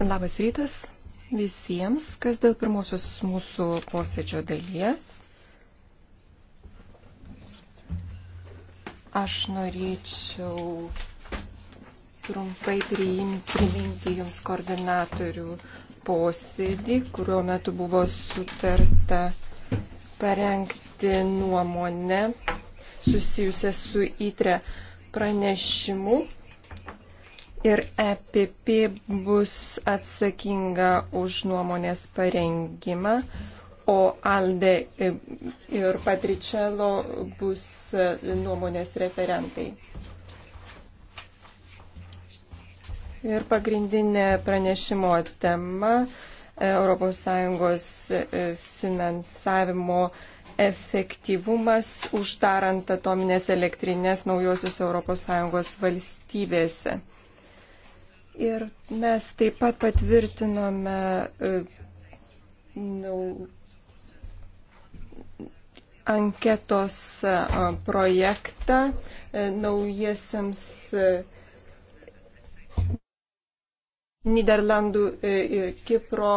Labas rytas visiems, kas dėl pirmosios mūsų posėdžio dalies. Aš norėčiau trumpai priminti Jums koordinatorių posėdį, kurio metu buvo sutarta parengti nuomonę susijusią su įtre pranešimu ir EPP bus atsakinga už nuomonės parengimą, o Alde ir Patričelo bus nuomonės referentai. Ir pagrindinė pranešimo tema ES finansavimo efektyvumas uždarant atominės elektrinės naujosios ES valstybėse. Ir mes taip pat patvirtinome nu, anketos e, projektą e, naujiesiams Niderlandų ir Kipro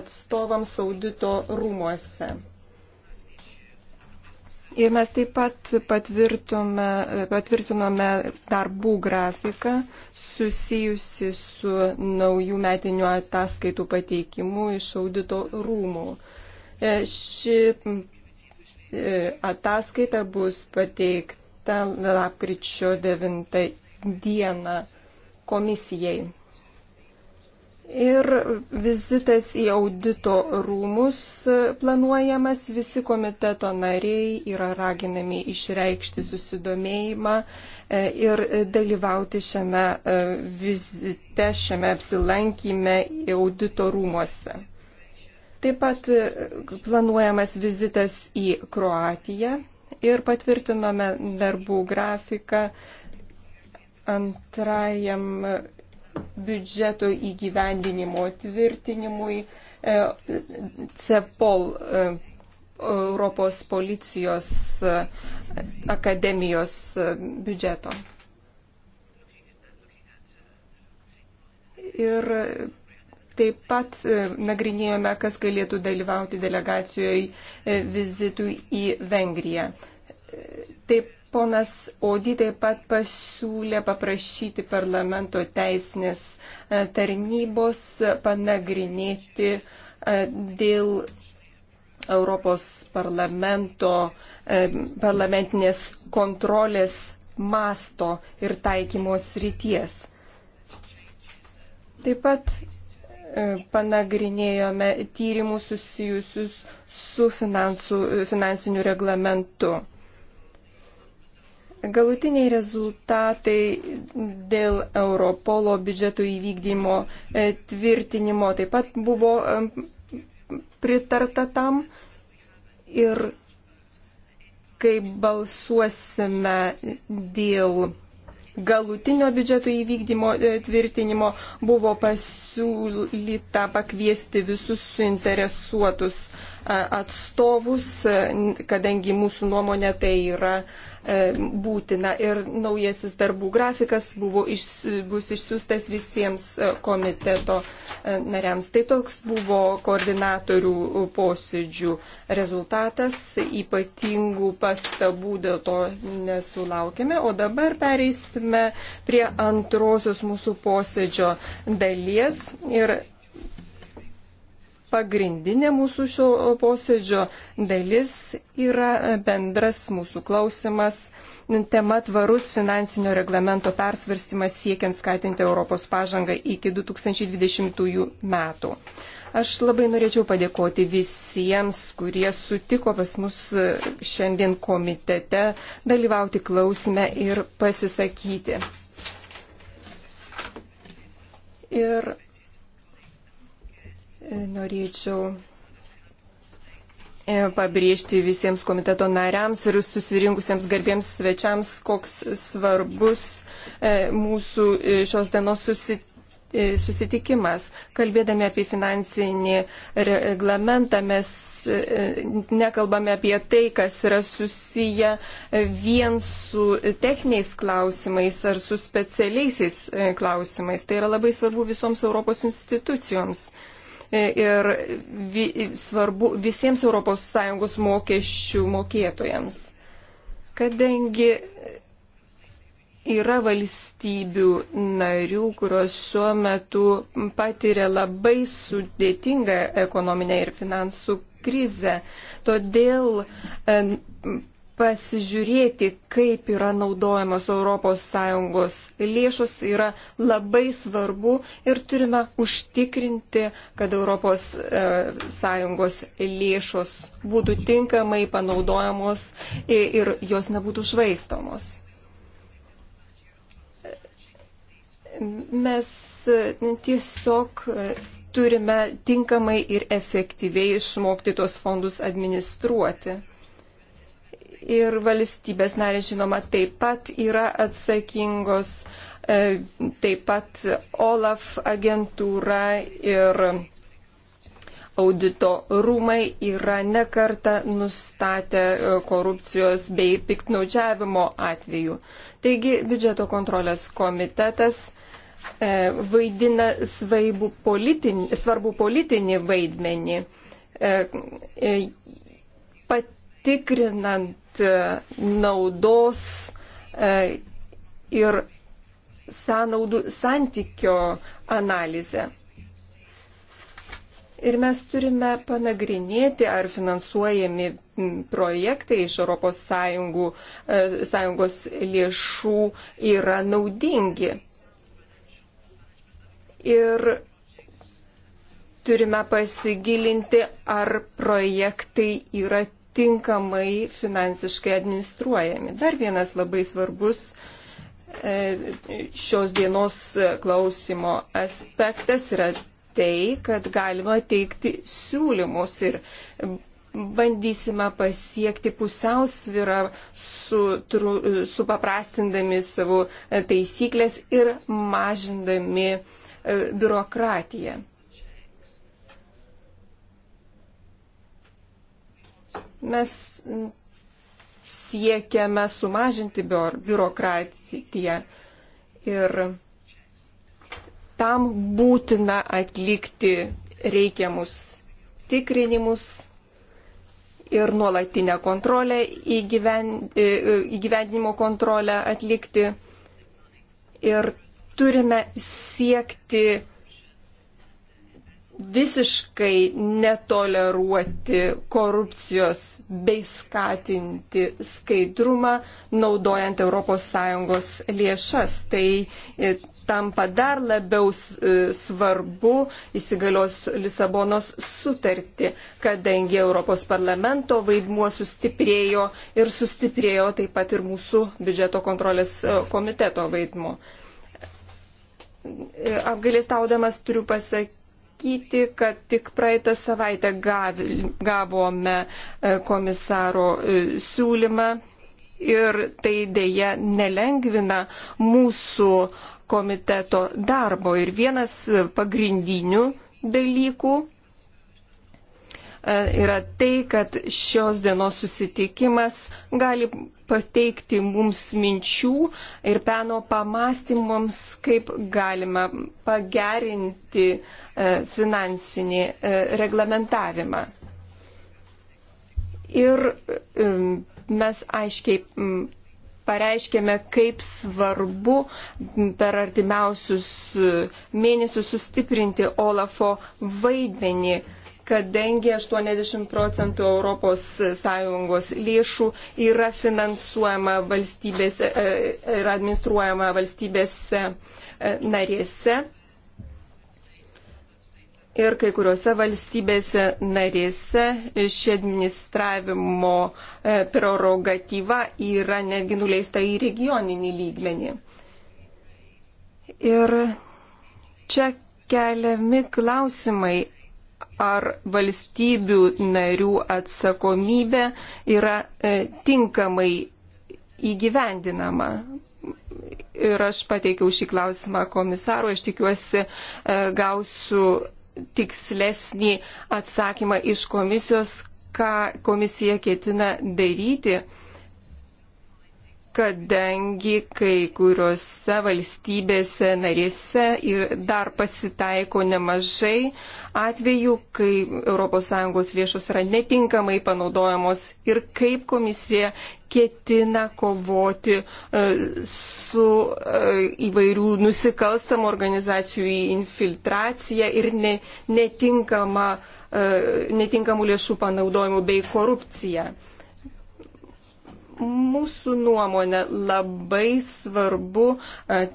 atstovams audito rūmuose. Ir mes taip pat patvirtinome darbų grafiką susijusi su naujų metinių ataskaitų pateikimu iš audito rūmų. E, ši e, ataskaita bus pateikta lapkričio 9 dieną komisijai. Ir vizitas į audito rūmus planuojamas, visi komiteto nariai yra raginami išreikšti susidomėjimą e, ir dalyvauti šiame e, vizite, šiame apsilankime į audito rūmuose. Taip pat e, planuojamas vizitas į Kroatiją ir patvirtinome darbų grafiką antrajam biudžeto įgyvendinimo tvirtinimui e, CEPOL e, Europos policijos e, akademijos biudžeto. Ir taip pat nagrinėjome, kas galėtų dalyvauti delegacijoje vizitui į Vengriją. Taip Ponas Odi taip pat pasiūlė paprašyti parlamento teisinės e, tarnybos panagrinėti e, dėl Europos parlamento e, parlamentinės kontrolės masto ir taikymos ryties. Taip pat panagrinėjome tyrimus susijusius su finansų, finansiniu reglamentu. Galutiniai rezultatai dėl Europolo biudžeto įvykdymo e, tvirtinimo taip pat buvo e, pritarta tam ir kai balsuosime dėl galutinio biudžeto įvykdymo e, tvirtinimo, buvo pasiūlyta pakviesti visus suinteresuotus atstovus, kadangi mūsų nuomonė tai yra e, būtina. Ir naujasis darbų grafikas buvo iš, bus išsiųstas visiems e, komiteto e, nariams. Tai toks buvo koordinatorių posėdžių rezultatas. Ypatingų pastabų dėl to nesulaukėme. O dabar pereisime prie antrosios mūsų posėdžio dalies. Ir pagrindinė mūsų šio posėdžio dalis yra bendras mūsų klausimas. Tema tvarus finansinio reglamento persvarstymas siekiant skatinti Europos pažangą iki 2020 metų. Aš labai norėčiau padėkoti visiems, kurie sutiko pas mus šiandien komitete dalyvauti klausime ir pasisakyti. Ir Norėčiau e, pabrėžti visiems komiteto nariams ir susirinkusiems garbiems svečiams, koks svarbus e, mūsų e, šios dienos susitikimas. Kalbėdami apie finansinį reglamentą mes nekalbame apie tai, kas yra susiję vien su techniniais klausimais ar su specialiaisiais klausimais. Tai yra labai svarbu visoms Europos institucijoms. E, ir vi, svarbu visiems ES mokesčių mokėtojams. Kadangi yra valstybių narių, kurios šiuo metu patiria labai sudėtingą ekonominę ir finansų krizę, todėl e, pasižiūrėti, kaip yra naudojamos ES lėšos, yra labai svarbu ir turime užtikrinti, kad ES e, lėšos būtų tinkamai panaudojamos ir jos nebūtų švaistomos. Mes e, tiesiog e, turime tinkamai ir efektyviai išmokti tos fondus administruoti ir valstybės narės žinoma taip pat yra atsakingos, e, taip pat OLAF agentūra ir audito rūmai yra nekarta nustatę e, korupcijos bei piktnaudžiavimo atvejų. Taigi biudžeto kontrolės komitetas e, vaidina svaibų politinį, svarbų politinį vaidmenį, patikrinant E, naudos e, ir sąnaudų santykio analizę. Ir mes turime panagrinėti, ar finansuojami projektai iš ES e, sąjungos lėšų yra naudingi. Ir turime pasigilinti, ar projektai yra tinkamai finansiškai administruojami. Dar vienas labai svarbus e, šios dienos klausimo aspektas yra tai, kad galima teikti siūlymus ir bandysime pasiekti pusiausvyrą supaprastindami su, su savo taisyklės ir mažindami e, biurokratiją. Mes siekiame sumažinti biurokratiją ir tam būtina atlikti reikiamus tikrinimus ir nuolatinę kontrolę e, e, įgyvendinimo kontrolę atlikti. Ir turime siekti visiškai netoleruoti korupcijos bei skatinti skaidrumą, naudojant ES lėšas. Tai e, tampa dar labiau e, svarbu įsigalios Lisabonos sutartį, kadangi Europos parlamento vaidmuo sustiprėjo ir sustiprėjo taip pat ir mūsų biudžeto kontrolės e, komiteto vaidmuo. Apgailėstaudamas turiu pasakyti, pasakyti, kad tik praeitą savaitę gavome e, komisaro e, siūlymą ir tai dėja nelengvina mūsų komiteto darbo. Ir vienas pagrindinių dalykų E, yra tai, kad šios dienos susitikimas gali pateikti mums minčių ir peno pamastymams, kaip galima pagerinti e, finansinį e, reglamentavimą. Ir mes aiškiai pareiškėme, kaip svarbu per artimiausius mėnesius sustiprinti Olafo vaidmenį kadangi 80 procentų ES lėšų yra finansuojama valstybėse, e, e, yra administruojama valstybėse e, narėse. Ir kai kuriuose valstybėse narėse ši administravimo prerogatyva yra netgi nuleista į regioninį lygmenį. Ir čia keliami klausimai, ar valstybių narių atsakomybė yra e, tinkamai įgyvendinama. Ir aš pateikiau šį klausimą komisarui, aš tikiuosi e, gausiu tikslesnį atsakymą iš komisijos, ką komisija ketina daryti kadangi kai kuriuose valstybėse narėse ir dar pasitaiko nemažai atvejų, kai ES lėšos yra netinkamai panaudojamos ir kaip komisija ketina kovoti e, su e, įvairių nusikalstamų organizacijų infiltracija ir netinkama, e, netinkamų lėšų panaudojimu bei korupcija. Mūsų nuomonė labai svarbu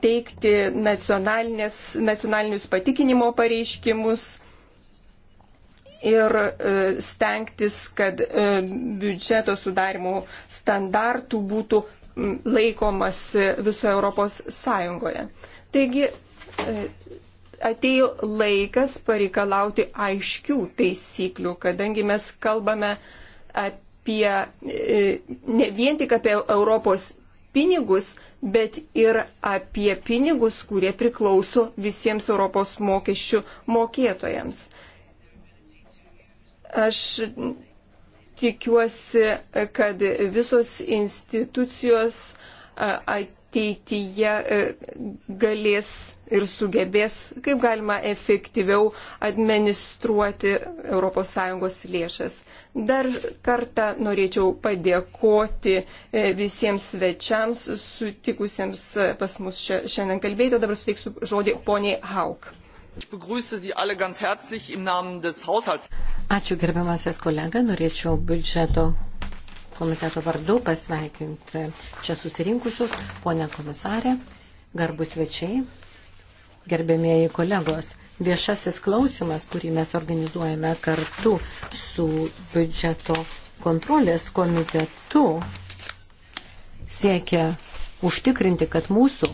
teikti nacionalinius patikinimo pareiškimus ir e, stengtis, kad e, biudžeto sudarimo standartų būtų laikomas visoje Europos Sąjungoje. Taigi e, atėjo laikas pareikalauti aiškių taisyklių, kadangi mes kalbame apie apie, e, ne vien tik apie Europos pinigus, bet ir apie pinigus, kurie priklauso visiems Europos mokesčių mokėtojams. Aš tikiuosi, kad visos institucijos ateityje e, galės ir sugebės kaip galima efektyviau administruoti ES lėšas. Dar kartą norėčiau padėkoti e, visiems svečiams sutikusiems e, pas mus šiandien kalbėti, o dabar suteiksiu žodį poniai Hauk. Ačiū gerbiamasis kolega, norėčiau biudžeto komiteto vardu pasveikinti čia susirinkusius, ponė komisarė, garbus svečiai, gerbėmėjai kolegos, viešasis klausimas, kurį mes organizuojame kartu su biudžeto kontrolės komitetu, siekia užtikrinti, kad mūsų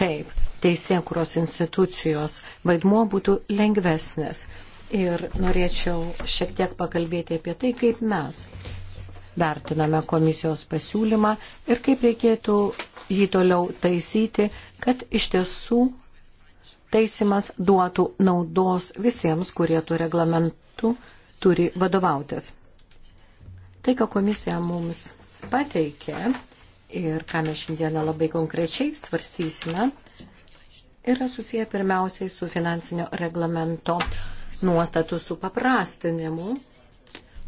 kaip teisėkuros institucijos vaidmuo būtų lengvesnis. Ir norėčiau šiek tiek pakalbėti apie tai, kaip mes vertiname komisijos pasiūlymą ir kaip reikėtų jį toliau taisyti, kad iš tiesų taisimas duotų naudos visiems, kurie tų reglamentų turi vadovautis. Tai, ką komisija mums pateikė ir ką mes šiandieną labai konkrečiai svarstysime, yra susiję pirmiausiai su finansinio reglamento nuostatų supaprastinimu,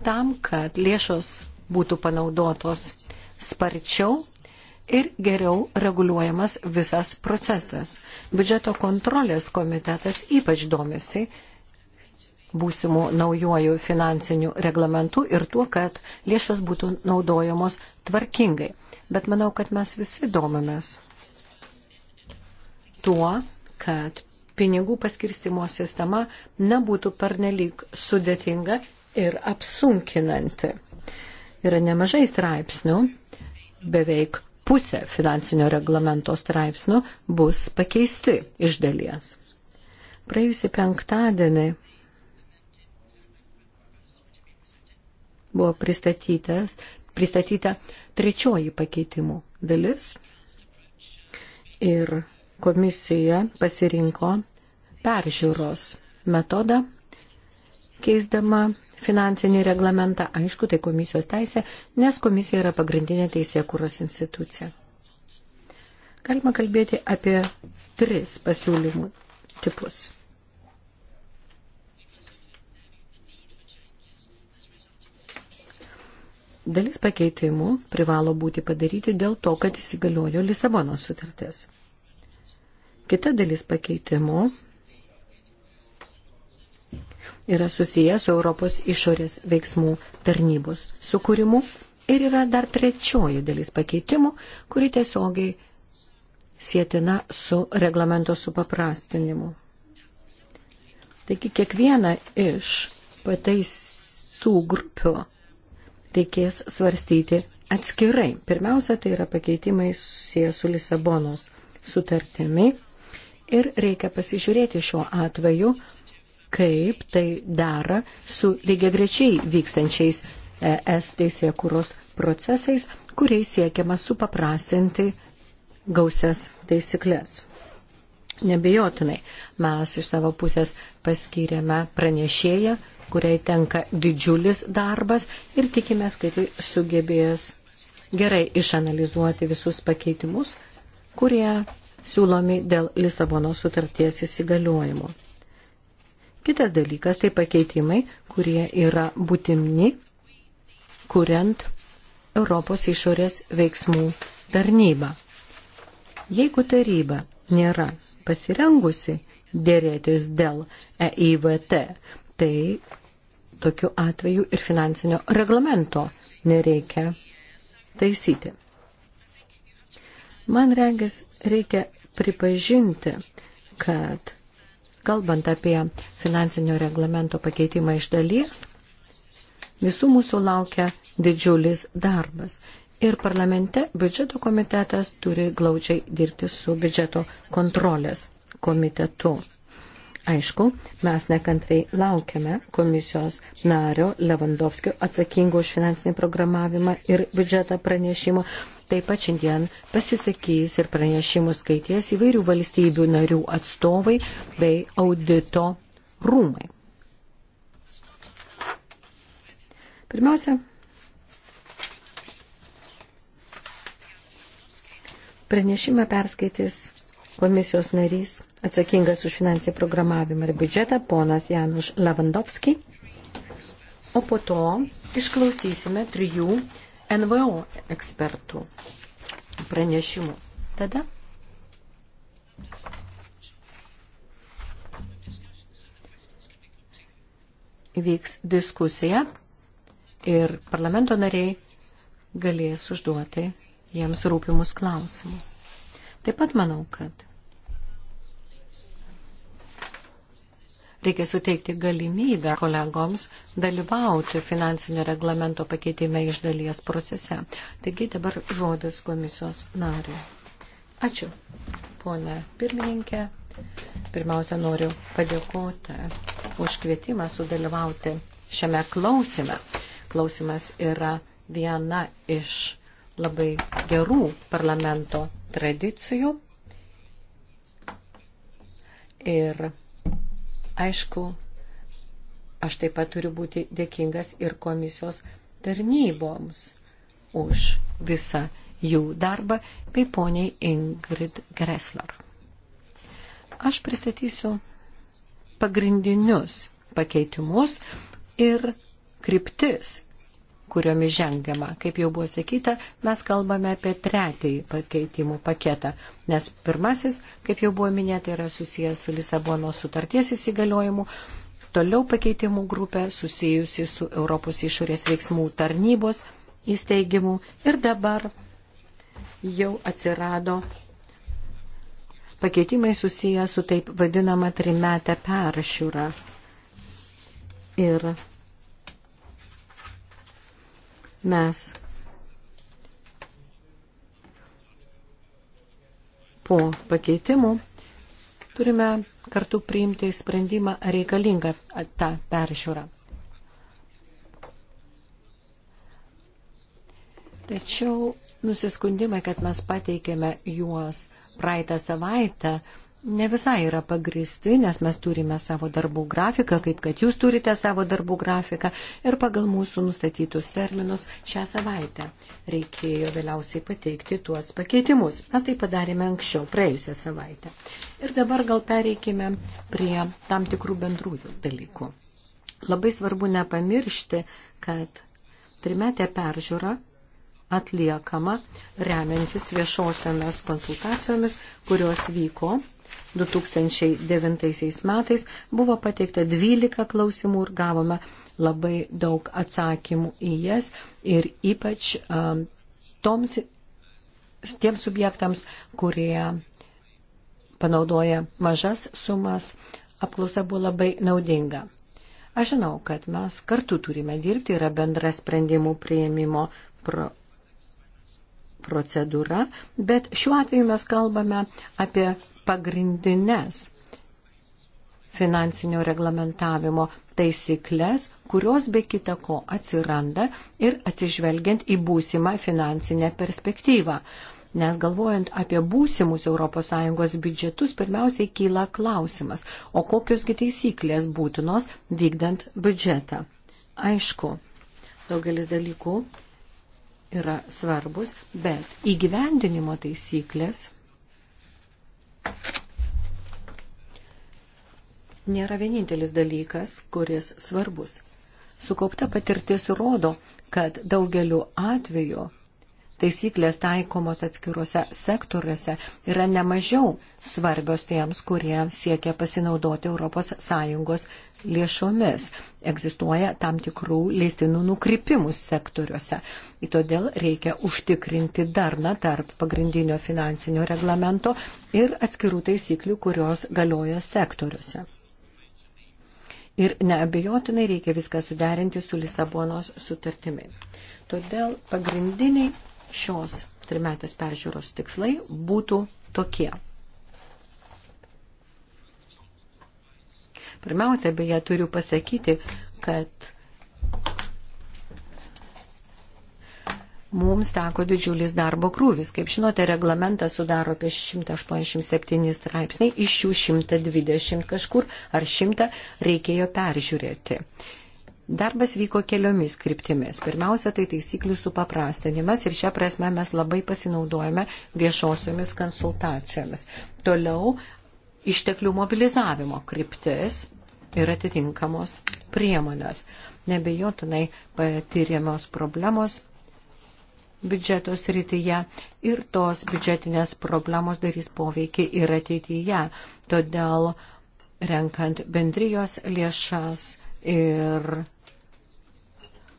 tam, kad lėšos būtų panaudotos sparčiau ir geriau reguliuojamas visas procesas. Biudžeto kontrolės komitetas ypač domisi būsimų naujojų finansinių reglamentų ir tuo, kad lėšos būtų naudojamos tvarkingai. Bet manau, kad mes visi domimės tuo, kad pinigų paskirstimo sistema nebūtų pernelyg sudėtinga ir apsunkinanti. Yra nemažai straipsnių, beveik pusė finansinio reglamento straipsnių bus pakeisti iš dalies. Praėjusį penktadienį buvo pristatyta trečioji pakeitimų dalis ir komisija pasirinko peržiūros metodą keisdama finansinį reglamentą. Aišku, tai komisijos teisė, nes komisija yra pagrindinė teisė kūros institucija. Galima kalbėti apie tris pasiūlymų tipus. Dalis pakeitimų privalo būti padaryti dėl to, kad įsigaliojo Lisabonos sutartis. Kita dalis pakeitimų yra susijęs su Europos išorės veiksmų tarnybos sukūrimu. Ir yra dar trečioji dalis pakeitimų, kuri tiesiogiai sėtina su reglamento supaprastinimu. Taigi kiekvieną iš pataisų grupių reikės svarstyti atskirai. Pirmiausia, tai yra pakeitimai susijęs su Lisabonos sutartimi ir reikia pasižiūrėti šiuo atveju, kaip tai dera su lygiagrečiai vykstančiais e, ES teisėje kūros procesais, kuriais siekiama supaprastinti gausias taisyklės. Nebejotinai, mes iš savo pusės paskyrėme pranešėją, kuriai tenka didžiulis darbas ir tikimės, kad jis sugebės gerai išanalizuoti visus pakeitimus, kurie siūlomi dėl Lisabono sutarties įsigaliojimo. Kitas dalykas tai pakeitimai, kurie yra būtimni, kuriant Europos išorės veiksmų tarnybą. Jeigu taryba nėra pasirengusi dėrėtis dėl EIVT, tai tokiu atveju ir finansinio reglamento nereikia taisyti. Man regis reikia pripažinti, kad Kalbant apie finansinio reglamento pakeitimą iš dalies, visų mūsų laukia didžiulis darbas. Ir parlamente biudžeto komitetas turi glaučiai dirbti su biudžeto kontrolės komitetu. Aišku, mes nekantrai laukiame komisijos nario Levandovskio atsakingo už finansinį programavimą ir biudžetą pranešimo Taip pat šiandien pasisakys ir pranešimus skaities įvairių valstybių narių atstovai bei audito rūmai. Pirmiausia, pranešimą perskaitys komisijos narys atsakingas už finansinį programavimą ir biudžetą, ponas Januš Lavandovski. O po to išklausysime trijų NVO ekspertų pranešimus. Tada vyks diskusija ir parlamento nariai galės užduoti jiems rūpimus klausimus. Taip pat manau, kad reikia suteikti galimybę kolegoms dalyvauti finansinio reglamento pakeitime iš dalies procese. Taigi dabar žodis komisijos nariui. Ačiū, ponė pirmininkė. Pirmiausia, noriu padėkoti už kvietimą sudalyvauti šiame klausime. Klausimas yra viena iš labai gerų parlamento tradicijų ir Aišku, aš taip pat turiu būti dėkingas ir komisijos tarnyboms už visą jų darbą bei poniai Ingrid Gressler. Aš pristatysiu pagrindinius pakeitimus ir kryptis, kuriomis žengiama. Kaip jau buvo sakyta, mes kalbame apie trečiąjį pakeitimų paketą, nes pirmasis, kaip jau buvo minėta, yra susijęs su Lisabono sutarties įsigaliojimu, toliau pakeitimų grupė susijusi su Europos išorės veiksmų tarnybos įsteigimu ir dabar jau atsirado pakeitimai susiję su taip vadinama trimetę peršiūrą. Ir mes po pakeitimų turime kartu priimti sprendimą reikalingą tą peržiūrą. Tačiau nusiskundimai, kad mes pateikėme juos praeitą savaitę, ne visai yra pagristi, nes mes turime savo darbų grafiką, kaip kad jūs turite savo darbų grafiką ir pagal mūsų nustatytus terminus šią savaitę reikėjo vėliausiai pateikti tuos pakeitimus. Mes tai padarėme anksčiau, praėjusią savaitę. Ir dabar gal pereikime prie tam tikrų bendrųjų dalykų. Labai svarbu nepamiršti, kad trimetė peržiūra atliekama remiantis viešosiomis konsultacijomis, kurios vyko 2009 metais buvo pateikta 12 klausimų ir gavome labai daug atsakymų į jas ir ypač um, toms, tiems subjektams, kurie panaudoja mažas sumas, apklausa buvo labai naudinga. Aš žinau, kad mes kartu turime dirbti, yra bendra sprendimų prieimimo pro procedūra, bet šiuo atveju mes kalbame apie pagrindinės finansinio reglamentavimo taisyklės, kurios be kita ko atsiranda ir atsižvelgiant į būsimą finansinę perspektyvą. Nes galvojant apie būsimus ES biudžetus, pirmiausiai kyla klausimas, o kokiosgi taisyklės būtinos vykdant biudžetą. Aišku, daugelis dalykų yra svarbus, bet įgyvendinimo taisyklės nėra vienintelis dalykas, kuris svarbus. Sukaupta patirtis rodo, kad daugeliu atveju taisyklės taikomos atskiruose sektoriuose yra nemažiau svarbios tiems, kurie siekia pasinaudoti ES lėšomis. Egzistuoja tam tikrų leistinų nukrypimų sektoriuose. Ir todėl reikia užtikrinti darną tarp pagrindinio finansinio reglamento ir atskirų taisyklių, kurios galioja sektoriuose. Ir neabejotinai reikia viską suderinti su Lisabonos sutartimi. Todėl pagrindiniai šios trimetės peržiūros tikslai būtų tokie. Pirmiausia, beje, turiu pasakyti, kad mums teko didžiulis darbo krūvis. Kaip žinote, reglamentą sudaro apie 187 straipsniai, iš jų 120 kažkur ar 100 reikėjo peržiūrėti. Darbas vyko keliomis kryptimis. Pirmiausia, tai taisyklių supaprastinimas ir šią prasme mes labai pasinaudojame viešosiomis konsultacijomis. Toliau išteklių mobilizavimo kryptis ir atitinkamos priemonės. Nebejotinai patyriamos problemos biudžetos rytyje ir tos biudžetinės problemos darys poveikį ir ateityje. Todėl renkant bendrijos lėšas ir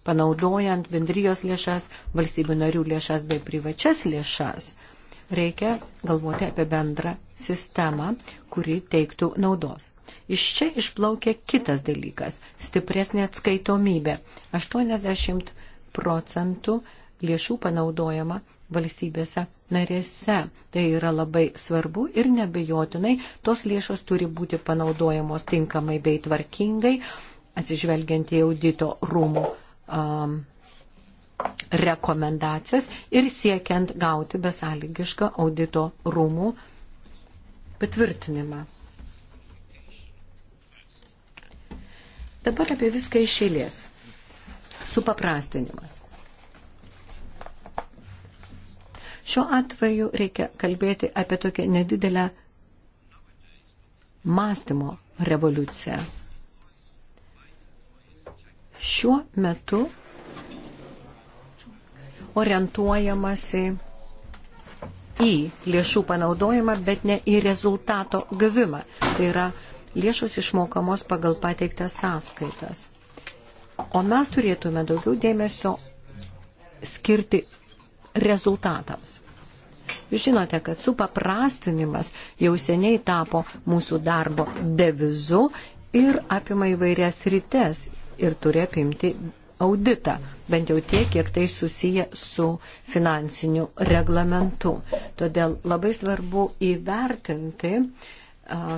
panaudojant bendrijos lėšas, valstybių narių lėšas bei privačias lėšas, reikia galvoti apie bendrą sistemą, kuri teiktų naudos. Iš čia išplaukia kitas dalykas - stipresnė atskaitomybė. 80 procentų lėšų panaudojama valstybėse narėse. Tai yra labai svarbu ir nebejotinai tos lėšos turi būti panaudojamos tinkamai bei tvarkingai, atsižvelgiant į audito rūmų um, rekomendacijas ir siekiant gauti besąlygišką audito rūmų patvirtinimą. Dabar apie viską iš eilės. Supaprastinimas. Šiuo atveju reikia kalbėti apie tokią nedidelę mąstymo revoliuciją šiuo metu orientuojamasi į lėšų panaudojimą, bet ne į rezultato gavimą. Tai yra lėšos išmokamos pagal pateiktas sąskaitas. O mes turėtume daugiau dėmesio skirti rezultatams. Jūs žinote, kad supaprastinimas jau seniai tapo mūsų darbo devizu ir apima įvairias rytes, ir turi apimti auditą, bent jau tiek, kiek tai susiję su finansiniu reglamentu. Todėl labai svarbu įvertinti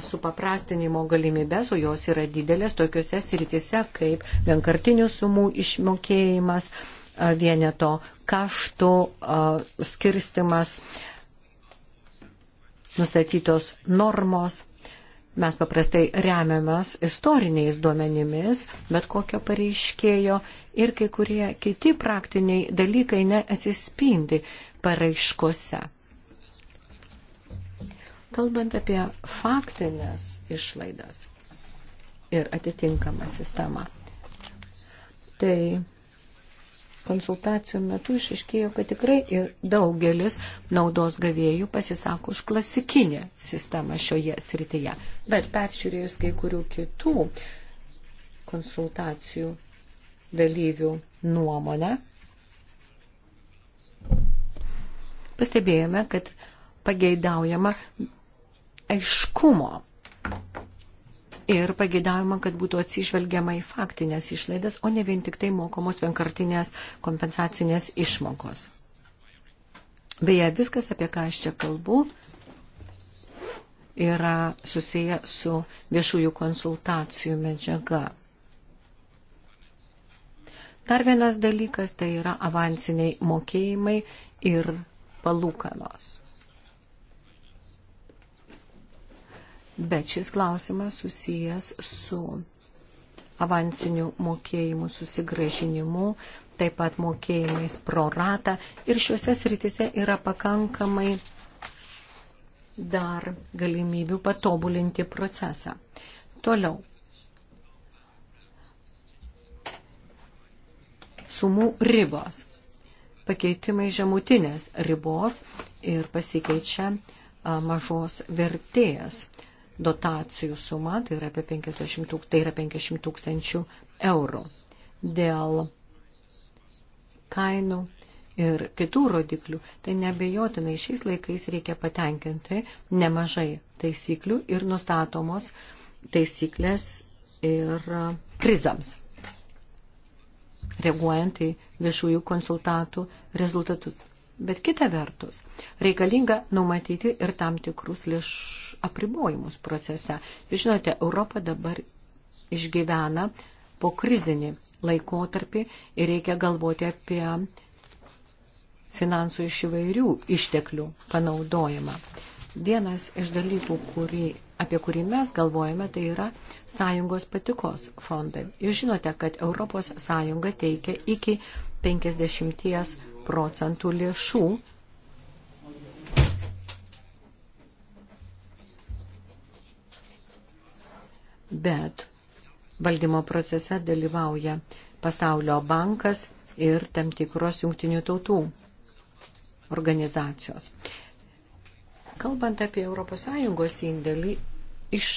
supaprastinimo galimybės, o jos yra didelės tokiuose sritise kaip vienkartinių sumų išmokėjimas, vieneto kaštų skirstimas, nustatytos normos Mes paprastai remiamas istoriniais duomenimis, bet kokio pareiškėjo ir kai kurie kiti praktiniai dalykai neatsispindi paraiškose. Kalbant apie faktinės išlaidas ir atitinkamą sistemą, tai konsultacijų metu išaiškėjo, kad tikrai ir daugelis naudos gavėjų pasisako už klasikinę sistemą šioje srityje. Bet peržiūrėjus kai kurių kitų konsultacijų dalyvių nuomonę, pastebėjome, kad pageidaujama aiškumo ir pagėdavimą, kad būtų atsižvelgiama į faktinės išlaidas, o ne vien tik tai mokomos vienkartinės kompensacinės išmokos. Beje, viskas, apie ką aš čia kalbu, yra susiję su viešųjų konsultacijų medžiaga. Dar vienas dalykas tai yra avansiniai mokėjimai ir palūkanos. bet šis klausimas susijęs su avansinių mokėjimų susigražinimu, taip pat mokėjimais proratą ir šiuose sritise yra pakankamai dar galimybių patobulinti procesą. Toliau. Sumų ribos. Pakeitimai žemutinės ribos ir pasikeičia mažos vertėjas dotacijų suma, tai yra apie 50, tūk, tai yra 50 tūkstančių eurų. Dėl kainų ir kitų rodiklių, tai nebejotinai šiais laikais reikia patenkinti nemažai taisyklių ir nustatomos taisyklės ir krizams, reaguojant į viešųjų konsultatų rezultatus. Bet kita vertus, reikalinga numatyti ir tam tikrus lėš apribojimus procese. Jūs žinote, Europa dabar išgyvena po krizinį laikotarpį ir reikia galvoti apie finansų iš įvairių išteklių panaudojimą. Vienas iš dalykų, kurį, apie kurį mes galvojame, tai yra sąjungos patikos fondai. Jūs žinote, kad Europos sąjunga teikia iki 50 procentų lėšų bet valdymo procese dalyvauja Pasaulio bankas ir tam tikros jungtinių tautų organizacijos. Kalbant apie ES indėlį, iš,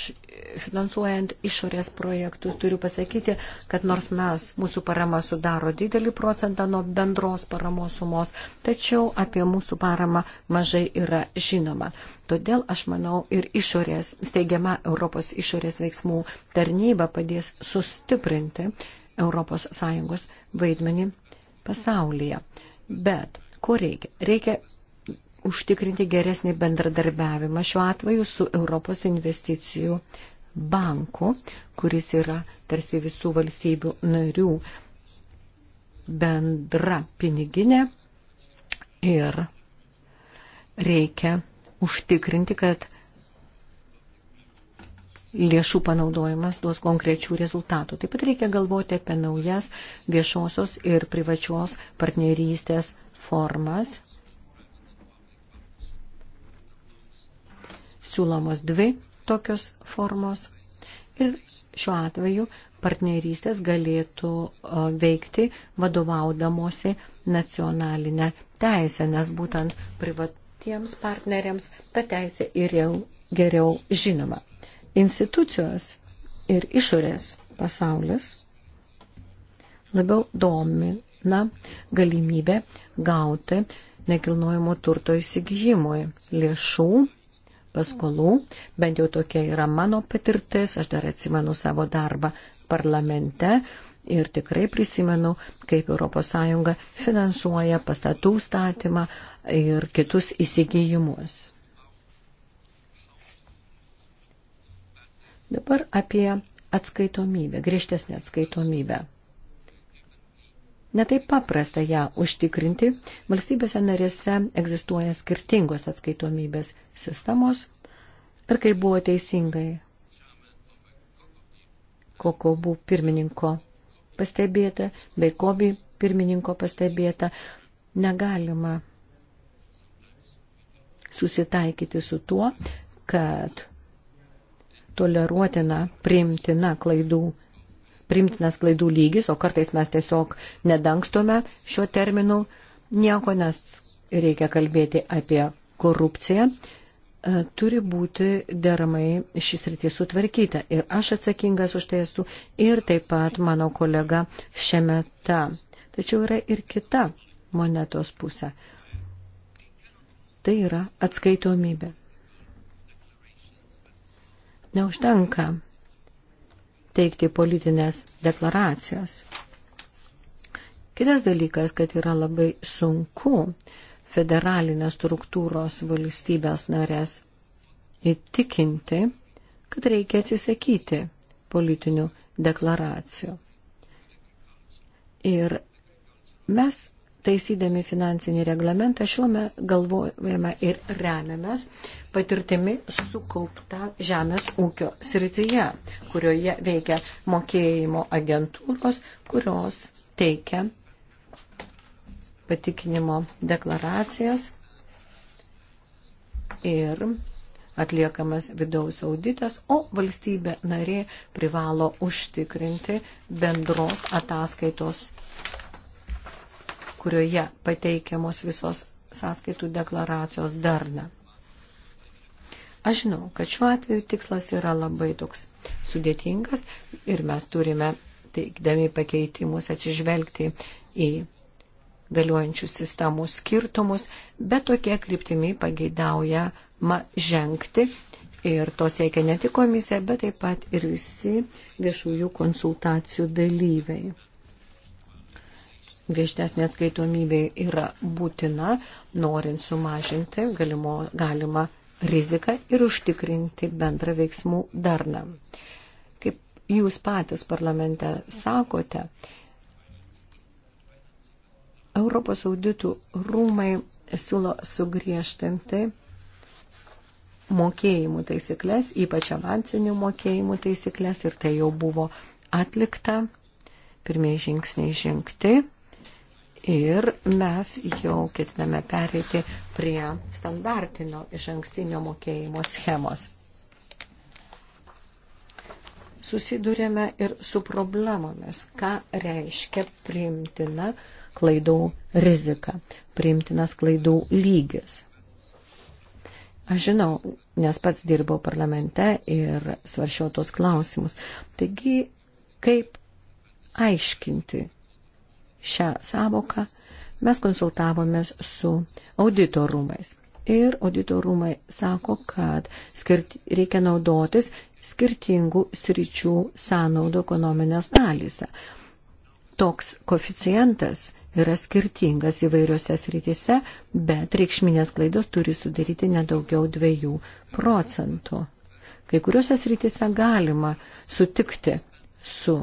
finansuojant išorės projektus, turiu pasakyti, kad nors mes, mūsų parama sudaro didelį procentą nuo bendros paramos sumos, tačiau apie mūsų paramą mažai yra žinoma. Todėl aš manau ir išorės, steigiama Europos išorės veiksmų tarnyba padės sustiprinti ES vaidmenį pasaulyje. Bet ko reikia? Reikia užtikrinti geresnį bendradarbiavimą šiuo atveju su Europos investicijų banku, kuris yra tarsi visų valstybių narių bendra piniginė ir reikia užtikrinti, kad lėšų panaudojimas duos konkrečių rezultatų. Taip pat reikia galvoti apie naujas viešosios ir privačios partnerystės formas siūlomos dvi tokios formos ir šiuo atveju partnerystės galėtų e, veikti vadovaudamosi nacionalinę teisę, nes būtent privatiems partneriams ta teisė ir jau geriau žinoma. Institucijos ir išorės pasaulis labiau domina galimybę gauti nekilnojimo turto įsigijimui lėšų paskolų, bent jau tokia yra mano patirtis, aš dar atsimenu savo darbą parlamente ir tikrai prisimenu, kaip ES finansuoja pastatų statymą ir kitus įsigijimus. Dabar apie atskaitomybę, griežtesnę atskaitomybę. Netaip paprasta ją užtikrinti, valstybėse narėse egzistuoja skirtingos atskaitomybės sistemos ir kaip buvo teisingai Kokobų pirmininko pastebėta, bei Kobi pirmininko pastebėta, negalima susitaikyti su tuo, kad toleruotina, priimtina klaidų primtinas klaidų lygis, o kartais mes tiesiog nedangstome šio terminų nieko, nes reikia kalbėti apie korupciją, e, turi būti deramai šis rytis sutvarkyta. Ir aš atsakingas už tai esu ir taip pat mano kolega šiame ta. Tačiau yra ir kita monetos pusė. Tai yra atskaitomybė. Neužtenka teikti politinės deklaracijas. Kitas dalykas, kad yra labai sunku federalinės struktūros valstybės narės įtikinti, kad reikia atsisakyti politinių deklaracijų. Ir mes taisydami finansinį reglamentą šiuo metu galvojame ir remiamės patirtimi sukaupta žemės ūkio srityje, kurioje veikia mokėjimo agentūros, kurios teikia patikinimo deklaracijas ir atliekamas vidaus auditas, o valstybė narė privalo užtikrinti bendros ataskaitos kurioje pateikiamos visos sąskaitų deklaracijos darna. Aš žinau, kad šiuo atveju tikslas yra labai toks sudėtingas ir mes turime, teikdami pakeitimus, atsižvelgti į galiojančių sistemų skirtumus, bet tokie kryptimi pageidauja žengti ir to siekia ne tik komisija, bet taip pat ir visi viešųjų konsultacijų dalyviai griežtesnė atskaitomybė yra būtina, norint sumažinti galimo, galimą riziką ir užtikrinti bendrą veiksmų darną. Kaip jūs patys parlamente sakote, Europos auditų rūmai siūlo sugriežtinti mokėjimų taisyklės, ypač avansinių mokėjimų taisyklės ir tai jau buvo atlikta, pirmieji žingsniai žengti ir mes jau ketiname pereiti prie standartinio iš ankstinio mokėjimo schemos. Susidurėme ir su problemomis, ką reiškia priimtina klaidų rizika, priimtinas klaidų lygis. Aš žinau, nes pats dirbau parlamente ir svaršiau tos klausimus. Taigi, kaip aiškinti šią savoką, mes konsultavomės su auditorumais. Ir auditorumai sako, kad skirti, reikia naudotis skirtingų sričių sąnaudų ekonominės analizą. Toks koficijantas yra skirtingas įvairiose srityse, bet reikšminės klaidos turi sudaryti nedaugiau dviejų procentų. Kai kuriuose srityse galima sutikti su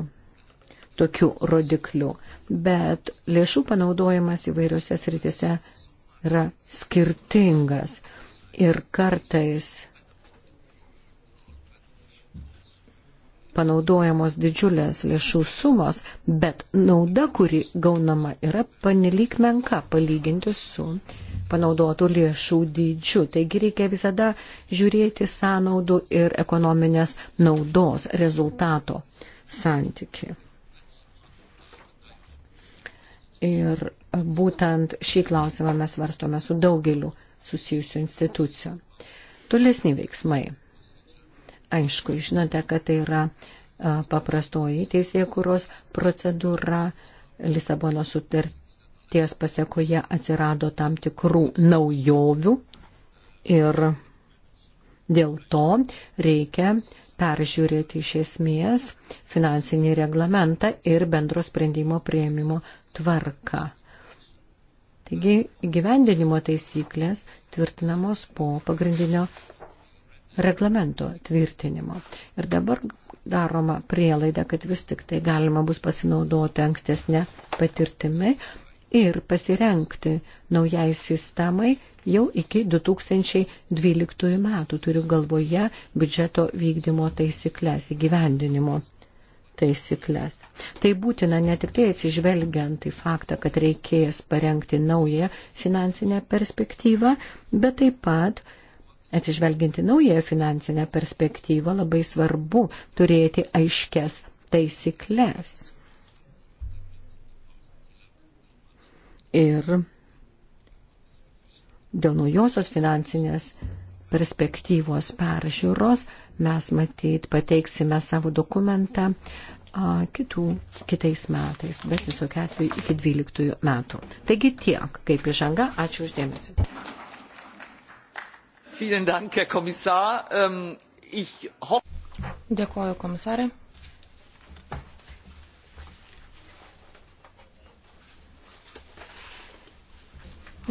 tokiu rodikliu, bet lėšų panaudojimas įvairiose sritise yra skirtingas ir kartais panaudojamos didžiulės lėšų sumos, bet nauda, kuri gaunama, yra panelik menka palyginti su panaudotų lėšų dydžiu. Taigi reikia visada žiūrėti sąnaudų ir ekonominės naudos rezultato santyki. Ir būtent šį klausimą mes varstome su daugeliu susijusių institucijų. Tolesni veiksmai. Aišku, žinote, kad tai yra paprastoji teisėkuros procedūra. Lisabono sutarties pasiekoje atsirado tam tikrų naujovių ir dėl to reikia peržiūrėti iš esmės finansinį reglamentą ir bendro sprendimo prieimimo tvarką. Taigi gyvendinimo taisyklės tvirtinamos po pagrindinio reglamento tvirtinimo. Ir dabar daroma prielaida, kad vis tik tai galima bus pasinaudoti ankstesnė patirtimi ir pasirenkti naujai sistemai jau iki 2012 metų. Turiu galvoje biudžeto vykdymo taisyklės įgyvendinimo taisyklės. Tai būtina ne tik tai atsižvelgiant į faktą, kad reikės parengti naują finansinę perspektyvą, bet taip pat atsižvelgiant į naują finansinę perspektyvą labai svarbu turėti aiškes taisyklės. Ir dėl naujosios finansinės perspektyvos peržiūros mes matyt pateiksime savo dokumentą a, kitų, kitais metais, bet visokiu atveju iki 12 metų. Taigi tiek, kaip įžanga, ačiū uždėmesi. Dank, Herr Kommissar. Ähm, ich hoffe... Dėkuoju komisarė.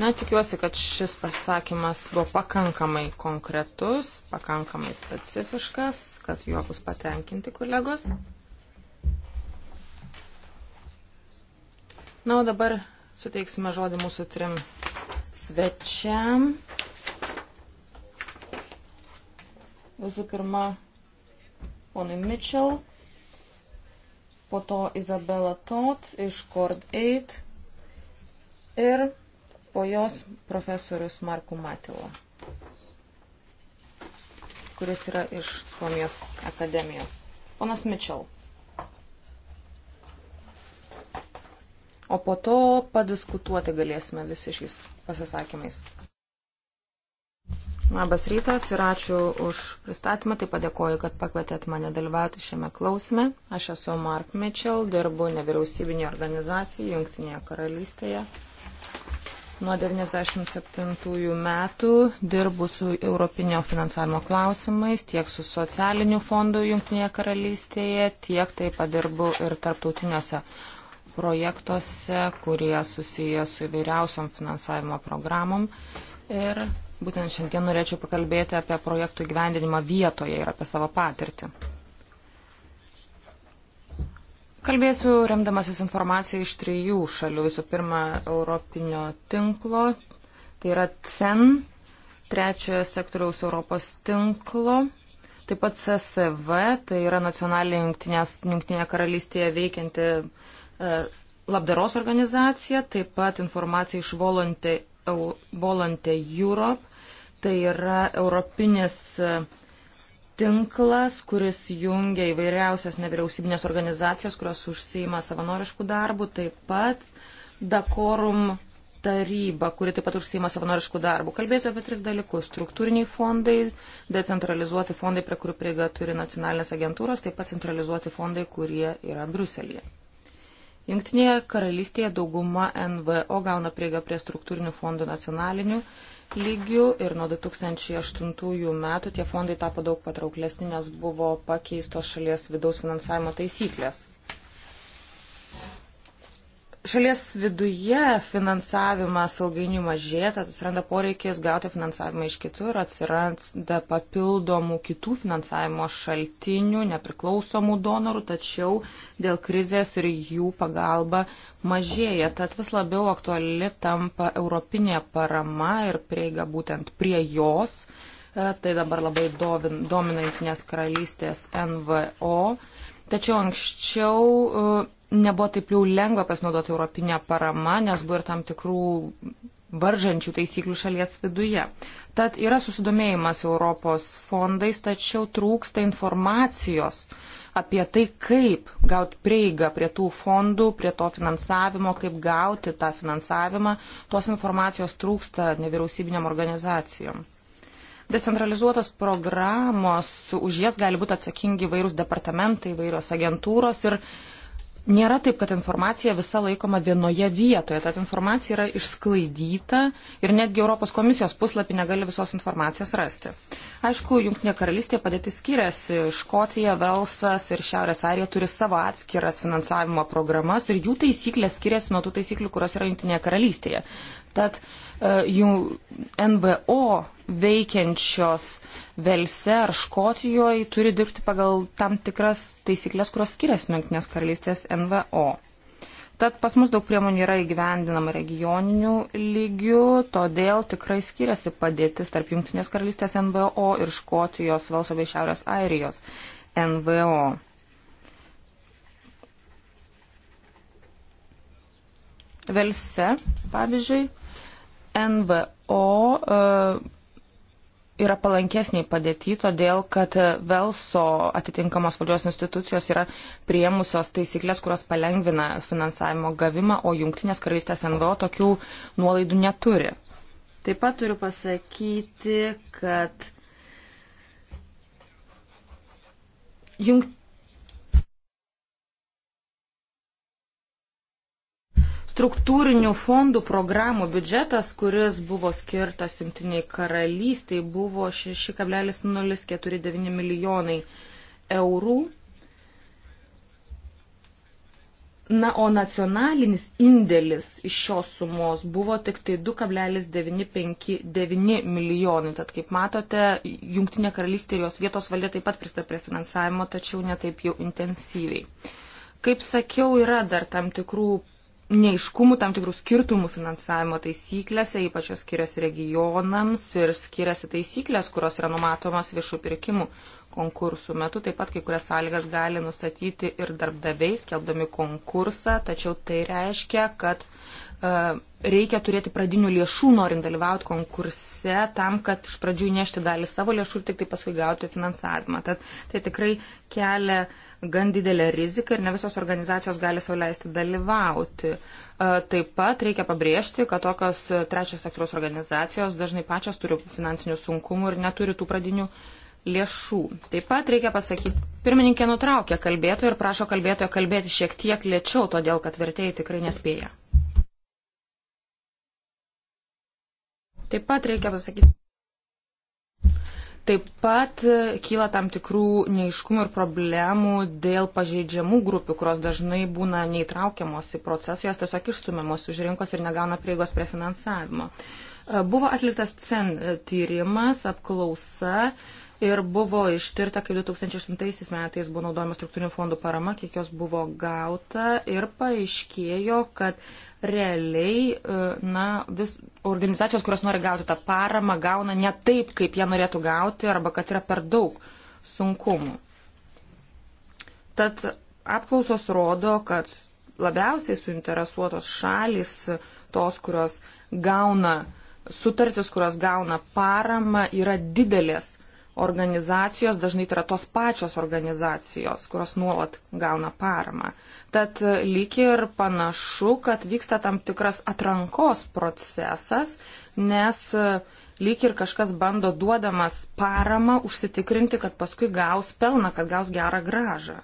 Na, tikiuosi, kad šis pasakymas buvo pakankamai konkretus, pakankamai specifiškas, kad juo bus patenkinti kolegos. Na, o dabar suteiksime žodį mūsų trim svečiam. Visų pirma, ponui Mitchell, po to Izabela Tot iš Cord 8 ir po jos profesorius Marku Matilo, kuris yra iš Suomijos akademijos. Ponas Mitchell. O po to padiskutuoti galėsime visi šiais pasisakymais. Labas rytas ir ačiū už pristatymą, taip padėkoju, kad pakvietėt mane dalyvauti šiame klausime. Aš esu Mark Mitchell, dirbu nevyriausybinėje organizacijoje Junktinėje karalystėje Nuo 1997 metų dirbu su Europinio finansavimo klausimais, tiek su socialiniu fondu Junktinėje karalystėje, tiek taip pat dirbu ir tarptautiniuose projektuose, kurie susiję su įvairiausiam finansavimo programom. Ir būtent šiandien norėčiau pakalbėti apie projektų gyvendinimą vietoje ir apie savo patirtį. Kalbėsiu remdamasis informaciją iš trijų šalių. Visų pirma, Europinio tinklo, tai yra CEN, trečiojo sektoriaus Europos tinklo, taip pat CSV, tai yra nacionalinė jungtinėje karalystėje veikianti e, labdaros organizacija, taip pat informacija iš Volonte, Volonte Europe, tai yra Europinis. E, tinklas, kuris jungia įvairiausias nevyriausybinės organizacijas, kurios užsima savanoriškų darbų, taip pat Dakorum taryba, kuri taip pat užsima savanoriškų darbų. Kalbėsiu apie tris dalykus - struktūriniai fondai, decentralizuoti fondai, prie kurių prieiga turi nacionalinės agentūros, taip pat centralizuoti fondai, kurie yra Bruselėje. Junktinėje karalystėje dauguma NVO gauna prieigą prie struktūrinių fondų nacionalinių lygių ir nuo 2008 metų tie fondai tapo daug patrauklesni, nes buvo pakeistos šalies vidaus finansavimo taisyklės šalies viduje finansavimas ilgainiui mažėja, tad atsiranda poreikis gauti finansavimą iš kitur, atsiranda papildomų kitų finansavimo šaltinių, nepriklausomų donorų, tačiau dėl krizės ir jų pagalba mažėja. Tad vis labiau aktuali tampa europinė parama ir prieiga būtent prie jos. E, tai dabar labai domina Junktinės karalystės NVO. Tačiau anksčiau e, nebuvo taip jau lengva pasinaudoti europinę paramą, nes buvo ir tam tikrų varžančių taisyklių šalies viduje. Tad yra susidomėjimas Europos fondais, tačiau trūksta informacijos apie tai, kaip gauti prieigą prie tų fondų, prie to finansavimo, kaip gauti tą finansavimą. Tos informacijos trūksta nevyriausybiniam organizacijom. Decentralizuotos programos, už jas gali būti atsakingi vairūs departamentai, vairios agentūros ir uh, Nėra taip, kad informacija visa laikoma vienoje vietoje. Ta informacija yra išsklaidyta ir netgi Europos komisijos puslapį negali visos informacijos rasti. Aišku, Junktinė karalystė padėtis skiriasi. Škotija, Velsas ir Šiaurės Airija turi savo atskiras finansavimo programas ir jų taisyklės skiriasi nuo tų taisyklių, kurios yra Junktinėje karalystėje. Tad e, jų NVO veikiančios Velse ar Škotijoje turi dirbti pagal tam tikras taisyklės, kurios skiriasi nuo Junktinės karalystės NVO. Tad pas mus daug priemonių yra įgyvendinama regioninių lygių, todėl tikrai skiriasi padėtis tarp Junktinės karalystės NVO ir Škotijos, Velso bei Šiaurės Airijos NVO. Velse, pavyzdžiui, NVO e, yra palankesniai padėti, todėl kad Velso atitinkamos valdžios institucijos yra priemusios taisyklės, kurios palengvina finansavimo gavimą, o Junktinės karalystės NVO tokių nuolaidų neturi. Taip pat turiu pasakyti, kad jungt struktūrinių fondų programų biudžetas, kuris buvo skirtas Junktiniai karalystiai, buvo 6,049 milijonai eurų. Na, o nacionalinis indėlis iš šios sumos buvo tik tai 2,959 milijonai. Tad, kaip matote, Junktinė karalystė ir jos vietos valdė taip pat prista prie finansavimo, tačiau netaip jau intensyviai. Kaip sakiau, yra dar tam tikrų neiškumų, tam tikrų skirtumų finansavimo taisyklėse, ypač jos skiriasi regionams ir skiriasi taisyklės, kurios yra numatomos viešų pirkimų konkursų metu. Taip pat kai kurias sąlygas gali nustatyti ir darbdaviai, skelbdami konkursą, tačiau tai reiškia, kad uh, reikia turėti pradinių lėšų, norint dalyvauti konkurse, tam, kad iš pradžių nešti dalį savo lėšų ir tik tai paskui gauti finansavimą. Tad tai tikrai kelia gan didelę riziką ir ne visos organizacijos gali sauliaisti dalyvauti. E, taip pat reikia pabrėžti, kad tokios trečios sektoriaus organizacijos dažnai pačios turi finansinių sunkumų ir neturi tų pradinių lėšų lėšų. Taip pat reikia pasakyti, pirmininkė nutraukė kalbėtoją ir prašo kalbėtojo kalbėti šiek tiek lėčiau, todėl kad vertėjai tikrai nespėja. Taip pat reikia pasakyti. Taip pat kyla tam tikrų neiškumų ir problemų dėl pažeidžiamų grupių, kurios dažnai būna neįtraukiamos į procesą, jos tiesiog išstumiamos už rinkos ir negauna prieigos prie finansavimo. Buvo atliktas CEN tyrimas, apklausa ir buvo ištirta, kaip 2008 metais buvo naudojama struktūrinių fondų parama, kiek jos buvo gauta ir paaiškėjo, kad realiai e, na, vis, organizacijos, kurios nori gauti tą paramą, gauna ne taip, kaip jie norėtų gauti arba kad yra per daug sunkumų. Tad apklausos rodo, kad labiausiai suinteresuotos šalis, tos, kurios gauna sutartis, kurios gauna paramą, yra didelės organizacijos, dažnai tai yra tos pačios organizacijos, kurios nuolat gauna paramą. Tad lyg ir panašu, kad vyksta tam tikras atrankos procesas, nes lyg ir kažkas bando duodamas paramą užsitikrinti, kad paskui gaus pelną, kad gaus gerą gražą.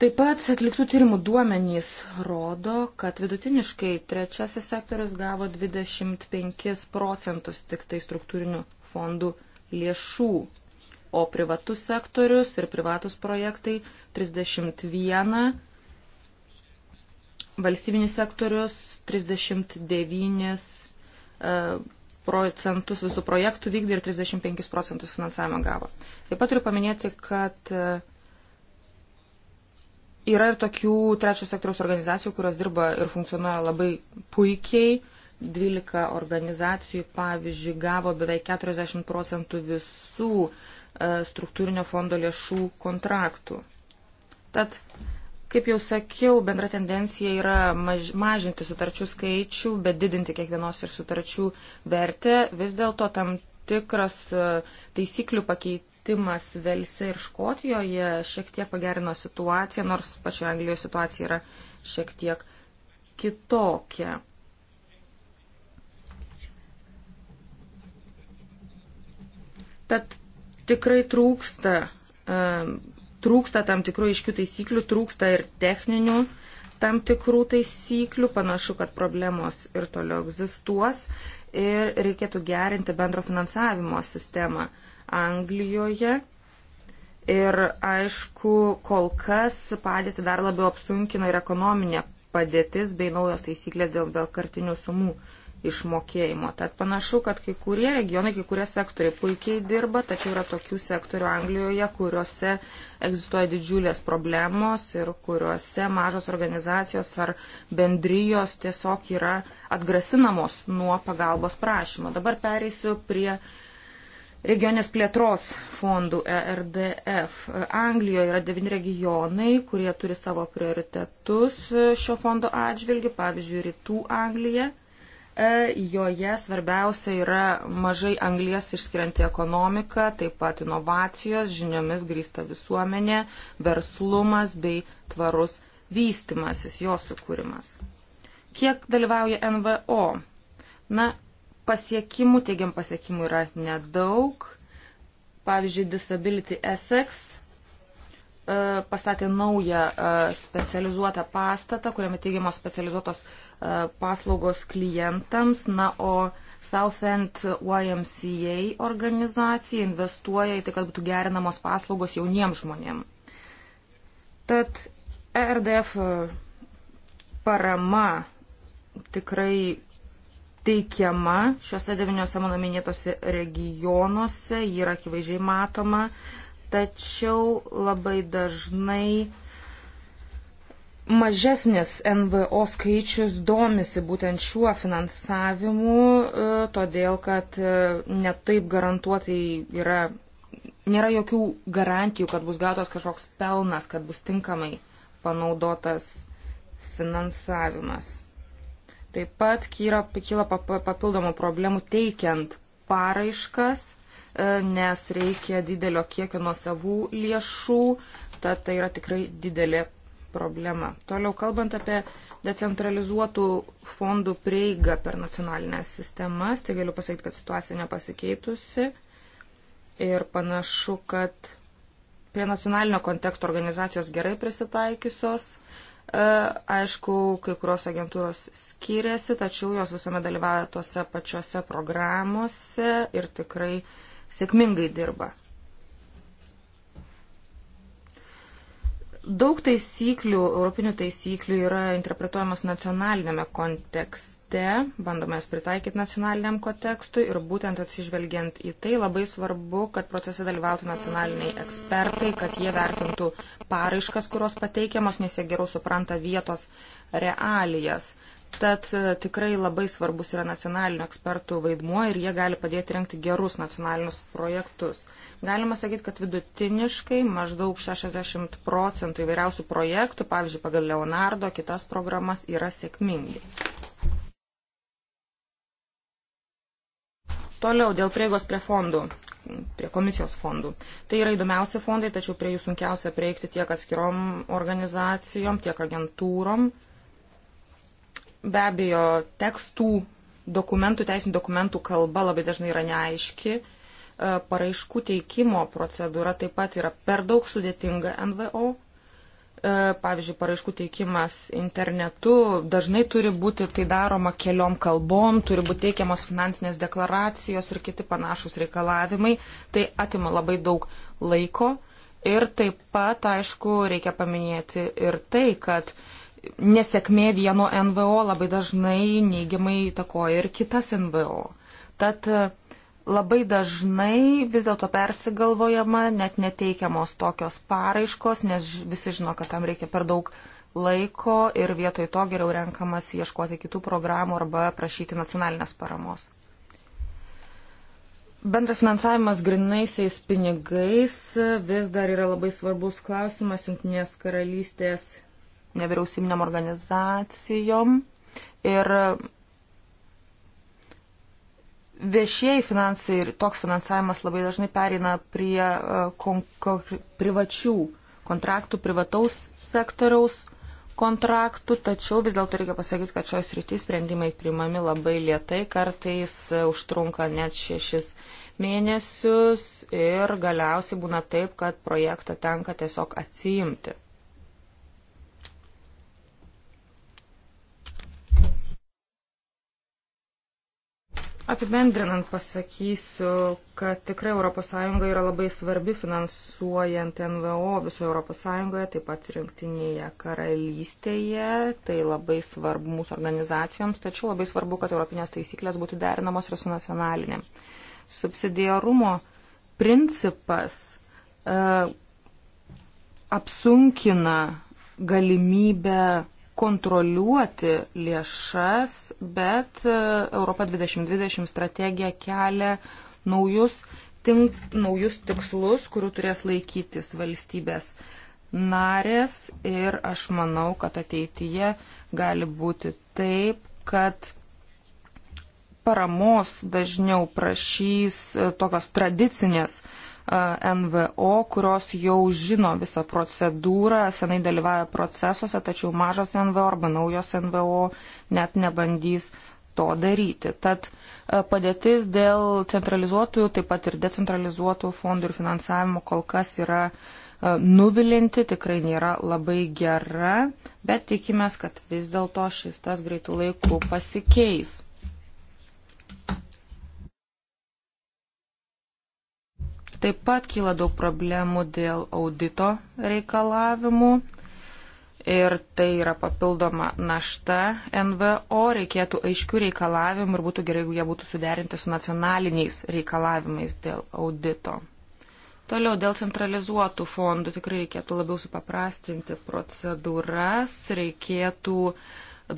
Taip pat atliktų tyrimų duomenys rodo, kad vidutiniškai trečiasis sektorius gavo 25 procentus tik tai struktūrinių fondų lėšų, o privatus sektorius ir privatus projektai 31, valstybinis sektorius 39 e, procentus visų projektų vykdė ir 35 procentus finansavimą gavo. Taip pat turiu paminėti, kad e, yra ir tokių trečio sektoriaus organizacijų, kurios dirba ir funkcionuoja labai puikiai. 12 organizacijų, pavyzdžiui, gavo beveik 40 procentų visų e, struktūrinio fondo lėšų kontraktų. Tad, kaip jau sakiau, bendra tendencija yra maž, mažinti sutarčių skaičių, bet didinti kiekvienos ir sutarčių vertę. Vis dėlto tam tikras e, taisyklių pakeit, plitimas Velse ir Škotijoje šiek tiek pagerino situaciją, nors pačioje Anglijoje situacija yra šiek tiek kitokia. Tad tikrai trūksta, trūksta tam tikrų iškių taisyklių, trūksta ir techninių tam tikrų taisyklių, panašu, kad problemos ir toliau egzistuos ir reikėtų gerinti bendro finansavimo sistemą. Anglijoje. Ir aišku, kol kas padėti dar labiau apsunkina ir ekonominė padėtis bei naujos taisyklės dėl vėlkartinių sumų išmokėjimo. Tad panašu, kad kai kurie regionai, kai kurie sektoriai puikiai dirba, tačiau yra tokių sektorių Anglijoje, kuriuose egzistuoja didžiulės problemos ir kuriuose mažos organizacijos ar bendrijos tiesiog yra atgrasinamos nuo pagalbos prašymo. Dabar pereisiu prie regionės plėtros fondų ERDF. Anglijoje yra devini regionai, kurie turi savo prioritetus šio fondo atžvilgių, pavyzdžiui, Rytų Anglija. E, joje svarbiausia yra mažai anglies išskirianti ekonomika, taip pat inovacijos, žiniomis grįsta visuomenė, verslumas bei tvarus vystimasis, jos sukūrimas. Kiek dalyvauja NVO? Na, pasiekimų, teigiam pasiekimų yra nedaug. Pavyzdžiui, Disability Essex e, pastatė naują e, specializuotą pastatą, kuriame teigiamos specializuotos e, paslaugos klientams. Na, o Southend YMCA organizacija investuoja į tai, kad būtų gerinamos paslaugos jauniems žmonėm. Tad ERDF parama tikrai teikiama šiuose deviniuose mano minėtose regionuose, ji yra akivaizdžiai matoma, tačiau labai dažnai mažesnis NVO skaičius domisi būtent šiuo finansavimu, e, todėl kad e, netaip garantuotai yra, nėra jokių garantijų, kad bus gautas kažkoks pelnas, kad bus tinkamai panaudotas finansavimas. Taip pat kyla, kyla papildomų problemų teikiant paraiškas, e, nes reikia didelio kiekio nuo savų lėšų, tad tai yra tikrai didelė problema. Toliau kalbant apie decentralizuotų fondų prieigą per nacionalinės sistemas, tai galiu pasakyti, kad situacija nepasikeitusi ir panašu, kad prie nacionalinio konteksto organizacijos gerai prisitaikiusios E, aišku, kai kurios agentūros skiriasi, tačiau jos visuomet dalyvauja tose pačiose programuose ir tikrai sėkmingai dirba. Daug taisyklių, europinių taisyklių yra interpretuojamas nacionalinėme kontekste parlamente, bandome jas pritaikyti nacionaliniam kontekstui ir būtent atsižvelgiant į tai labai svarbu, kad procese dalyvautų nacionaliniai ekspertai, kad jie vertintų paraiškas, kurios pateikiamos, nes jie geriau supranta vietos realijas. Tad e, tikrai labai svarbus yra nacionalinių ekspertų vaidmuo ir jie gali padėti renkti gerus nacionalinius projektus. Galima sakyti, kad vidutiniškai maždaug 60 procentų įvairiausių projektų, pavyzdžiui, pagal Leonardo, kitas programas yra sėkmingi. Toliau dėl prieigos prie fondų, prie komisijos fondų. Tai yra įdomiausi fondai, tačiau prie jų sunkiausia prieikti tiek atskirom organizacijom, tiek agentūrom. Be abejo, tekstų, dokumentų, teisinių dokumentų kalba labai dažnai yra neaiški. E, paraiškų teikimo procedūra taip pat yra per daug sudėtinga NVO E, pavyzdžiui, paraiškų teikimas internetu, dažnai turi būti tai daroma keliom kalbom, turi būti teikiamos finansinės deklaracijos ir kiti panašus reikalavimai. Tai atima labai daug laiko. Ir taip pat, aišku, reikia paminėti ir tai, kad nesėkmė vieno NVO labai dažnai neigiamai įtakoja ir kitas NVO. Tad labai dažnai vis dėlto persigalvojama, net neteikiamos tokios paraiškos, nes visi žino, kad tam reikia per daug laiko ir vietoj to geriau renkamas ieškoti kitų programų arba prašyti nacionalinės paramos. Bendras finansavimas grinaisiais pinigais vis dar yra labai svarbus klausimas Junktinės karalystės nevyriausybinėm organizacijom. Ir viešieji finansai ir toks finansavimas labai dažnai pereina prie e, kon, kon, privačių kontraktų, privataus sektoriaus kontraktų, tačiau vis dėlto reikia pasakyti, kad šios rytis sprendimai primami labai lietai, kartais e, užtrunka net šešis mėnesius ir galiausiai būna taip, kad projektą tenka tiesiog atsiimti. Apibendrinant pasakysiu, kad tikrai ES yra labai svarbi finansuojant NVO visoje ES, taip pat ir Junktinėje karalystėje. Tai labai svarbu mūsų organizacijoms, tačiau labai svarbu, kad europinės taisyklės būtų derinamos ir su nacionalinė. Subsidiarumo principas e, apsunkina galimybę kontroliuoti lėšas, bet e, Europa 2020 strategija kelia naujus, tink, naujus tikslus, kurių turės laikytis valstybės narės ir aš manau, kad ateityje gali būti taip, kad paramos dažniau prašys e, tokios tradicinės uh, NVO, kurios jau žino visą procedūrą, senai dalyvauja procesuose, tačiau mažos NVO arba naujos NVO net nebandys to daryti. Tad e, padėtis dėl centralizuotų, taip pat ir decentralizuotų fondų ir finansavimo kol kas yra e, nuvilinti, tikrai nėra labai gera, bet tikimės, kad vis dėlto šis tas greitų laikų pasikeis. Taip pat kyla daug problemų dėl audito reikalavimų. Ir tai yra papildoma našta NVO, reikėtų aiškių reikalavimų ir būtų gerai, jeigu jie būtų suderinti su nacionaliniais reikalavimais dėl audito. Toliau dėl centralizuotų fondų tikrai reikėtų labiau supaprastinti procedūras, reikėtų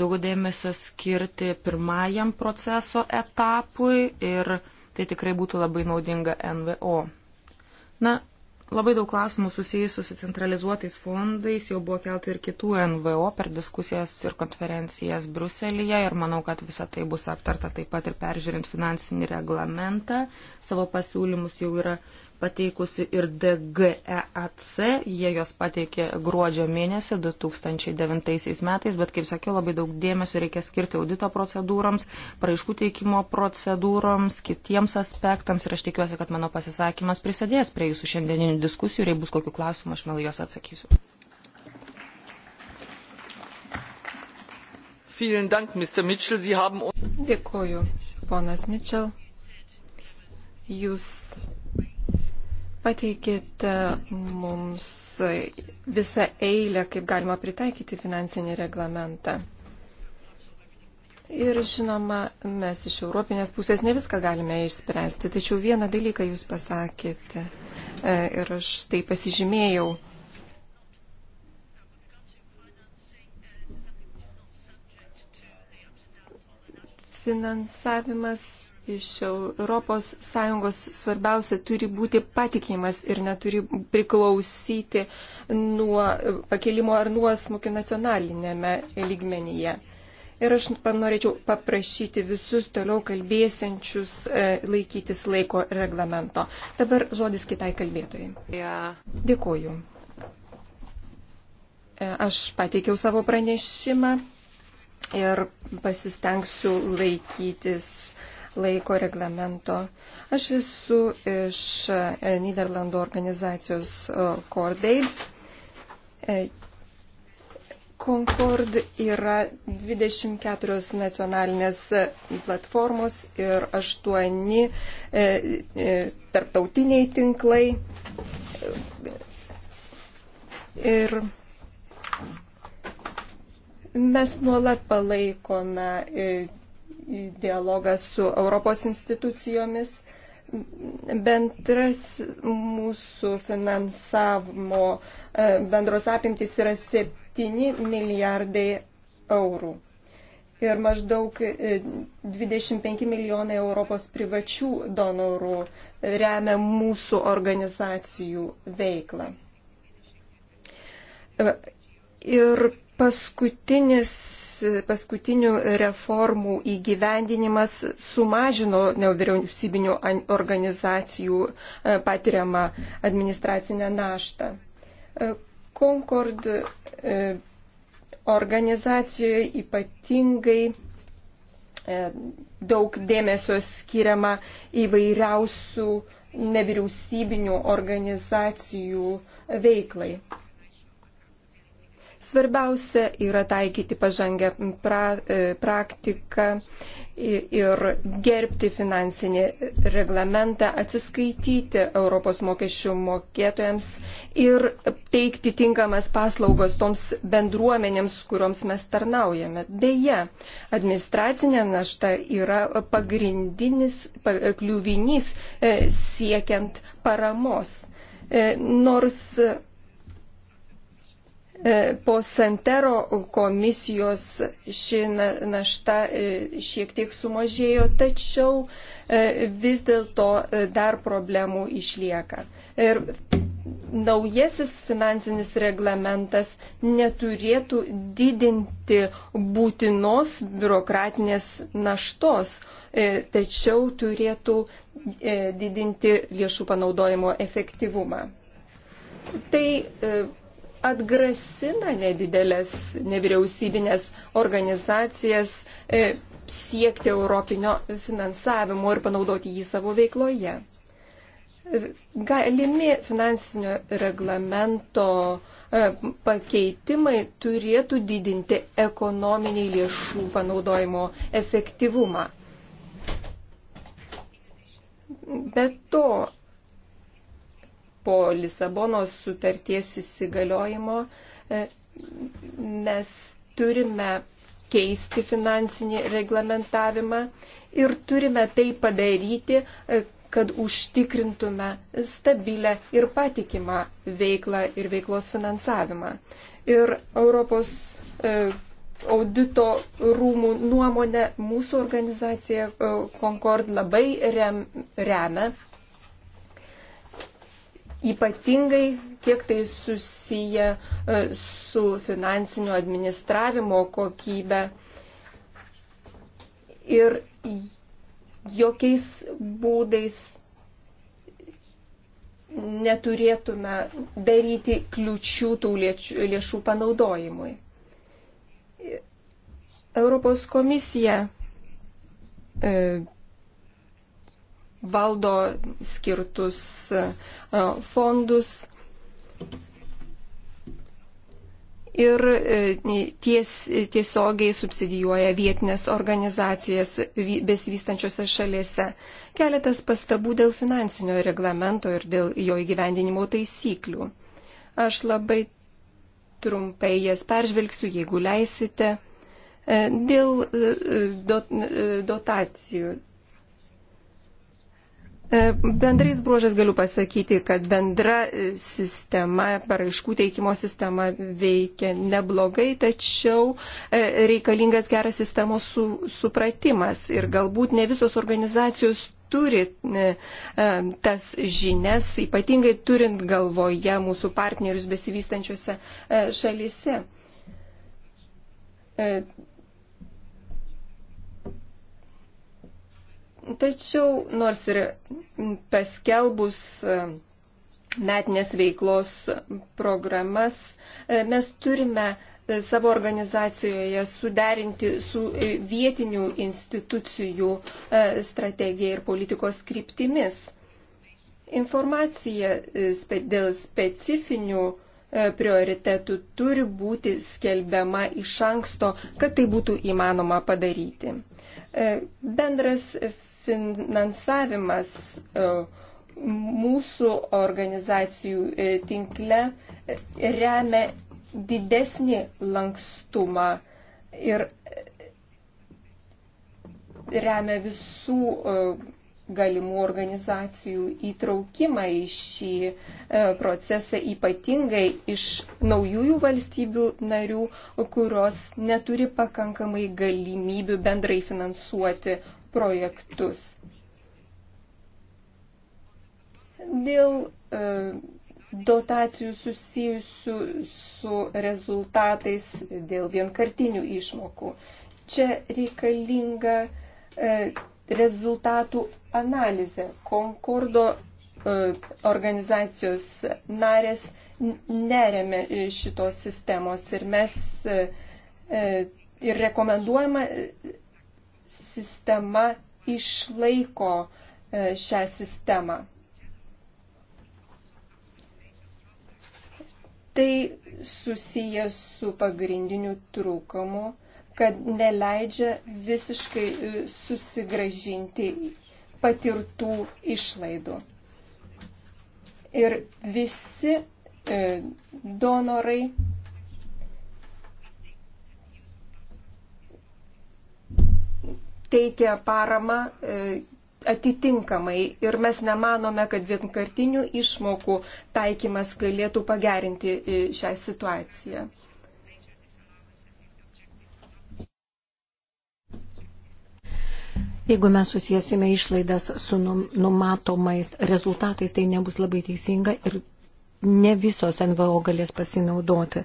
daugiau dėmesio skirti pirmajam proceso etapui ir tai tikrai būtų labai naudinga NVO. Na, labai daug klausimų susijusių su centralizuotais fondais jau buvo kelta ir kitų NVO per diskusijas ir konferencijas Bruselėje ir manau, kad visa tai bus aptarta taip pat ir peržiūrint finansinį reglamentą. Savo pasiūlymus jau yra pateikusi ir DGEAC, jie jos pateikė gruodžio mėnesį 2009 metais, bet kaip sakiau, labai daug dėmesio reikia skirti audito procedūrams, praaiškų teikimo procedūrams, kitiems aspektams ir aš tikiuosi, kad mano pasisakymas prisidės prie jūsų šiandieninių diskusijų ir jei bus kokių klausimų, aš mielai jos atsakysiu. Dėkuoju, ponas Mitchell. Jūs pateikėte mums visą eilę, kaip galima pritaikyti finansinį reglamentą. Ir žinoma, mes iš Europinės pusės ne viską galime išspręsti, tačiau vieną dalyką jūs pasakėte e, ir aš tai pasižymėjau. Finansavimas iš ES svarbiausia turi būti patikimas ir neturi priklausyti nuo pakelimo ar nuosmukio nacionalinėme lygmenyje. Ir aš norėčiau paprašyti visus toliau kalbėsiančius e, laikytis laiko reglamento. Dabar žodis kitai kalbėtojai. Yeah. Dėkuoju. E, aš pateikiau savo pranešimą ir pasistengsiu laikytis laiko reglamento. Aš esu iš e, Niderlandų organizacijos e, Cordaid. E, Concord yra 24 nacionalinės platformos ir 8 tarptautiniai tinklai. Ir mes nuolat palaikome dialogą su Europos institucijomis. Bendras mūsų finansavimo e, bendros apimtys yra 7 milijardai eurų. Ir maždaug 25 e, milijonai Europos privačių donorų remia mūsų organizacijų veiklą. E, ir paskutinis, paskutinių reformų įgyvendinimas sumažino nevyriausybinių organizacijų e, patiriamą administracinę naštą. E, Concord e, organizacijoje ypatingai daug dėmesio skiriama įvairiausių nevyriausybinių organizacijų veiklai. Svarbiausia yra taikyti pažangę pra, e, praktiką ir gerbti finansinį reglamentą, atsiskaityti Europos mokesčių mokėtojams ir teikti tinkamas paslaugos toms bendruomenėms, kuriuoms mes tarnaujame. Deja, administracinė našta yra pagrindinis kliuvinys e, siekiant paramos. E, nors E, po Santero komisijos ši našta e, šiek tiek sumažėjo, tačiau e, vis dėlto dar problemų išlieka. Ir naujasis finansinis reglamentas neturėtų didinti būtinos biurokratinės naštos, tačiau turėtų didinti lėšų panaudojimo efektyvumą. Tai atgrasina nedidelės nevyriausybinės organizacijas e, siekti europinio finansavimo ir panaudoti jį savo veikloje. Galimi finansinio reglamento e, pakeitimai turėtų didinti ekonominiai lėšų panaudojimo efektyvumą. Be to, po Lisabonos sutarties įsigaliojimo e, mes turime keisti finansinį reglamentavimą ir turime tai padaryti, e, kad užtikrintume stabilę ir patikimą veiklą ir veiklos finansavimą. Ir Europos e, audito rūmų nuomonę mūsų organizacija Concord labai rem, remia ypatingai kiek tai susiję e, su finansinio administravimo kokybe. Ir jokiais būdais neturėtume daryti kliučių tų lėšų panaudojimui. Europos komisija e, valdo skirtus e, fondus. Ir e, ties, tiesiogiai subsidijuoja vietinės organizacijas besivystančiose šalėse. Keletas pastabų dėl finansinio reglamento ir dėl jo įgyvendinimo taisyklių. Aš labai trumpai jas peržvelgsiu, jeigu leisite. E, dėl dotacijų E, bendrais bruožas galiu pasakyti, kad bendra e, sistema, paraiškų teikimo sistema veikia neblogai, tačiau e, reikalingas geras sistemos su, supratimas ir galbūt ne visos organizacijos turi tas žinias, ypatingai turint galvoje mūsų partnerius besivystančiose šalyse Tačiau nors ir paskelbus e, metinės veiklos programas, e, mes turime e, savo organizacijoje suderinti su vietinių institucijų strategija ir politikos kryptimis. Informacija dėl specifinių prioritetų turi būti skelbiama iš anksto, kad tai būtų įmanoma padaryti. Bendras finansavimas e, mūsų organizacijų e, tinkle e, remia didesnį lankstumą ir remia visų galimų organizacijų įtraukimą į šį procesą, ypatingai iš naujųjų valstybių narių, kurios neturi pakankamai galimybių bendrai finansuoti projektus. Dėl e, dotacijų susijusių su rezultatais, dėl vienkartinių išmokų. Čia reikalinga e, rezultatų analizė. Konkordo e, organizacijos narės neremia e, šitos sistemos ir mes e, e ir rekomenduojama sistema išlaiko e, šią sistemą. Tai susijęs su pagrindiniu trūkumu, kad neleidžia visiškai e, susigražinti patirtų išlaidų. Ir visi e, donorai teikia paramą e, atitinkamai ir mes nemanome, kad vienkartinių išmokų taikymas galėtų pagerinti e, šią situaciją. Jeigu mes susijęsime išlaidas su numatomais rezultatais, tai nebus labai teisinga ir ne visos NVO galės pasinaudoti,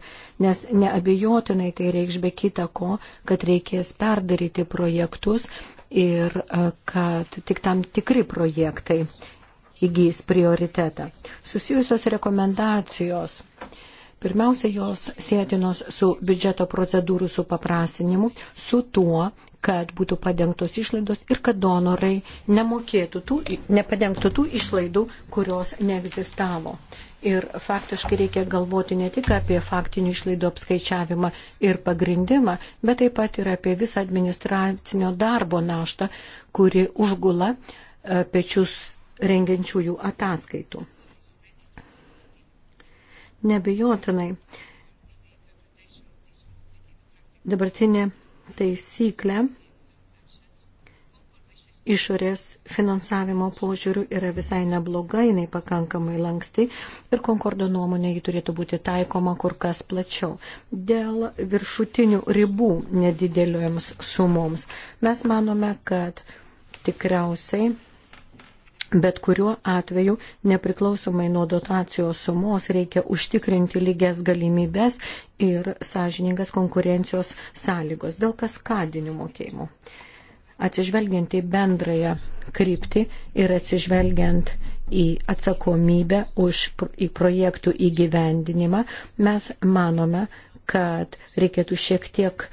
nes neabejotinai tai reikš be kita ko, kad reikės perdaryti projektus ir e, kad tik tam tikri projektai įgys prioritetą. Susijusios rekomendacijos. Pirmiausia, jos sėtinos su biudžeto procedūrų supaprastinimu, su tuo, kad būtų padengtos išlaidos ir kad donorai nemokėtų tų, nepadengtų tų išlaidų, kurios neegzistavo. Ir faktiškai reikia galvoti ne tik apie faktinių išlaidų apskaičiavimą ir pagrindimą, bet taip pat ir apie visą administracinio darbo naštą, kuri užgula e, pečius rengiančiųjų ataskaitų. Nebejotinai, dabartinė taisyklė išorės finansavimo požiūrių yra visai nebloga, jinai pakankamai lanksti ir Konkordo nuomonė jį turėtų būti taikoma kur kas plačiau. Dėl viršutinių ribų nedidelioms sumoms mes manome, kad tikriausiai Bet kuriuo atveju, nepriklausomai nuo dotacijos sumos, reikia užtikrinti lygias galimybės ir sąžiningas konkurencijos sąlygos dėl kaskadinių mokėjimų atsižvelgiant į bendrąją kryptį ir atsižvelgiant į atsakomybę už į projektų įgyvendinimą, mes manome, kad reikėtų šiek tiek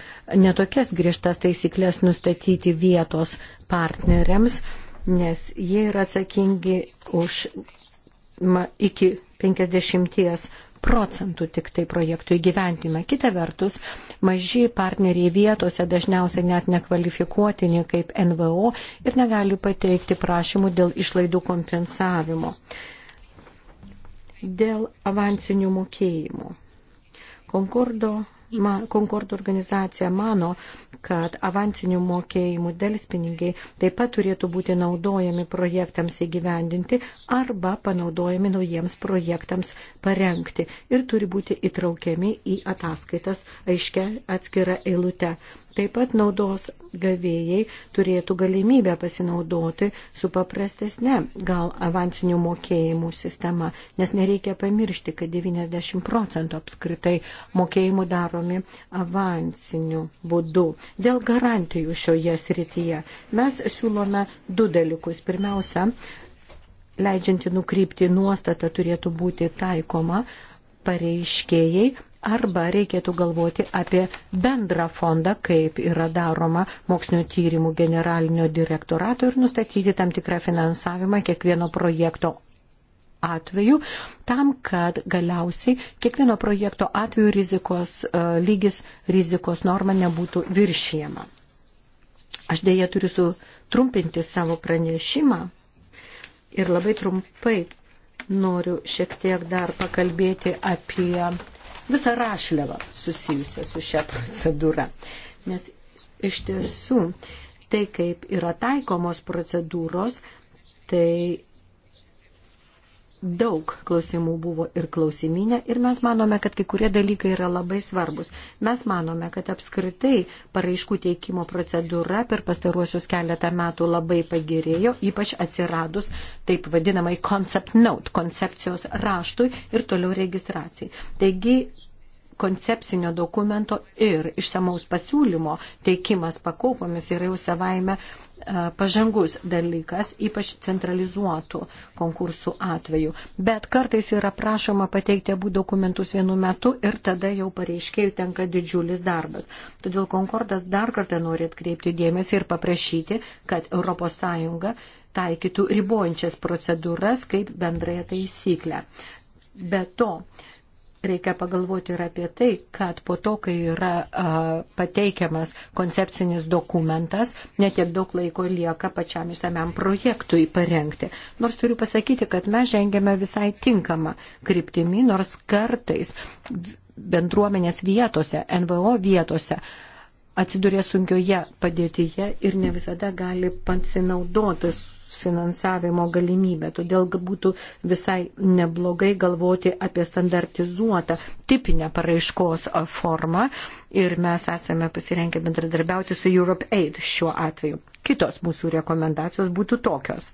netokias griežtas taisyklės nustatyti vietos partneriams, nes jie yra atsakingi už ma, iki 50 procentų tik tai projektų įgyvendimą. Kita vertus, Maži partneriai vietose dažniausiai net nekvalifikuotini kaip NVO ir negali pateikti prašymų dėl išlaidų kompensavimo. Dėl avansinių mokėjimų. Konkordo Concord organizacija mano, kad avansinių mokėjimų delspinigiai taip pat turėtų būti naudojami projektams įgyvendinti arba panaudojami naujiems projektams parengti ir turi būti įtraukiami į ataskaitas aiškia atskira eilute. Taip pat naudos gavėjai turėtų galimybę pasinaudoti su paprastesne gal avansinių mokėjimų sistema, nes nereikia pamiršti, kad 90 procentų apskritai mokėjimų daromi avansiniu būdu. Dėl garantijų šioje srityje mes siūlome du dalykus. Pirmiausia, leidžianti nukrypti nuostatą turėtų būti taikoma pareiškėjai arba reikėtų galvoti apie bendrą fondą, kaip yra daroma mokslinio tyrimų generalinio direktorato ir nustatyti tam tikrą finansavimą kiekvieno projekto atveju, tam, kad galiausiai kiekvieno projekto atveju rizikos e, lygis, rizikos norma nebūtų viršijama. Aš dėja turiu sutrumpinti savo pranešimą ir labai trumpai noriu šiek tiek dar pakalbėti apie visą rašliavą susijusią su šia procedūra. Nes iš tiesų tai, kaip yra taikomos procedūros, tai daug klausimų buvo ir klausiminė ir mes manome, kad kai kurie dalykai yra labai svarbus. Mes manome, kad apskritai paraiškų teikimo procedūra per pastaruosius keletą metų labai pagerėjo, ypač atsiradus taip vadinamai concept note, koncepcijos raštui ir toliau registracijai. Taigi koncepcinio dokumento ir išsamaus pasiūlymo teikimas pakopomis yra jau savaime e, pažangus dalykas, ypač centralizuotų konkursų atveju. Bet kartais yra prašoma pateikti abu dokumentus vienu metu ir tada jau pareiškėjų tenka didžiulis darbas. Todėl Konkordas dar kartą nori atkreipti dėmesį ir paprašyti, kad ES taikytų ribojančias procedūras kaip bendrąją taisyklę. Be to, reikia pagalvoti ir apie tai, kad po to, kai yra a, pateikiamas koncepcinis dokumentas, netiek daug laiko lieka pačiam išsamiam projektui parengti. Nors turiu pasakyti, kad mes žengėme visai tinkamą kryptimį, nors kartais bendruomenės vietose, NVO vietose atsidurė sunkioje padėtyje ir ne visada gali pasinaudotis finansavimo galimybę. Todėl būtų visai neblogai galvoti apie standartizuotą tipinę paraiškos formą ir mes esame pasirengę bendradarbiauti su Europe Aid šiuo atveju. Kitos mūsų rekomendacijos būtų tokios.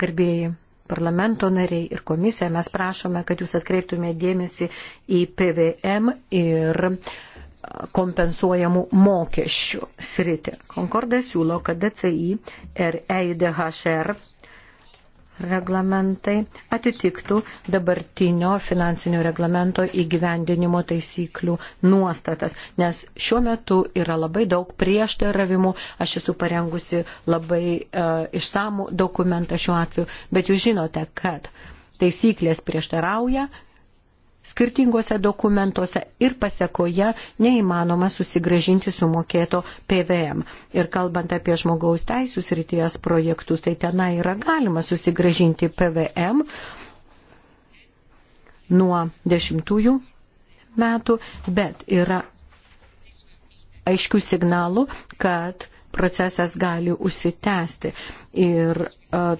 Garbėjai parlamento nariai ir komisija, mes prašome, kad jūs atkreiptumėte dėmesį į PVM ir uh, kompensuojamų mokesčių sritį. Konkordai siūlo, kad DCI ir EIDHR reglamentai atitiktų dabartinio finansinio reglamento įgyvendinimo taisyklių nuostatas, nes šiuo metu yra labai daug prieštaravimų. Aš esu parengusi labai e, išsamų dokumentą šiuo atveju, bet jūs žinote, kad taisyklės prieštarauja skirtingose dokumentuose ir pasiekoje neįmanoma susigražinti sumokėto PVM. Ir kalbant apie žmogaus teisų srities projektus, tai tenai yra galima susigražinti PVM nuo dešimtųjų metų, bet yra aiškių signalų, kad procesas gali užsitęsti. Ir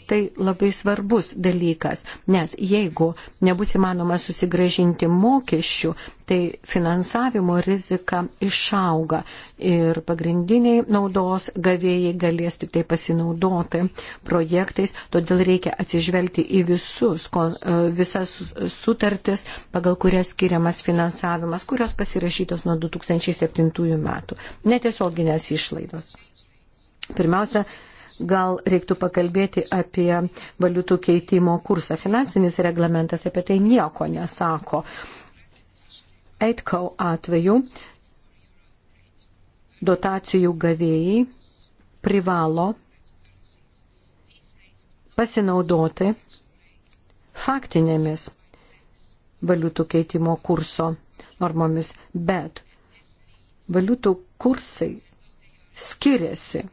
tai labai svarbus dalykas, nes jeigu nebus įmanoma susigražinti mokesčių, tai finansavimo rizika išauga ir pagrindiniai naudos gavėjai galės tik tai pasinaudoti projektais, todėl reikia atsižvelgti į visus, visas sutartis, pagal kurias skiriamas finansavimas, kurios pasirašytos nuo 2007 metų. Netiesioginės išlaidos. Pirmiausia, gal reiktų pakalbėti apie valiutų keitimo kursą. Finansinis reglamentas apie tai nieko nesako. Eitkau atveju dotacijų gavėjai privalo pasinaudoti faktinėmis valiutų keitimo kurso normomis, bet valiutų kursai skiriasi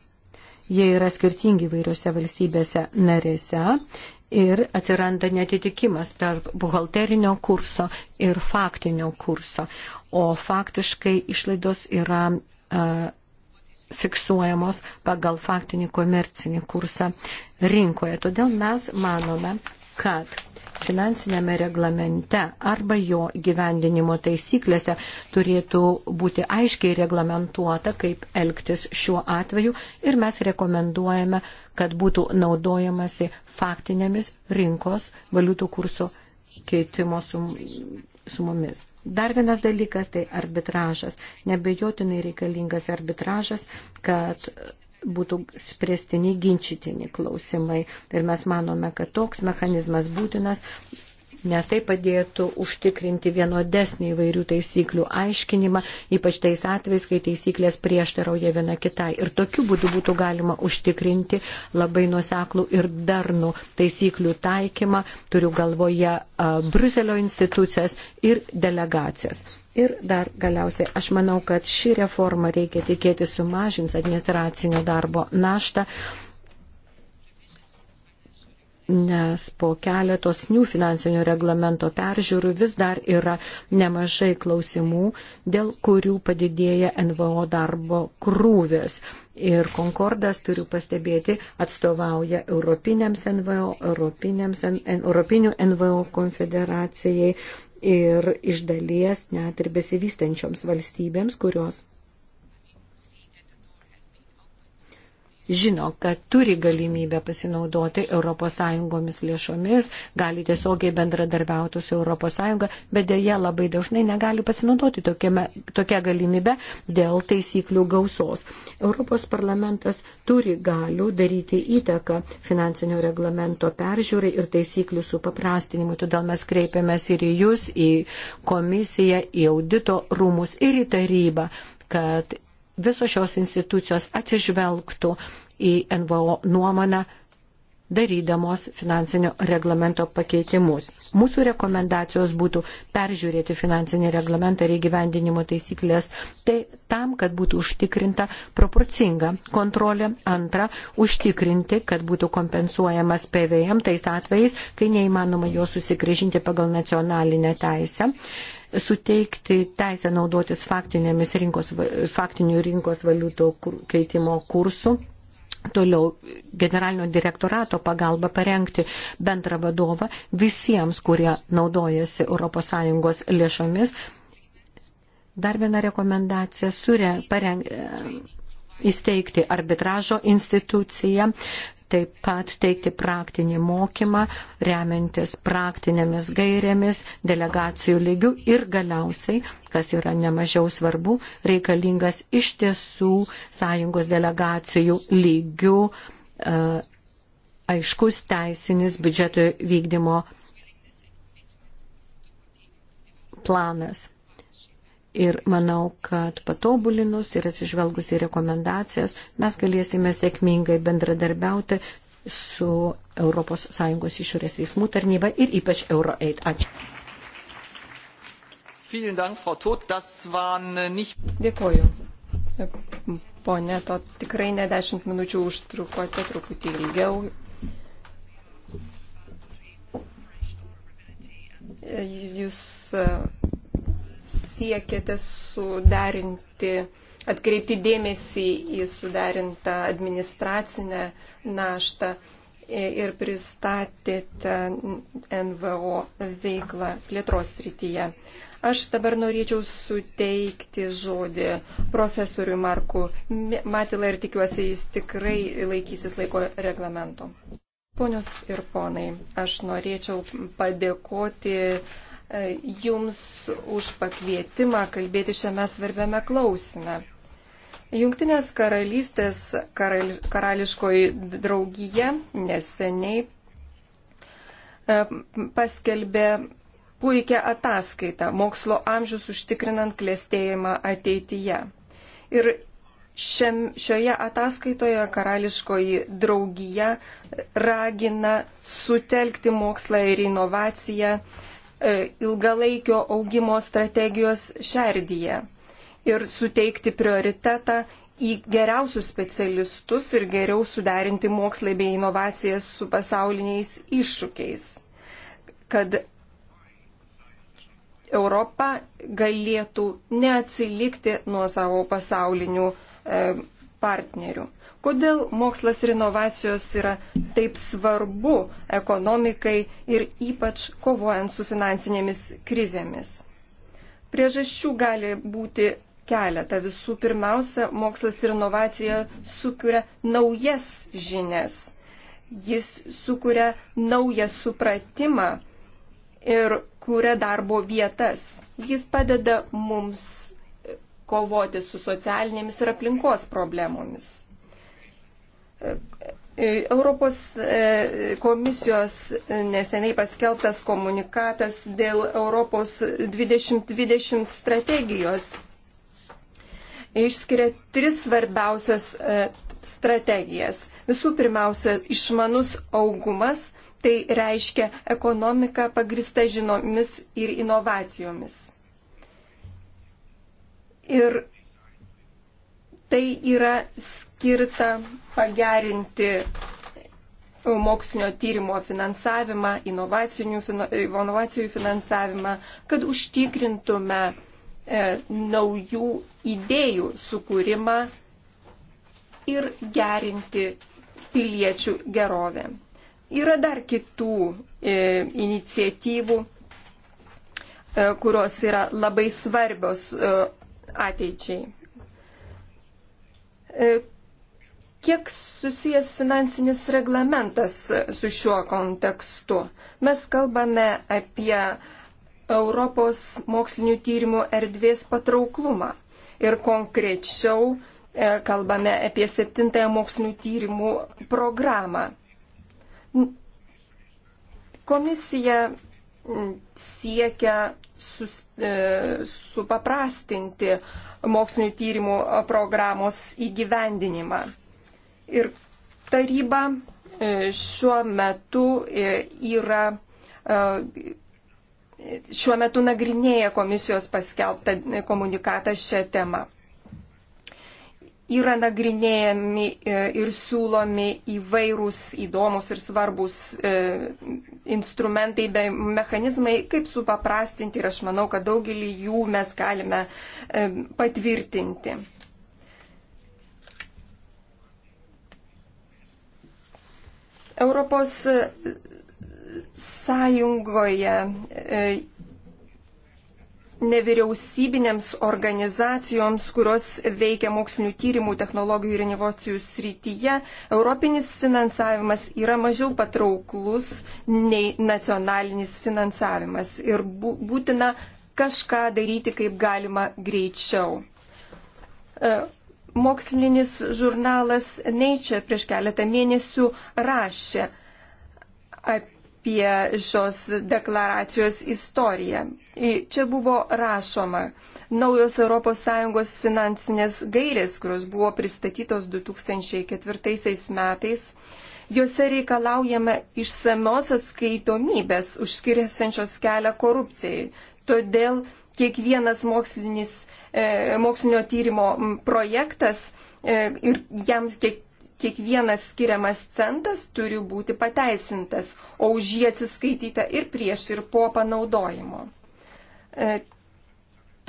Jie yra skirtingi vairiose valstybėse narėse ir atsiranda netitikimas tarp buhalterinio kurso ir faktinio kurso. O faktiškai išlaidos yra a, fiksuojamos pagal faktinį komercinį kursą rinkoje. Todėl mes manome, kad finansinėme reglamente arba jo gyvendinimo taisyklėse turėtų būti aiškiai reglamentuota, kaip elgtis šiuo atveju ir mes rekomenduojame, kad būtų naudojamasi faktinėmis rinkos valiutų kurso keitimo sum, sumomis. Dar vienas dalykas tai arbitražas. Nebejotinai reikalingas arbitražas, kad būtų spręstini ginčytini klausimai. Ir mes manome, kad toks mechanizmas būtinas, nes tai padėtų užtikrinti vienodesnį įvairių taisyklių aiškinimą, ypač tais atvejais, kai taisyklės prieštarauja viena kitai. Ir tokiu būdu būtų galima užtikrinti labai nuseklų ir darnų taisyklių taikymą, turiu galvoje a, Bruselio institucijas ir delegacijas. Ir dar galiausiai, aš manau, kad ši reforma reikia tikėti sumažins administracinio darbo naštą, nes po keletos new finansinio reglamento peržiūrų vis dar yra nemažai klausimų, dėl kurių padidėja NVO darbo krūvis. Ir Konkordas, turiu pastebėti, atstovauja Europinėms NVO, Europinėms, en, Europinių NVO konfederacijai ir iš dalies net ir besivystančioms valstybėms, kurios žino, kad turi galimybę pasinaudoti ES lėšomis, gali tiesiogiai bendradarbiauti su ES, bet dėja labai dažnai negali pasinaudoti tokiame, tokia galimybė dėl taisyklių gausos. Europos parlamentas turi galių daryti įtaką finansinio reglamento peržiūrai ir taisyklių supaprastinimui, todėl mes kreipiamės ir į Jūs, į komisiją, į audito rūmus ir į tarybą kad visos šios institucijos atsižvelgtų į NVO nuomonę darydamos finansinio reglamento pakeitimus. Mūsų rekomendacijos būtų peržiūrėti finansinį reglamentą ir įgyvendinimo taisyklės tai tam, kad būtų užtikrinta proporcinga kontrolė. Antra, užtikrinti, kad būtų kompensuojamas PVM tais atvejais, kai neįmanoma jo susigrįžinti pagal nacionalinę teisę suteikti teisę naudotis faktinėmis rinkos, faktinių rinkos valiutų keitimo kursų toliau generalinio direktorato pagalba parengti bendrą vadovą visiems, kurie naudojasi ES lėšomis. Dar viena rekomendacija surė, pareng, įsteigti arbitražo instituciją, taip pat teikti praktinį mokymą, remiantis praktinėmis gairėmis, delegacijų lygių ir galiausiai, kas yra nemažiau svarbu, reikalingas iš tiesų sąjungos delegacijų lygių e, aiškus teisinis biudžeto vykdymo planas ir manau, kad patobulinus ir atsižvelgus į rekomendacijas mes galėsime sėkmingai bendradarbiauti su ES išorės veiksmų tarnyba ir ypač EuroAid. Ačiū. Äh, Dėkoju. Pone, to tikrai ne dešimt minučių užtrukote, truputį ilgiau. Jūs siekiate suderinti, atkreipti dėmesį į suderintą administracinę naštą ir pristatėte NVO veiklą plėtros srityje. Aš dabar norėčiau suteikti žodį profesoriui Marku Matilą ir tikiuosi, jis tikrai laikysis laiko reglamento. Ponios ir ponai, aš norėčiau padėkoti uh, E, jums už pakvietimą kalbėti šiame svarbiame klausime. Junktinės karalystės karal, karališkoji draugija neseniai e, paskelbė puikia ataskaita Mokslo amžius užtikrinant klėstėjimą ateityje. Ir šiam, šioje ataskaitoje karališkoji draugija ragina sutelkti mokslą ir inovaciją E, ilgalaikio augimo strategijos šerdyje ir suteikti prioritetą į geriausius specialistus ir geriau suderinti mokslai bei inovacijas su pasauliniais iššūkiais, kad Europa galėtų neatsilikti nuo savo pasaulinių e, partnerių. Kodėl mokslas ir inovacijos yra taip svarbu ekonomikai ir ypač kovojant su finansinėmis krizėmis? Priežasčių gali būti keletą. Visų pirmiausia, mokslas ir inovacija sukuria naujas žinias. Jis sukuria naują supratimą ir kuria darbo vietas. Jis padeda mums kovoti su socialinėmis ir aplinkos problemomis. E, Europos e, komisijos neseniai paskelbtas komunikatas dėl Europos 2020 strategijos išskiria tris svarbiausias e, strategijas. Visų pirmiausia, išmanus augumas, tai reiškia ekonomika pagrista žinomis ir inovacijomis ir tai yra skirta pagerinti mokslinio tyrimo finansavimą, inovacijų finansavimą, kad užtikrintume e, naujų idėjų sukūrimą ir gerinti piliečių gerovę. Yra dar kitų e, iniciatyvų, e, kurios yra labai svarbios e, ateičiai. E, kiek susijęs finansinis reglamentas su šiuo kontekstu? Mes kalbame apie Europos mokslinių tyrimų erdvės patrauklumą ir konkrečiau e, kalbame apie septintąją mokslinių tyrimų programą. Komisija siekia sus, e, supaprastinti mokslinių tyrimų programos įgyvendinimą. Ir taryba e, šiuo metu e, yra. E, Šiuo metu nagrinėja komisijos paskelbtą komunikatą šią temą yra nagrinėjami e, ir siūlomi įvairūs įdomus ir svarbus e, instrumentai bei mechanizmai, kaip supaprastinti ir aš manau, kad daugelį jų mes galime e, patvirtinti. Europos Sąjungoje nevyriausybinėms organizacijoms, kurios veikia mokslinių tyrimų, technologijų ir inovacijų srityje, europinis finansavimas yra mažiau patrauklus nei nacionalinis finansavimas ir būtina kažką daryti kaip galima greičiau. E, mokslinis žurnalas Nature prieš keletą mėnesių rašė apie apie šios deklaracijos istoriją. Čia buvo rašoma naujos ES finansinės gairės, kurios buvo pristatytos 2004 metais. Jose reikalaujame išsamios atskaitomybės užskiriančios kelią korupcijai. Todėl kiekvienas mokslinis, e, mokslinio tyrimo projektas e, ir jam kiek, kiekvienas skiriamas centas turi būti pateisintas, o už jį atsiskaityta ir prieš ir po panaudojimo. E,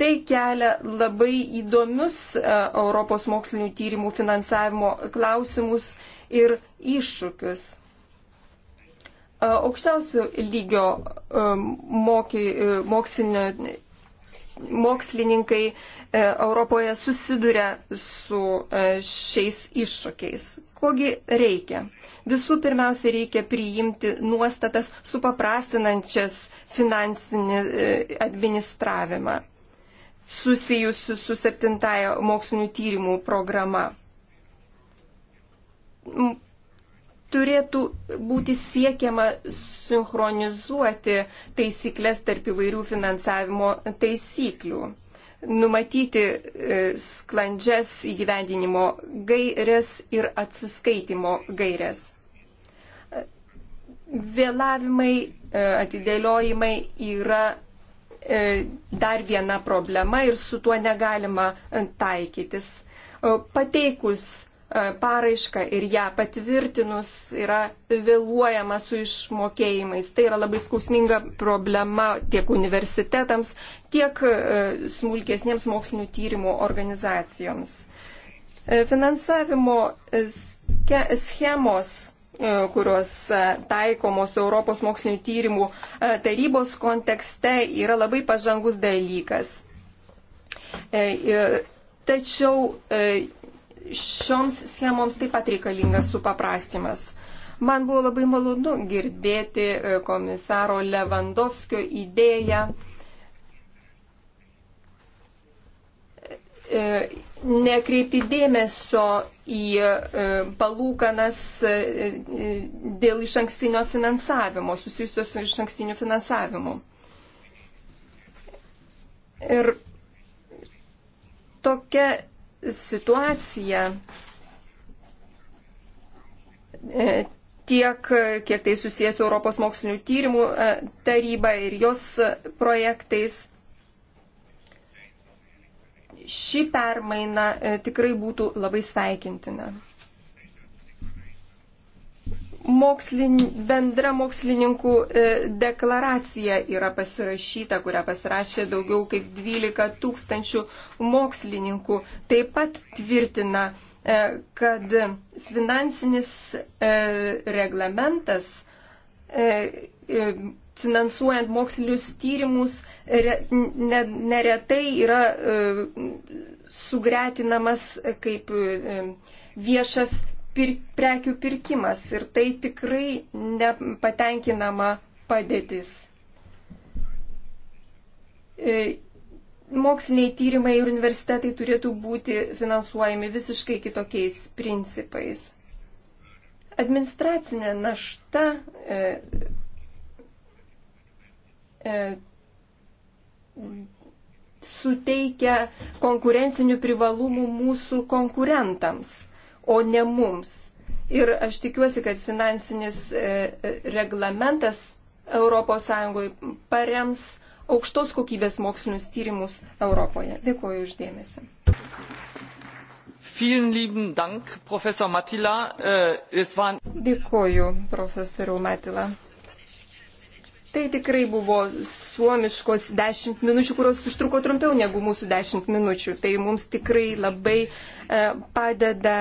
tai kelia labai įdomius e, Europos mokslinių tyrimų finansavimo klausimus ir iššūkius. E, Aukščiausių lygio mokslinio mokslininkai e, Europoje susiduria su e, šiais iššūkiais. Kogi reikia? Visų pirmiausia, reikia priimti nuostatas supaprastinančias finansinį e, administravimą susijusiu su septintaja mokslinių tyrimų programa turėtų būti siekiama sinchronizuoti taisyklės tarp įvairių finansavimo taisyklių, numatyti e, sklandžias įgyvendinimo gairias ir atsiskaitimo gairias. Vėlavimai, e, atidėliojimai yra e, dar viena problema ir su tuo negalima taikytis. Pateikus E, paraišką ir ją patvirtinus yra vėluojama su išmokėjimais. Tai yra labai skausminga problema tiek universitetams, tiek e, smulkesniems mokslinių tyrimų organizacijoms. E, finansavimo schemos kurios taikomos Europos mokslinių tyrimų tarybos kontekste yra labai pažangus dalykas. Tačiau šioms schemoms taip pat reikalingas supaprastimas. Man buvo labai malonu girdėti e, komisaro Levandovskio idėją e, nekreipti dėmesio į e, palūkanas dėl iš ankstinio finansavimo, susijusios iš ankstinių finansavimų. Ir tokia situacija e, tiek, kiek tai susijęs su Europos mokslinių tyrimų e, taryba ir jos projektais. Ši permaina e, tikrai būtų labai sveikintina mokslin, bendra mokslininkų e, deklaracija yra pasirašyta, kurią pasirašė daugiau kaip 12 tūkstančių mokslininkų. Taip pat tvirtina, e, kad finansinis e, reglamentas finansuojant mokslinius tyrimus neretai yra sugretinamas kaip viešas pir, prekių pirkimas ir tai tikrai nepatenkinama padėtis. E, moksliniai tyrimai ir universitetai turėtų būti finansuojami visiškai kitokiais principais. Administracinė našta e, e, suteikia konkurencinių privalumų mūsų konkurentams o ne mums. Ir aš tikiuosi, kad finansinis e, e, reglamentas ES parems aukštos kokybės mokslinius tyrimus Europoje. Dėkuoju uždėmesi. Dank, Matila. Äh, Dėkuoju, profesoriau Matila. Tai tikrai buvo suomiškos 10 minučių, kurios užtruko trumpiau negu mūsų 10 minučių. Tai mums tikrai labai e, padeda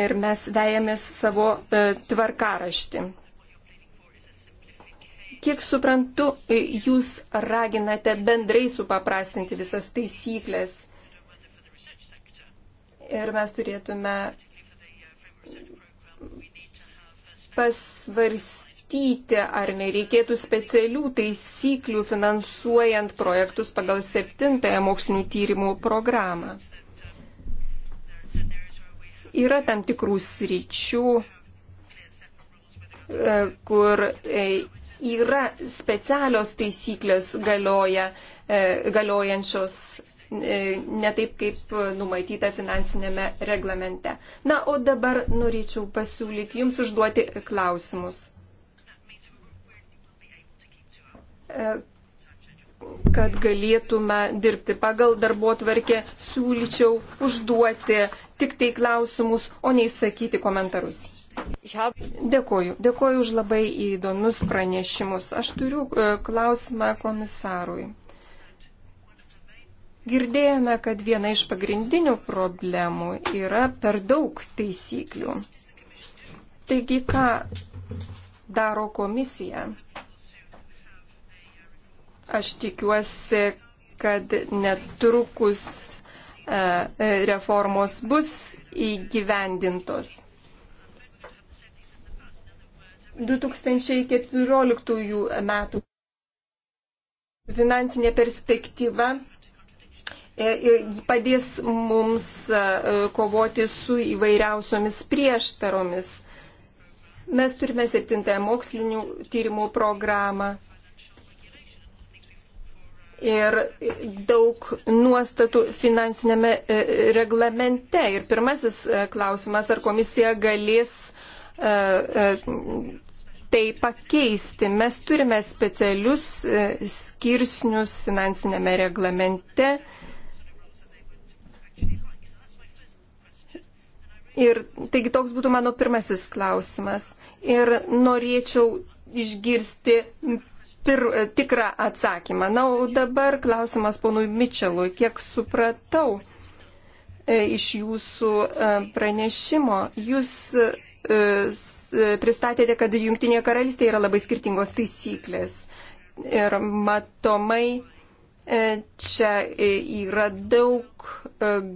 ir mes vejamės savo e, tvarkaraštį. Kiek suprantu, e, jūs raginate bendrai supaprastinti visas taisyklės. Ir mes turėtume pasvarstyti nustatyti, ar nereikėtų specialių taisyklių finansuojant projektus pagal septintąją mokslinių tyrimų programą. Yra tam tikrų sričių, e, kur e, yra specialios taisyklės galioja, e, galiojančios ne taip, kaip numatyta finansinėme reglamente. Na, o dabar norėčiau pasiūlyti Jums užduoti klausimus. E, kad galėtume dirbti pagal darbo tvarkę, siūlyčiau užduoti tik tai klausimus, o neįsakyti komentarus. Dėkoju. Dėkoju už labai įdomius pranešimus. Aš turiu e, klausimą komisarui. Girdėjome, kad viena iš pagrindinių problemų yra per daug taisyklių. Taigi, ką daro komisija? Aš tikiuosi, kad netrukus e, e, reformos bus įgyvendintos. 2014 metų finansinė perspektyva e, padės mums kovoti su įvairiausiomis prieštaromis. Mes turime septintąją mokslinių tyrimų programą, ir daug nuostatų finansinėme e, reglamente. Ir pirmasis e, klausimas, ar komisija galės e, tai pakeisti. Mes turime specialius skirsnius finansinėme reglamente. Ir taigi toks būtų mano pirmasis klausimas. Ir norėčiau išgirsti pir, tikrą atsakymą. Na, o dabar klausimas ponui Mičelui, kiek supratau e, iš jūsų e, pranešimo. Jūs e, pristatėte, kad Junktinėje karalystėje yra labai skirtingos taisyklės. Ir matomai čia yra daug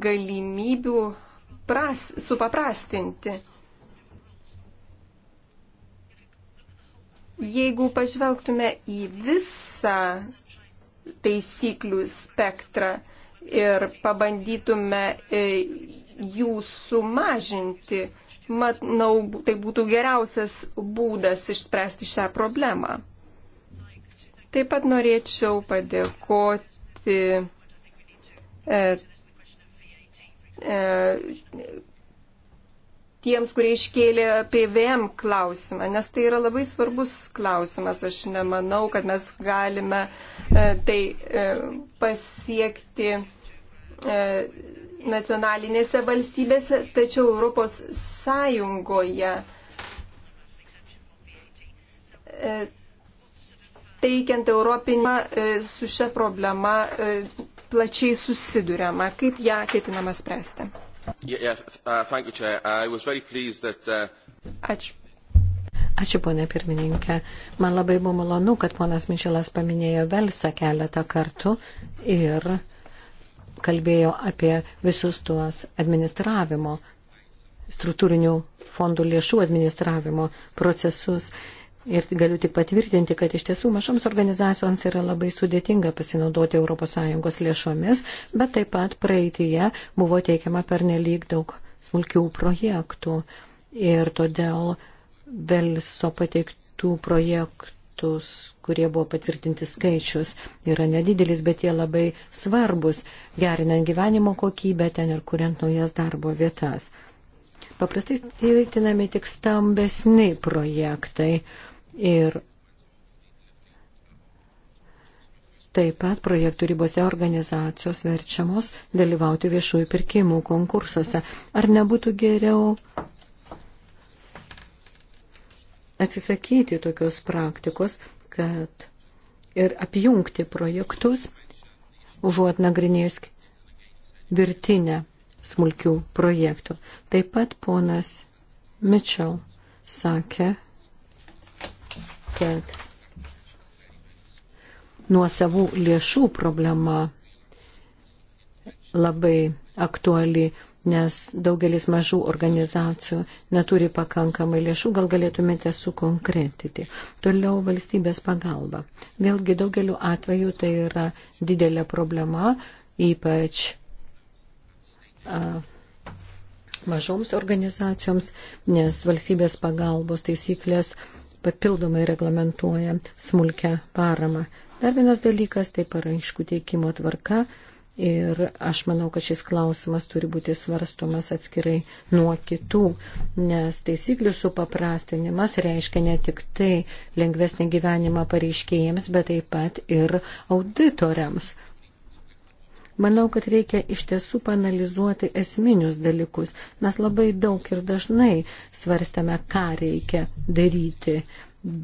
galimybių pras, supaprastinti. Jeigu pažvelgtume į visą taisyklių spektrą ir pabandytume e, jų sumažinti, manau, tai būtų geriausias būdas išspręsti šią problemą. Taip pat norėčiau padėkoti e, e, tiems, kurie iškėlė PVM klausimą, nes tai yra labai svarbus klausimas. Aš nemanau, kad mes galime e, tai e, pasiekti e, nacionalinėse valstybėse, tačiau Europos Sąjungoje teikiant Europinimą su šia problema plačiai susidurėma. Kaip ją ketinama spręsti? Yeah, yeah, uh, thank you, Chair. Uh, I was very pleased that... Uh... Ačiū. Ačiū, ponė pirmininkė. Man labai buvo malonu, kad ponas Mišelas paminėjo Velsą keletą kartų ir kalbėjo apie visus tuos administravimo, struktūrinių fondų lėšų administravimo procesus ir galiu tik patvirtinti, kad iš tiesų mažoms organizacijoms yra labai sudėtinga pasinaudoti ES lėšomis, bet taip pat praeitįje buvo teikiama per nelik daug smulkių projektų ir todėl Velso pateiktų projektus, kurie buvo patvirtinti skaičius, yra nedidelis, bet jie labai svarbus, gerinant gyvenimo kokybę ten ir kuriant naujas darbo vietas. Paprastai tvirtinami tik stambesni projektai, Ir Taip pat projektų ribose organizacijos verčiamos dalyvauti viešųjų pirkimų konkursuose. Ar nebūtų geriau atsisakyti tokios praktikos, kad ir apjungti projektus, užuot nagrinėjus virtinę smulkių projektų. Taip pat ponas Mitchell sakė, kad nuo savų lėšų problema labai aktuali, nes daugelis mažų organizacijų neturi pakankamai lėšų, gal galėtumėte sukonkretyti. Toliau valstybės pagalba. Vėlgi daugeliu atveju tai yra didelė problema, ypač a, mažoms organizacijoms, nes valstybės pagalbos taisyklės a, papildomai reglamentuoja smulkę paramą. Dar vienas dalykas tai paraiškų teikimo tvarka ir aš manau, kad šis klausimas turi būti svarstomas atskirai nuo kitų, nes taisyklių supaprastinimas reiškia ne tik tai lengvesnį gyvenimą pareiškėjams, bet taip pat ir auditoriams. Manau, kad reikia iš tiesų panalizuoti esminius dalykus. Mes labai daug ir dažnai svarstame, ką reikia daryti,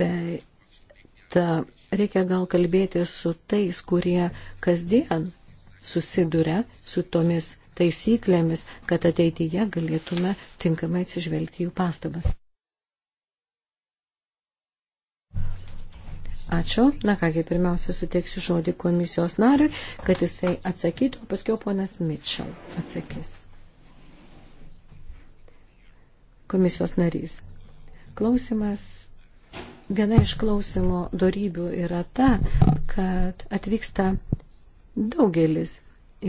bet e, reikia gal kalbėti su tais, kurie kasdien susiduria su tomis taisyklėmis, kad ateityje galėtume tinkamai atsižvelgti jų pastabas. Ačiū. Na kągi, pirmiausia, suteiksiu žodį komisijos nariui, kad jisai atsakytų, o paskui ponas Mitchell atsakys. Komisijos narys. Klausimas. Viena iš klausimo darybių yra ta, kad atvyksta daugelis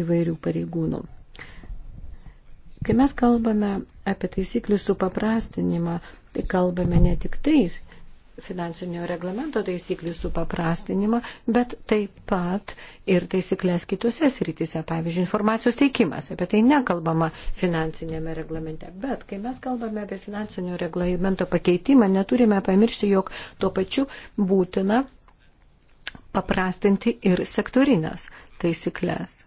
įvairių pareigūnų. Kai mes kalbame apie taisyklių supaprastinimą, tai kalbame ne tik tai finansinio reglamento taisyklių supaprastinimą, bet taip pat ir taisyklės kitose srityse, pavyzdžiui, informacijos teikimas. Apie tai nekalbama finansinėme reglamente. Bet kai mes kalbame apie finansinio reglamento pakeitimą, neturime pamiršti, jog tuo pačiu būtina paprastinti ir sektorinės taisyklės.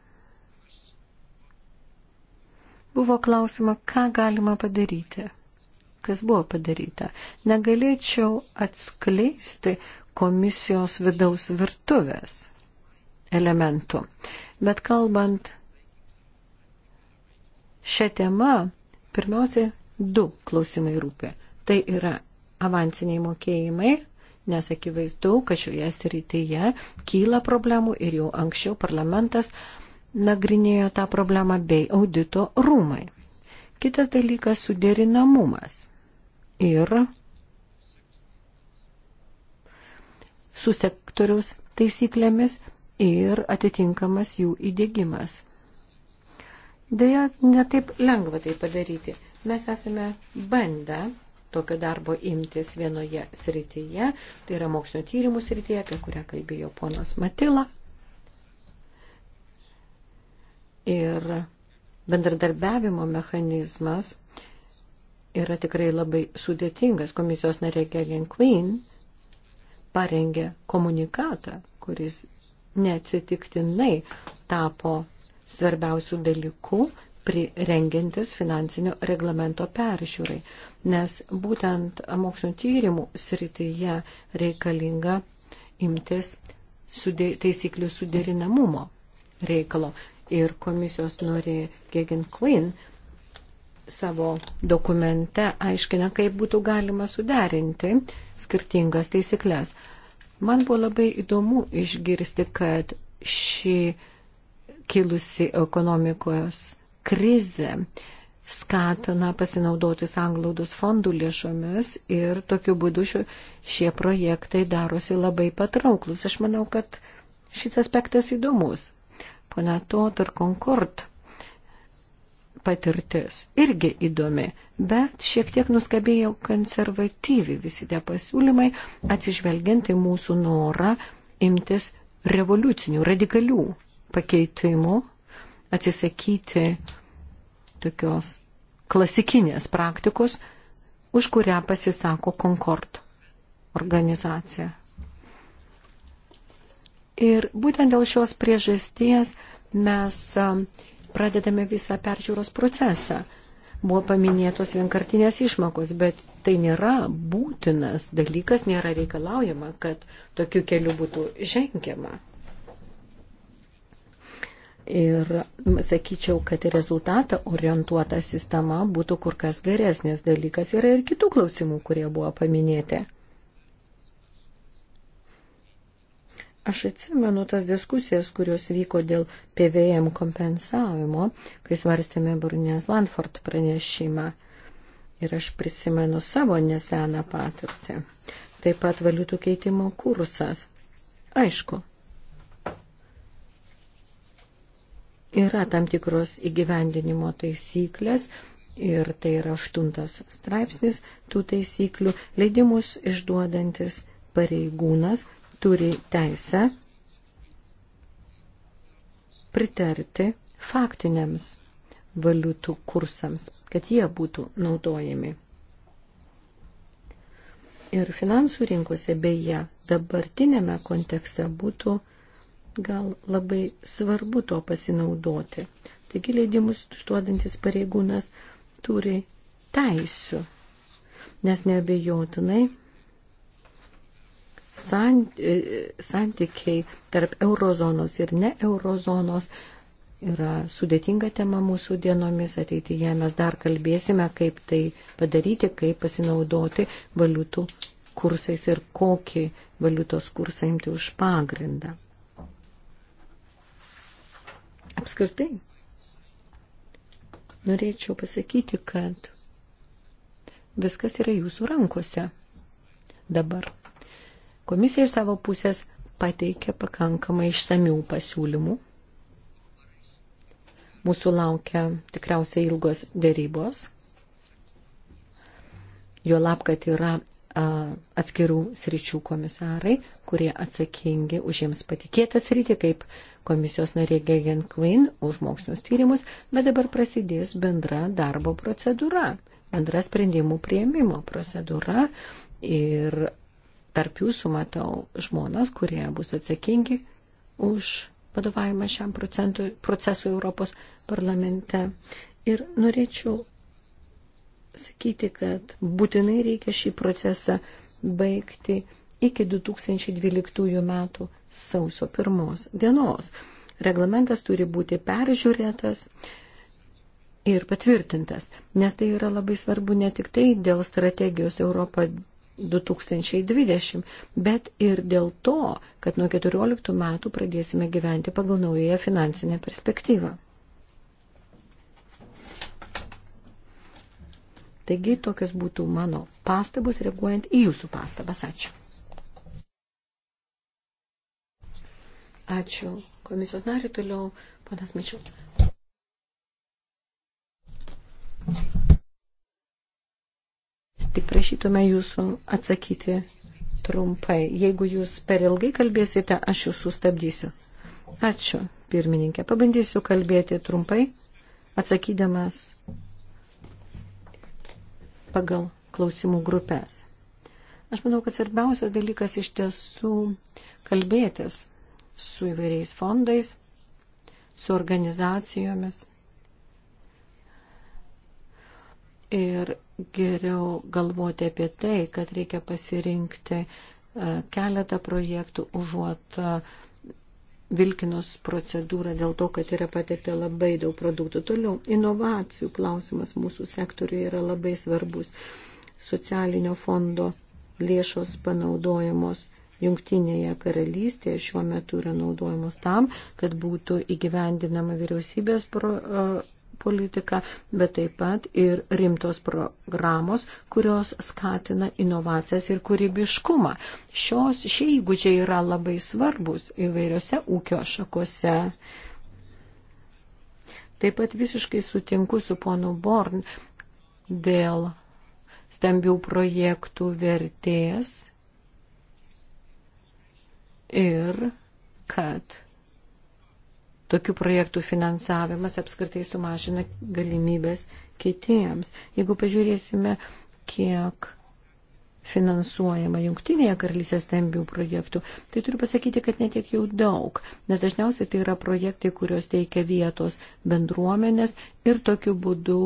Buvo klausima, ką galima padaryti kas buvo padaryta. Negalėčiau atskleisti komisijos vidaus virtuvės elementų. Bet kalbant šią temą, pirmiausia, du klausimai rūpė. Tai yra avansiniai mokėjimai, nes akivaizdu, kad šioje srityje kyla problemų ir jau anksčiau parlamentas nagrinėjo tą problemą bei audito rūmai. Kitas dalykas - suderinamumas ir su sektoriaus taisyklėmis ir atitinkamas jų įdėgymas. Deja, netaip lengva tai padaryti. Mes esame bandę tokio darbo imtis vienoje srityje, tai yra mokslinio tyrimų srityje, apie kurią kalbėjo ponas Matila. Ir bendradarbiavimo mechanizmas yra tikrai labai sudėtingas. Komisijos narė Kellen Queen parengė komunikatą, kuris neatsitiktinai tapo svarbiausių dalykų prirengintis finansinio reglamento peržiūrai, nes būtent mokslinio tyrimų srityje reikalinga imtis sudė, taisyklių suderinamumo reikalo. Ir komisijos norė Gegen Quinn savo dokumente aiškina, kaip būtų galima suderinti skirtingas taisyklės. Man buvo labai įdomu išgirsti, kad ši kilusi ekonomikos krizė skatina pasinaudoti sanglaudos fondų lėšomis ir tokiu būdu šie projektai darosi labai patrauklus. Aš manau, kad šis aspektas įdomus. Pone Tot ir Concord patirtis irgi įdomi, bet šiek tiek nuskabėjo konservatyvi visi tie pasiūlymai, atsižvelgiant į mūsų norą imtis revoliucinių, radikalių pakeitimų, atsisakyti tokios klasikinės praktikos, už kurią pasisako Concord organizacija. Ir būtent dėl šios priežasties mes pradedame visą peržiūros procesą. Buvo paminėtos vienkartinės išmokos, bet tai nėra būtinas dalykas, nėra reikalaujama, kad tokiu keliu būtų žengiama. Ir sakyčiau, kad rezultatą orientuota sistema būtų kur kas geresnės dalykas. Yra ir kitų klausimų, kurie buvo paminėti. Aš atsimenu tas diskusijas, kurios vyko dėl PVM kompensavimo, kai svarstėme Brunės Landford pranešimą. Ir aš prisimenu savo neseną patirtį. Taip pat valiutų keitimo kursas. Aišku. Yra tam tikros įgyvendinimo taisyklės, ir tai yra aštuntas straipsnis tų taisyklių, leidimus išduodantis pareigūnas turi teisę pritarti faktiniams valiutų kursams, kad jie būtų naudojami. Ir finansų rinkose beje dabartinėme kontekste būtų gal labai svarbu to pasinaudoti. Taigi leidimus išduodantis pareigūnas turi teisų, nes neabejotinai E, santykiai tarp eurozonos ir ne eurozonos yra sudėtinga tema mūsų dienomis. Ateityje mes dar kalbėsime, kaip tai padaryti, kaip pasinaudoti valiutų kursais ir kokį valiutos kursą imti už pagrindą. Apskritai, norėčiau pasakyti, kad viskas yra jūsų rankose dabar. Komisija iš savo pusės pateikė pakankamai išsamių pasiūlymų. Mūsų laukia tikriausiai ilgos dėrybos. Jo lab, kad yra atskirų sričių komisarai, kurie atsakingi už jiems patikėtą sritį, kaip komisijos narė Gegen Quinn už mokslinius tyrimus, bet dabar prasidės bendra darbo procedūra, bendra sprendimų prieimimo procedūra ir tarp jūsų matau žmonas, kurie bus atsakingi už vadovavimą šiam procesui Europos parlamente. Ir norėčiau sakyti, kad būtinai reikia šį procesą baigti iki 2012 metų sausio pirmos dienos. Reglamentas turi būti peržiūrėtas ir patvirtintas, nes tai yra labai svarbu ne tik tai dėl strategijos Europa 2020, bet ir dėl to, kad nuo 14 metų pradėsime gyventi pagal naująją finansinę perspektyvą. Taigi tokios būtų mano pastabos reaguojant į jūsų pastabas. Ačiū. Ačiū. Komisijos nariu toliau, panas Mačiau. Tik prašytume jūsų atsakyti trumpai. Jeigu jūs per ilgai kalbėsite, aš jūs sustabdysiu. Ačiū, pirmininkė. Pabandysiu kalbėti trumpai, atsakydamas pagal klausimų grupės. Aš manau, kad svarbiausias dalykas iš tiesų kalbėtis su įvairiais fondais, su organizacijomis. Ir geriau galvoti apie tai, kad reikia pasirinkti e, keletą projektų užuot e, vilkinus procedūrą dėl to, kad yra patekta labai daug produktų. Toliau, inovacijų klausimas mūsų sektoriuje yra labai svarbus. Socialinio fondo lėšos panaudojamos Jungtinėje karalystėje šiuo metu yra naudojamos tam, kad būtų įgyvendinama vyriausybės pro, uh, politika, bet taip pat ir rimtos programos, kurios skatina inovacijas ir kūrybiškumą. Šios šie įgūdžiai yra labai svarbus įvairiose ūkio šakose. Taip pat visiškai sutinku su ponu Born dėl stambių projektų vertės ir kad tokių projektų finansavimas apskritai sumažina galimybės kitiems. Jeigu pažiūrėsime, kiek finansuojama jungtinėje karalystės stambių projektų, tai turiu pasakyti, kad netiek jau daug, nes dažniausiai tai yra projektai, kurios teikia vietos bendruomenės ir tokiu būdu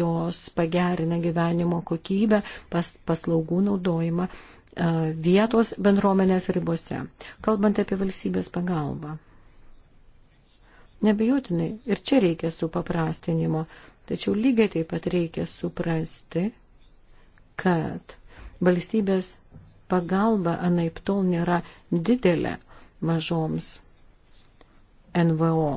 jos pagerina gyvenimo kokybę, pas, paslaugų naudojimą vietos bendruomenės ribose. Kalbant apie valstybės pagalbą. Nebejotinai, ir čia reikia supaprastinimo, tačiau lygiai taip pat reikia suprasti, kad valstybės pagalba anaip tol nėra didelė mažoms NVO.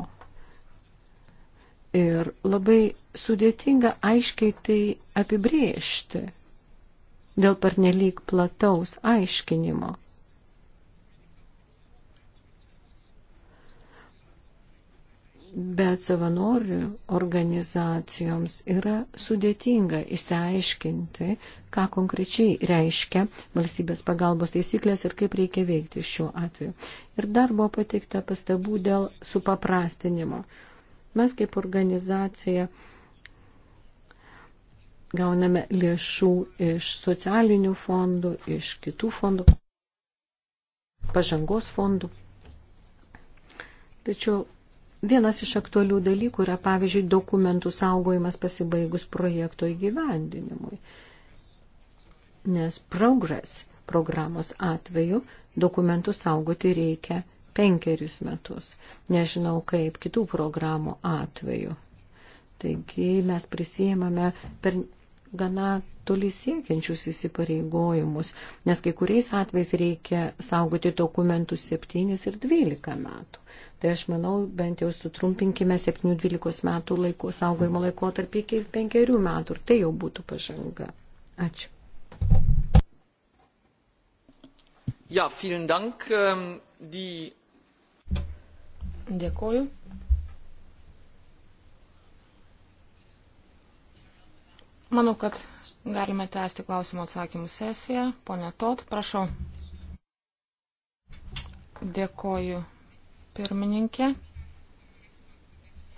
Ir labai sudėtinga aiškiai tai apibriežti dėl pernelyg plataus aiškinimo. Bet savanorių organizacijoms yra sudėtinga išsiaiškinti, ką konkrečiai reiškia valstybės pagalbos taisyklės ir kaip reikia veikti šiuo atveju. Ir dar buvo pateikta pastabų dėl supaprastinimo. Mes kaip organizacija gauname lėšų iš socialinių fondų, iš kitų fondų, pažangos fondų. Tačiau Vienas iš aktualių dalykų yra, pavyzdžiui, dokumentų saugojimas pasibaigus projekto įgyvendinimui. Nes progress programos atveju dokumentų saugoti reikia penkerius metus. Nežinau kaip kitų programų atveju. Taigi mes prisijėmame per gana toli siekiančius įsipareigojimus, nes kai kuriais atvejais reikia saugoti dokumentus 7 ir 12 metų. Tai aš manau, bent jau sutrumpinkime 7-12 metų laiko, saugojimo laikotarpį iki 5 metų ir tai jau būtų pažanga. Ačiū. Ja, vielen Dank. Ähm, die... Dėkoju. Manau, kad galime tęsti klausimų atsakymų sesiją. Pone Tot, prašau. Dėkoju pirmininkė.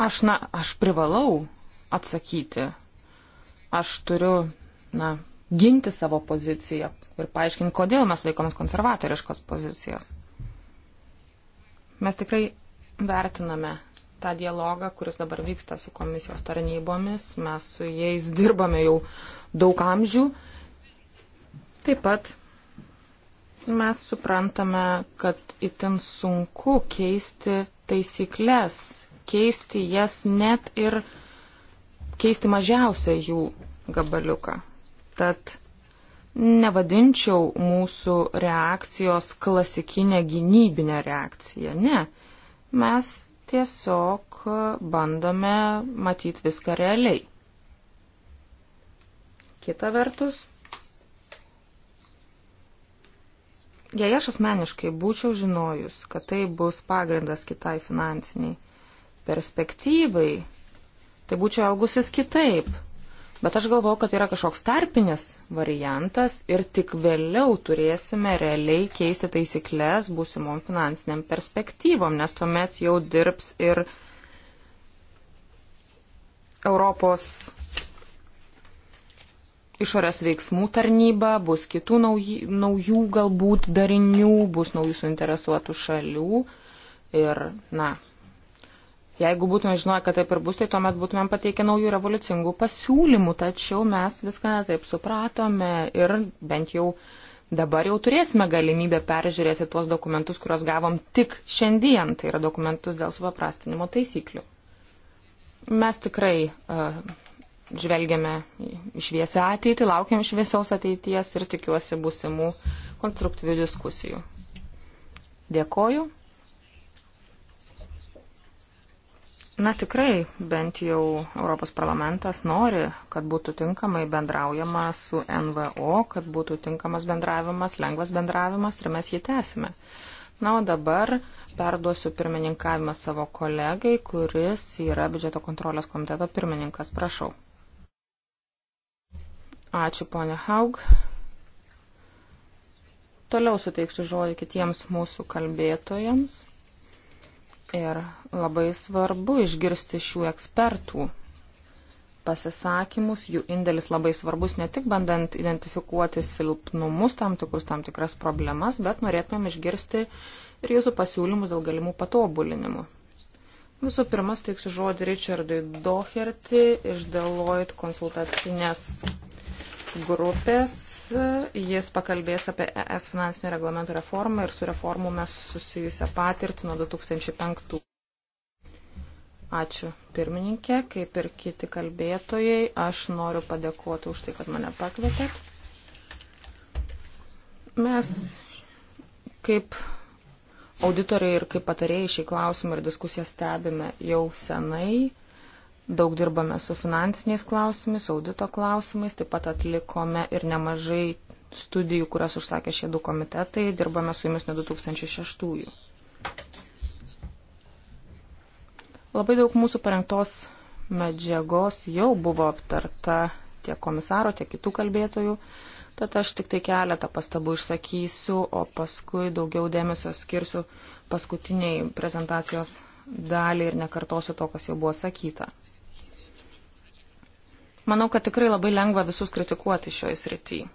Aš, na, aš privalau atsakyti. Aš turiu, na, ginti savo poziciją ir paaiškinti, kodėl mes laikomės konservatoriškos pozicijos. Mes tikrai vertiname tą dialogą, kuris dabar vyksta su komisijos tarnybomis. Mes su jais dirbame jau daug amžių. Taip pat Mes suprantame, kad itin sunku keisti taisyklės, keisti jas net ir keisti mažiausią jų gabaliuką. Tad nevadinčiau mūsų reakcijos klasikinė gynybinė reakcija. Ne, mes tiesiog bandome matyti viską realiai. Kita vertus, Jei aš asmeniškai būčiau žinojus, kad tai bus pagrindas kitai finansiniai perspektyvai, tai būčiau elgusis kitaip. Bet aš galvoju, kad yra kažkoks tarpinis variantas ir tik vėliau turėsime realiai keisti taisyklės būsimom finansiniam perspektyvom, nes tuomet jau dirbs ir Europos išorės veiksmų tarnyba, bus kitų nauji, naujų galbūt darinių, bus naujų suinteresuotų šalių. Ir, na, jeigu būtume žinoję, kad taip ir bus, tai tuomet būtumėm pateikę naujų revoliucingų pasiūlymų, tačiau mes viską netaip supratome ir bent jau dabar jau turėsime galimybę peržiūrėti tuos dokumentus, kuriuos gavom tik šiandien, tai yra dokumentus dėl supaprastinimo taisyklių. Mes tikrai uh, žvelgiame išviesę ateitį, laukiam šviesios ateities ir tikiuosi būsimų konstruktyvių diskusijų. Dėkoju. Na tikrai, bent jau Europos parlamentas nori, kad būtų tinkamai bendraujama su NVO, kad būtų tinkamas bendravimas, lengvas bendravimas ir mes jį tęsime. Na, o dabar perduosiu pirmininkavimą savo kolegai, kuris yra biudžeto kontrolės komiteto pirmininkas. Prašau. Ačiū, ponė Haug. Toliau suteiksiu žodį kitiems mūsų kalbėtojams. Ir labai svarbu išgirsti šių ekspertų pasisakymus, jų indėlis labai svarbus ne tik bandant identifikuoti silpnumus, tam tikrus, tam tikras problemas, bet norėtumėm išgirsti ir jūsų pasiūlymus dėl galimų patobulinimų. Visų pirma, teiksiu žodį Richardui Doherty iš Deloitte konsultacinės grupės. Jis pakalbės apie ES finansinio reglamento reformą ir su reformu mes susijusią patirtį nuo 2005. Ačiū pirmininkė, kaip ir kiti kalbėtojai. Aš noriu padėkoti už tai, kad mane pakvietėt. Mes kaip auditoriai ir kaip patarėjai šį klausimą ir diskusiją stebime jau senai. Daug dirbame su finansiniais klausimais, audito klausimais, taip pat atlikome ir nemažai studijų, kurias užsakė šie du komitetai, dirbame su jumis nuo 2006. Labai daug mūsų parengtos medžiagos jau buvo aptarta tiek komisaro, tiek kitų kalbėtojų, tad aš tik tai keletą pastabų išsakysiu, o paskui daugiau dėmesio skirsiu paskutiniai prezentacijos daliai ir nekartosiu to, kas jau buvo sakyta. Manau, kad tikrai labai lengva visus kritikuoti šioje srityje.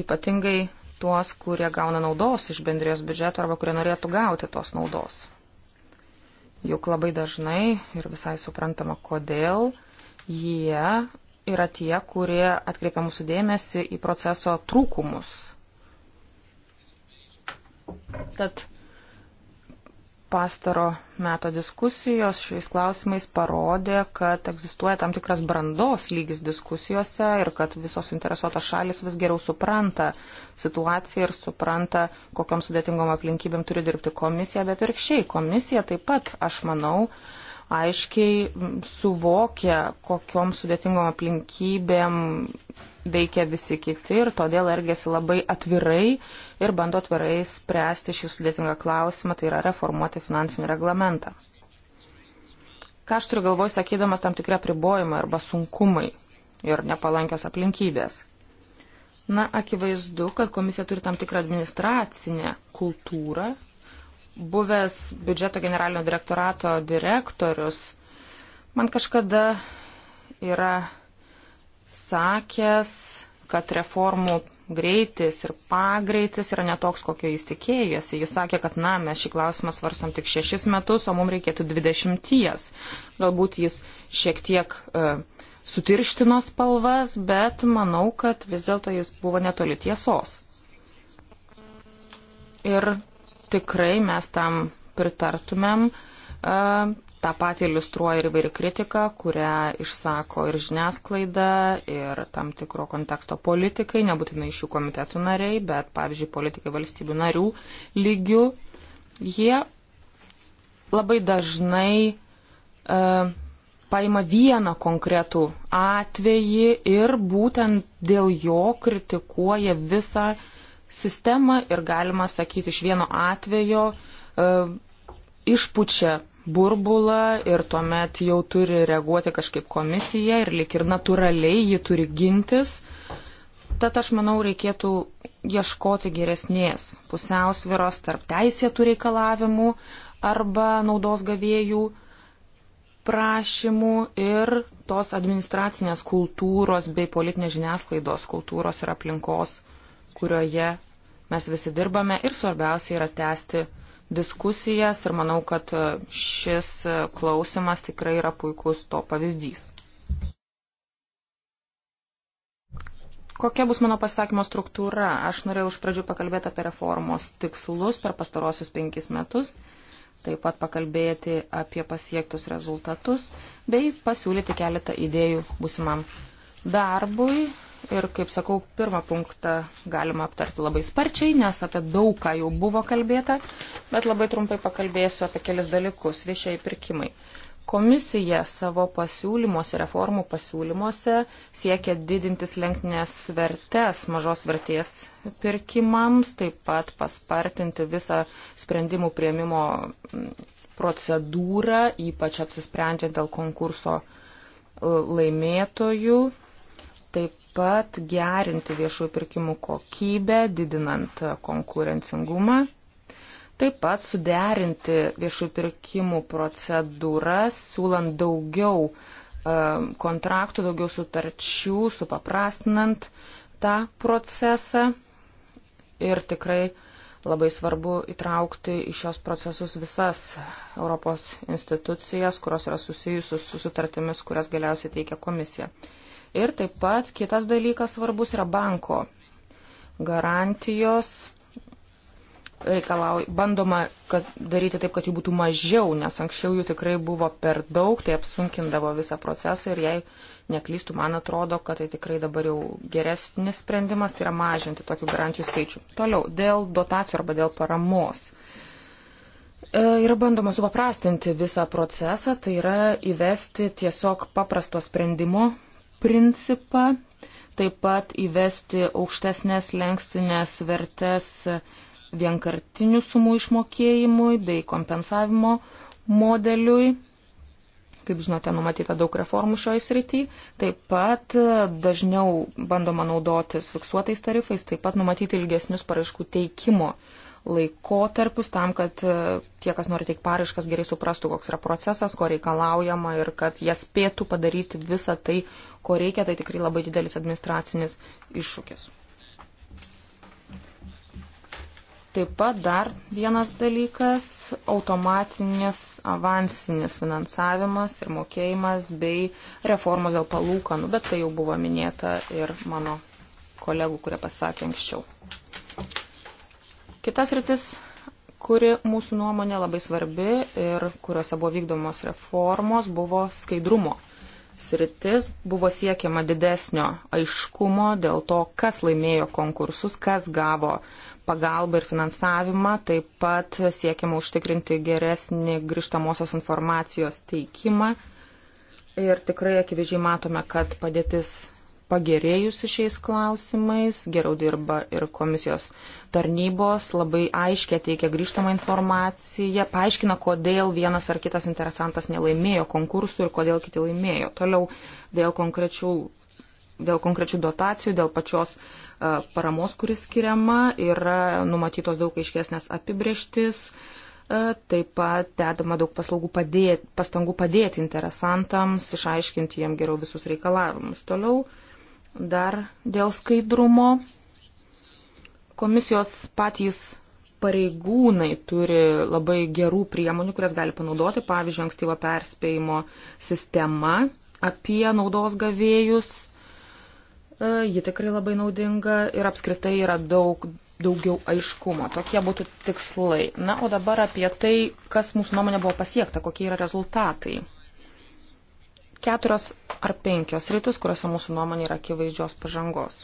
Ypatingai tuos, kurie gauna naudos iš bendrijos biudžeto arba kurie norėtų gauti tos naudos. Juk labai dažnai ir visai suprantama, kodėl jie yra tie, kurie atkreipia mūsų dėmesį į proceso trūkumus. Tad pastaro meto diskusijos šiais klausimais parodė, kad egzistuoja tam tikras brandos lygis diskusijose ir kad visos interesuotos šalis vis geriau supranta situaciją ir supranta, kokiam sudėtingom aplinkybėm turi dirbti komisija, bet ir šiai komisija taip pat, aš manau, aiškiai suvokia, kokiom sudėtingom aplinkybėm veikia visi kiti ir todėl elgesi labai atvirai ir bando tvarai spręsti šį sudėtingą klausimą, tai yra reformuoti finansinį reglamentą. Ką aš turiu galvoj, sakydamas tam tikri apribojimai arba sunkumai ir nepalankios aplinkybės. Na, akivaizdu, kad komisija turi tam tikrą administracinę kultūrą. Buvęs biudžeto generalinio direktorato direktorius man kažkada yra sakęs, kad reformų greitis ir pagreitis yra netoks, kokio jis tikėjosi. Jis sakė, kad na, mes šį klausimą svarstom tik šešis metus, o mums reikėtų dvidešimties. Galbūt jis šiek tiek uh, sutirštino spalvas, bet manau, kad vis dėlto jis buvo netoli tiesos. Ir tikrai mes tam pritartumėm, uh, Ta pati iliustruoja ir įvairi kritika, kurią išsako ir žiniasklaida, ir tam tikro konteksto politikai, nebūtinai iš jų komitetų nariai, bet, pavyzdžiui, politikai valstybių narių lygių. Jie labai dažnai uh, paima vieną konkretų atvejį ir būtent dėl jo kritikuoja visą sistemą ir galima sakyti iš vieno atvejo uh, išpučia burbulą ir tuomet jau turi reaguoti kažkaip komisija ir lik ir natūraliai ji turi gintis. Tad aš manau, reikėtų ieškoti geresnės pusiausviros tarp teisėtų reikalavimų arba naudos gavėjų prašymų ir tos administracinės kultūros bei politinės žiniasklaidos kultūros ir aplinkos, kurioje mes visi dirbame ir svarbiausia yra tęsti diskusijas ir manau, kad e, šis e, klausimas tikrai yra puikus to pavyzdys. Kokia bus mano pasakymo struktūra? Aš norėjau iš pradžių pakalbėti apie reformos tikslus per pastarosius penkis metus, taip pat pakalbėti apie pasiektus rezultatus bei pasiūlyti keletą idėjų busimam darbui, ir, kaip sakau, pirmą punktą galima aptarti labai sparčiai, nes apie daug ką jau buvo kalbėta, bet labai trumpai pakalbėsiu apie kelis dalykus - viešieji pirkimai. Komisija savo pasiūlymuose, reformų pasiūlymuose siekia didinti lenktinės vertės, mažos vertės pirkimams, taip pat paspartinti visą sprendimų prieimimo mm, procedūrą, ypač apsisprendžiant dėl konkurso e, laimėtojų, taip pat gerinti viešųjų pirkimų kokybę, didinant konkurencingumą, taip pat suderinti viešųjų pirkimų procedūras, siūlant daugiau e, kontraktų, daugiau sutarčių, supaprastinant tą procesą. Ir tikrai labai svarbu įtraukti į šios procesus visas Europos institucijas, kurios yra susijusios su sutartimis, kurias galiausiai teikia komisija. Ir taip pat kitas dalykas svarbus yra banko garantijos. Reikalauj, bandoma kad, daryti taip, kad jų būtų mažiau, nes anksčiau jų tikrai buvo per daug, tai apsunkindavo visą procesą ir jei neklystų, man atrodo, kad tai tikrai dabar jau geresnis sprendimas, tai yra mažinti tokių garantijų skaičių. Toliau, dėl dotacijų arba dėl paramos e, yra bandoma supaprastinti visą procesą, tai yra įvesti tiesiog paprasto sprendimo principą, taip pat įvesti aukštesnės lengstinės vertes vienkartinių sumų išmokėjimui bei kompensavimo modeliui. Kaip žinote, numatyta daug reformų šioje srityje. Taip pat dažniau bandoma naudotis fiksuotais tarifais, taip pat numatyti ilgesnius paraiškų teikimo laikotarpius tam, kad e, tie, kas nori teikti paraiškas, gerai suprastų, koks yra procesas, ko reikalaujama ir kad jie spėtų padaryti visą tai ko reikia, tai tikrai labai didelis administracinis iššūkis. Taip pat dar vienas dalykas - automatinis avansinis finansavimas ir mokėjimas bei reformos dėl palūkanų, bet tai jau buvo minėta ir mano kolegų, kurie pasakė anksčiau. Kitas rytis, kuri mūsų nuomonė labai svarbi ir kuriuose buvo vykdomos reformos, buvo skaidrumo sritis buvo siekiama didesnio aiškumo dėl to, kas laimėjo konkursus, kas gavo pagalbą ir finansavimą, taip pat siekiama užtikrinti geresnį grįžtamosios informacijos teikimą. Ir tikrai akivaizdžiai matome, kad padėtis pagerėjusi šiais klausimais, geriau dirba ir komisijos tarnybos, labai aiškiai teikia grįžtamą informaciją, paaiškina, kodėl vienas ar kitas interesantas nelaimėjo konkursų ir kodėl kiti laimėjo. Toliau dėl konkrečių, dėl konkrečių dotacijų, dėl pačios uh, paramos, kuris skiriama, yra numatytos daug aiškesnės apibrieštis e, taip pat dedama daug padėti, pastangų padėti interesantams, išaiškinti jiem geriau visus reikalavimus. Toliau Dar dėl skaidrumo komisijos patys pareigūnai turi labai gerų priemonių, kurias gali panaudoti, pavyzdžiui, ankstyvo perspėjimo sistema apie naudos gavėjus. E, ji tikrai labai naudinga ir apskritai yra daug daugiau aiškumo. Tokie būtų tikslai. Na, o dabar apie tai, kas mūsų nuomonė buvo pasiekta, kokie yra rezultatai keturios ar penkios rytis, kuriuose mūsų nuomonė yra akivaizdžios pažangos.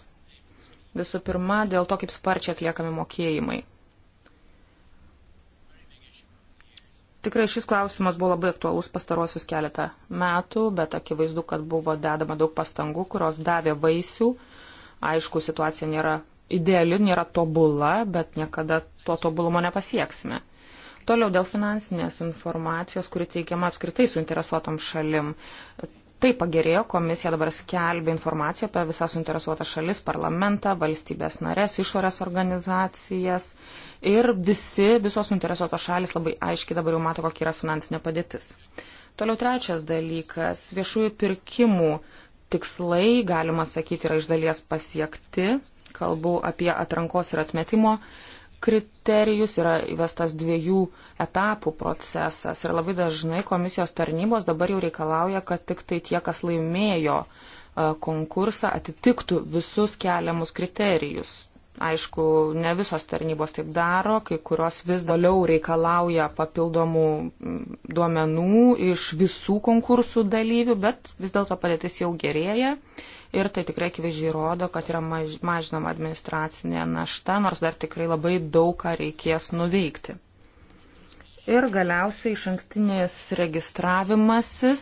Visų pirma, dėl to, kaip sparčiai atliekami mokėjimai. Tikrai šis klausimas buvo labai aktualus pastaruosius keletą metų, bet akivaizdu, kad buvo dedama daug pastangų, kurios davė vaisių. Aišku, situacija nėra ideali, nėra tobula, bet niekada to tobulumo nepasieksime. Toliau dėl finansinės informacijos, kuri teikiama apskritai suinteresuotom šalim. Tai pagerėjo, komisija dabar skelbia informaciją apie visas suinteresuotas šalis, parlamentą, valstybės narės, išorės organizacijas ir visi, visos suinteresuotos šalis labai aiškiai dabar jau mato, kokia yra finansinė padėtis. Toliau trečias dalykas - viešųjų pirkimų tikslai, galima sakyti, yra iš dalies pasiekti. Kalbu apie atrankos ir atmetimo kriterijus, yra įvestas dviejų etapų procesas ir labai dažnai komisijos tarnybos dabar jau reikalauja, kad tik tai tie, kas laimėjo e, konkursą, atitiktų visus keliamus kriterijus. Aišku, ne visos tarnybos taip daro, kai kurios vis toliau reikalauja papildomų mm, duomenų iš visų konkursų dalyvių, bet vis dėlto padėtis jau gerėja ir tai tikrai akivaizdžiai rodo, kad yra maž, mažinama administracinė našta, nors dar tikrai labai daug ką reikės nuveikti ir galiausiai iš ankstinės registravimasis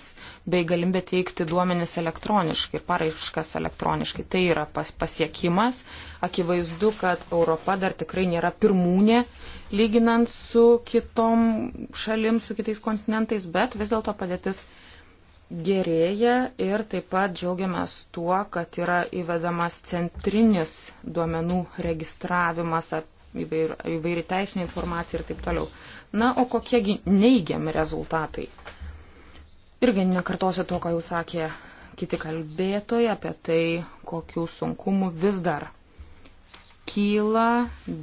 bei galimybė teikti duomenis elektroniškai ir paraiškas elektroniškai. Tai yra pas, pasiekimas. Akivaizdu, kad Europa dar tikrai nėra pirmūnė lyginant su kitom šalim, su kitais kontinentais, bet vis dėlto padėtis gerėja ir taip pat džiaugiamės tuo, kad yra įvedamas centrinis duomenų registravimas įvairi teisinė informacija ir taip toliau. Na, o kokiegi neigiami rezultatai? Irgi nekartosiu to, ką jau sakė kiti kalbėtojai apie tai, kokių sunkumų vis dar kyla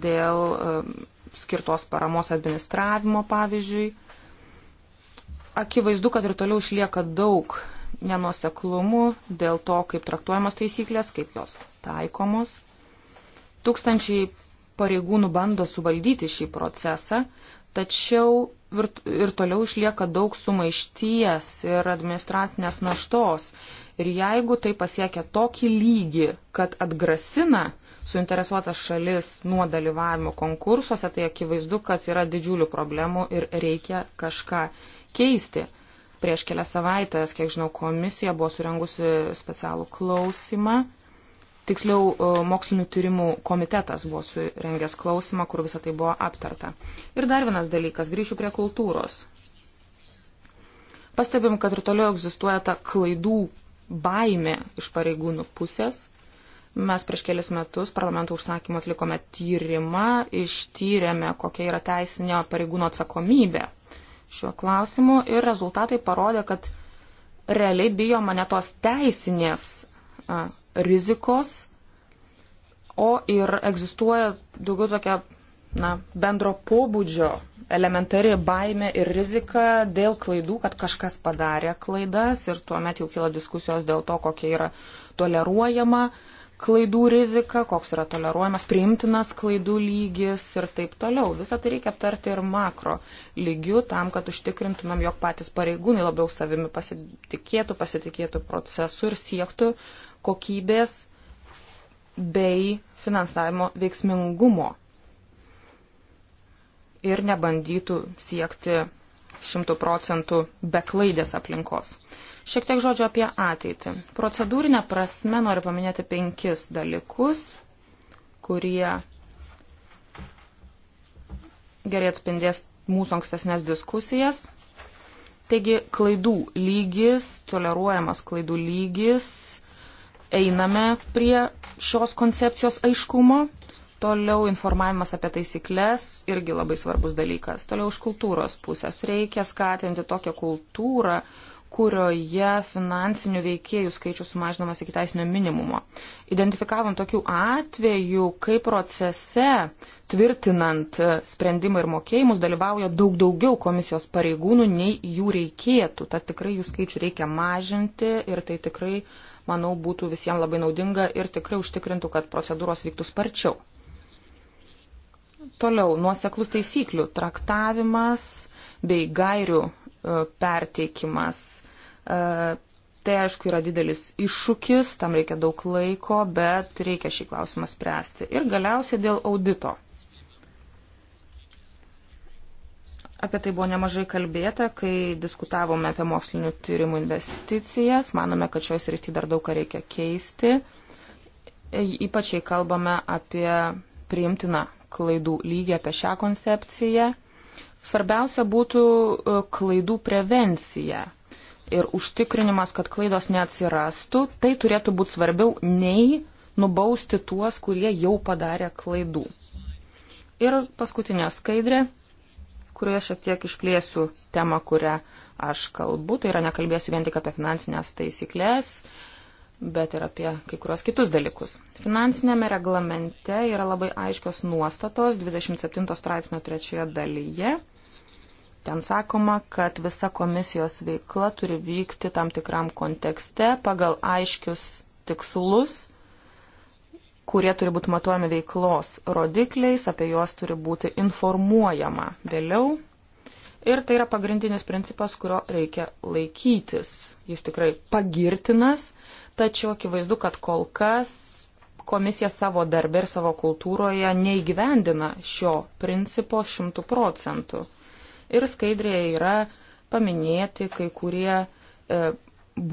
dėl e, skirtos paramos administravimo, pavyzdžiui. Akivaizdu, kad ir toliau išlieka daug nenuoseklumų dėl to, kaip traktuojamos taisyklės, kaip jos taikomos. Tūkstančiai pareigūnų bando suvaldyti šį procesą, tačiau ir toliau išlieka daug sumaišties ir administracinės naštos. Ir jeigu tai pasiekia tokį lygį, kad atgrasina suinteresuotas šalis nuo dalyvavimo konkursuose, tai akivaizdu, kad yra didžiulių problemų ir reikia kažką keisti. Prieš kelias savaitės, kiek žinau, komisija buvo surengusi specialų klausimą tiksliau e, mokslinių tyrimų komitetas buvo surengęs klausimą, kur visą tai buvo aptarta. Ir dar vienas dalykas, grįšiu prie kultūros. Pastebim, kad ir toliau egzistuoja ta klaidų baimė iš pareigūnų pusės. Mes prieš kelis metus parlamento užsakymu atlikome tyrimą, ištyrėme, kokia yra teisinio pareigūno atsakomybė šiuo klausimu ir rezultatai parodė, kad realiai bijo mane tos teisinės rizikos, o ir egzistuoja daugiau tokia na, bendro pobūdžio elementari baime ir rizika dėl klaidų, kad kažkas padarė klaidas ir tuomet jau kyla diskusijos dėl to, kokia yra toleruojama klaidų rizika, koks yra toleruojamas priimtinas klaidų lygis ir taip toliau. Visą tai reikia aptarti ir makro lygių tam, kad užtikrintumėm, jog patys pareigūnai labiau savimi pasitikėtų, pasitikėtų procesu ir siektų kokybės bei finansavimo veiksmingumo ir nebandytų siekti 100 procentų beklaidės aplinkos. Šiek tiek žodžio apie ateitį. Procedūrinė prasme noriu paminėti penkis dalykus, kurie gerai atspindės mūsų ankstesnės diskusijas. Taigi klaidų lygis, toleruojamas klaidų lygis einame prie šios koncepcijos aiškumo. Toliau informavimas apie taisyklės irgi labai svarbus dalykas. Toliau iš kultūros pusės reikia skatinti tokią kultūrą, kurioje finansinių veikėjų skaičius sumažinamas iki teisinio minimumo. Identifikavom tokių atvejų, kai procese tvirtinant e, sprendimą ir mokėjimus dalyvauja daug daugiau komisijos pareigūnų, nei jų reikėtų. Tad tikrai jų skaičių reikia mažinti ir tai tikrai, manau, būtų visiems labai naudinga ir tikrai užtikrintų, kad procedūros vyktų sparčiau. Toliau, nuoseklus taisyklių traktavimas bei gairių e, perteikimas E, tai aišku yra didelis iššūkis, tam reikia daug laiko, bet reikia šį klausimą spręsti. Ir galiausiai dėl audito. Apie tai buvo nemažai kalbėta, kai diskutavome apie mokslinių tyrimų investicijas. Manome, kad šioje srityje dar daug ką reikia keisti. E, ypač jei kalbame apie priimtiną klaidų lygį, apie šią koncepciją. Svarbiausia būtų e, klaidų prevencija ir užtikrinimas, kad klaidos neatsirastų, tai turėtų būti svarbiau nei nubausti tuos, kurie jau padarė klaidų. Ir paskutinė skaidrė, kurioje šiek tiek išplėsiu temą, kurią aš kalbu, tai yra nekalbėsiu vien tik apie finansinės taisyklės, bet ir apie kai kurios kitus dalykus. Finansinėme reglamente yra labai aiškios nuostatos 27 straipsnio trečioje dalyje Ten sakoma, kad visa komisijos veikla turi vykti tam tikram kontekste pagal aiškius tikslus, kurie turi būti matuojami veiklos rodikliais, apie juos turi būti informuojama vėliau. Ir tai yra pagrindinis principas, kurio reikia laikytis. Jis tikrai pagirtinas, tačiau akivaizdu, kad kol kas komisija savo darbę ir savo kultūroje neįgyvendina šio principo šimtų procentų ir skaidrėje yra paminėti kai kurie e,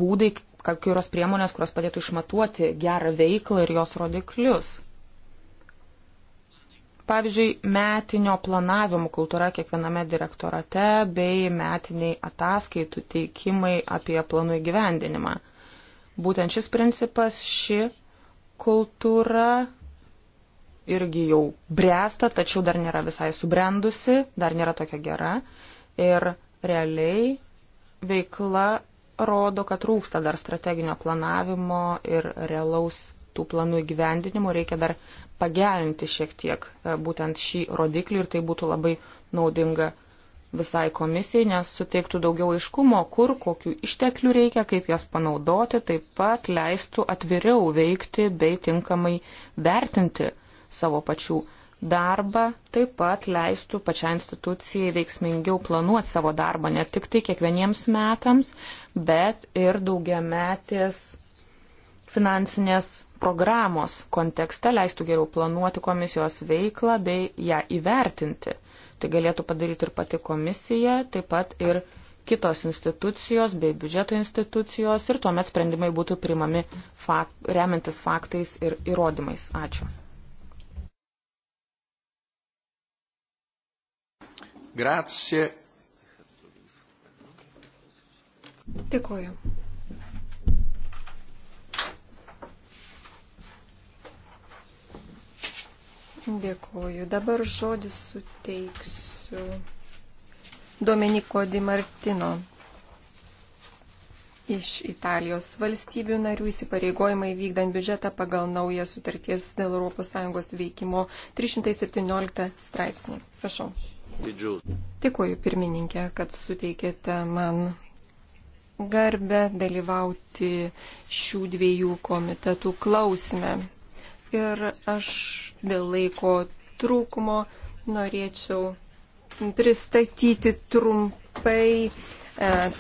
būdai, kai kurios priemonės, kurios padėtų išmatuoti gerą veiklą ir jos rodiklius. Pavyzdžiui, metinio planavimo kultūra kiekviename direktorate bei metiniai ataskaitų teikimai apie planų įgyvendinimą. Būtent šis principas, ši kultūra irgi jau bręsta, tačiau dar nėra visai subrendusi, dar nėra tokia gera. Ir realiai veikla rodo, kad rūksta dar strateginio planavimo ir realaus tų planų įgyvendinimo. Reikia dar pagerinti šiek tiek e, būtent šį rodiklį ir tai būtų labai naudinga visai komisijai, nes suteiktų daugiau aiškumo, kur kokių išteklių reikia, kaip jas panaudoti, taip pat leistų atviriau veikti bei tinkamai vertinti savo pačių darbą, taip pat leistų pačiai institucijai veiksmingiau planuoti savo darbą ne tik tai kiekvieniems metams, bet ir daugiametės finansinės programos kontekste leistų geriau planuoti komisijos veiklą bei ją įvertinti. Tai galėtų padaryti ir pati komisija, taip pat ir kitos institucijos bei biudžeto institucijos ir tuomet sprendimai būtų primami fak, remintis faktais ir įrodymais. Ačiū. Grazie. Dėkuoju. Dėkuoju. Dabar žodį suteiksiu Dominiko Di Martino iš Italijos valstybių narių įsipareigojimai vykdant biudžetą pagal naują sutarties dėl ES veikimo 317 straipsnį. Prašau. Dėkuoju pirmininkė, kad suteikėte man garbę dalyvauti šių dviejų komitetų klausime. Ir aš dėl laiko trūkumo norėčiau pristatyti trumpai e,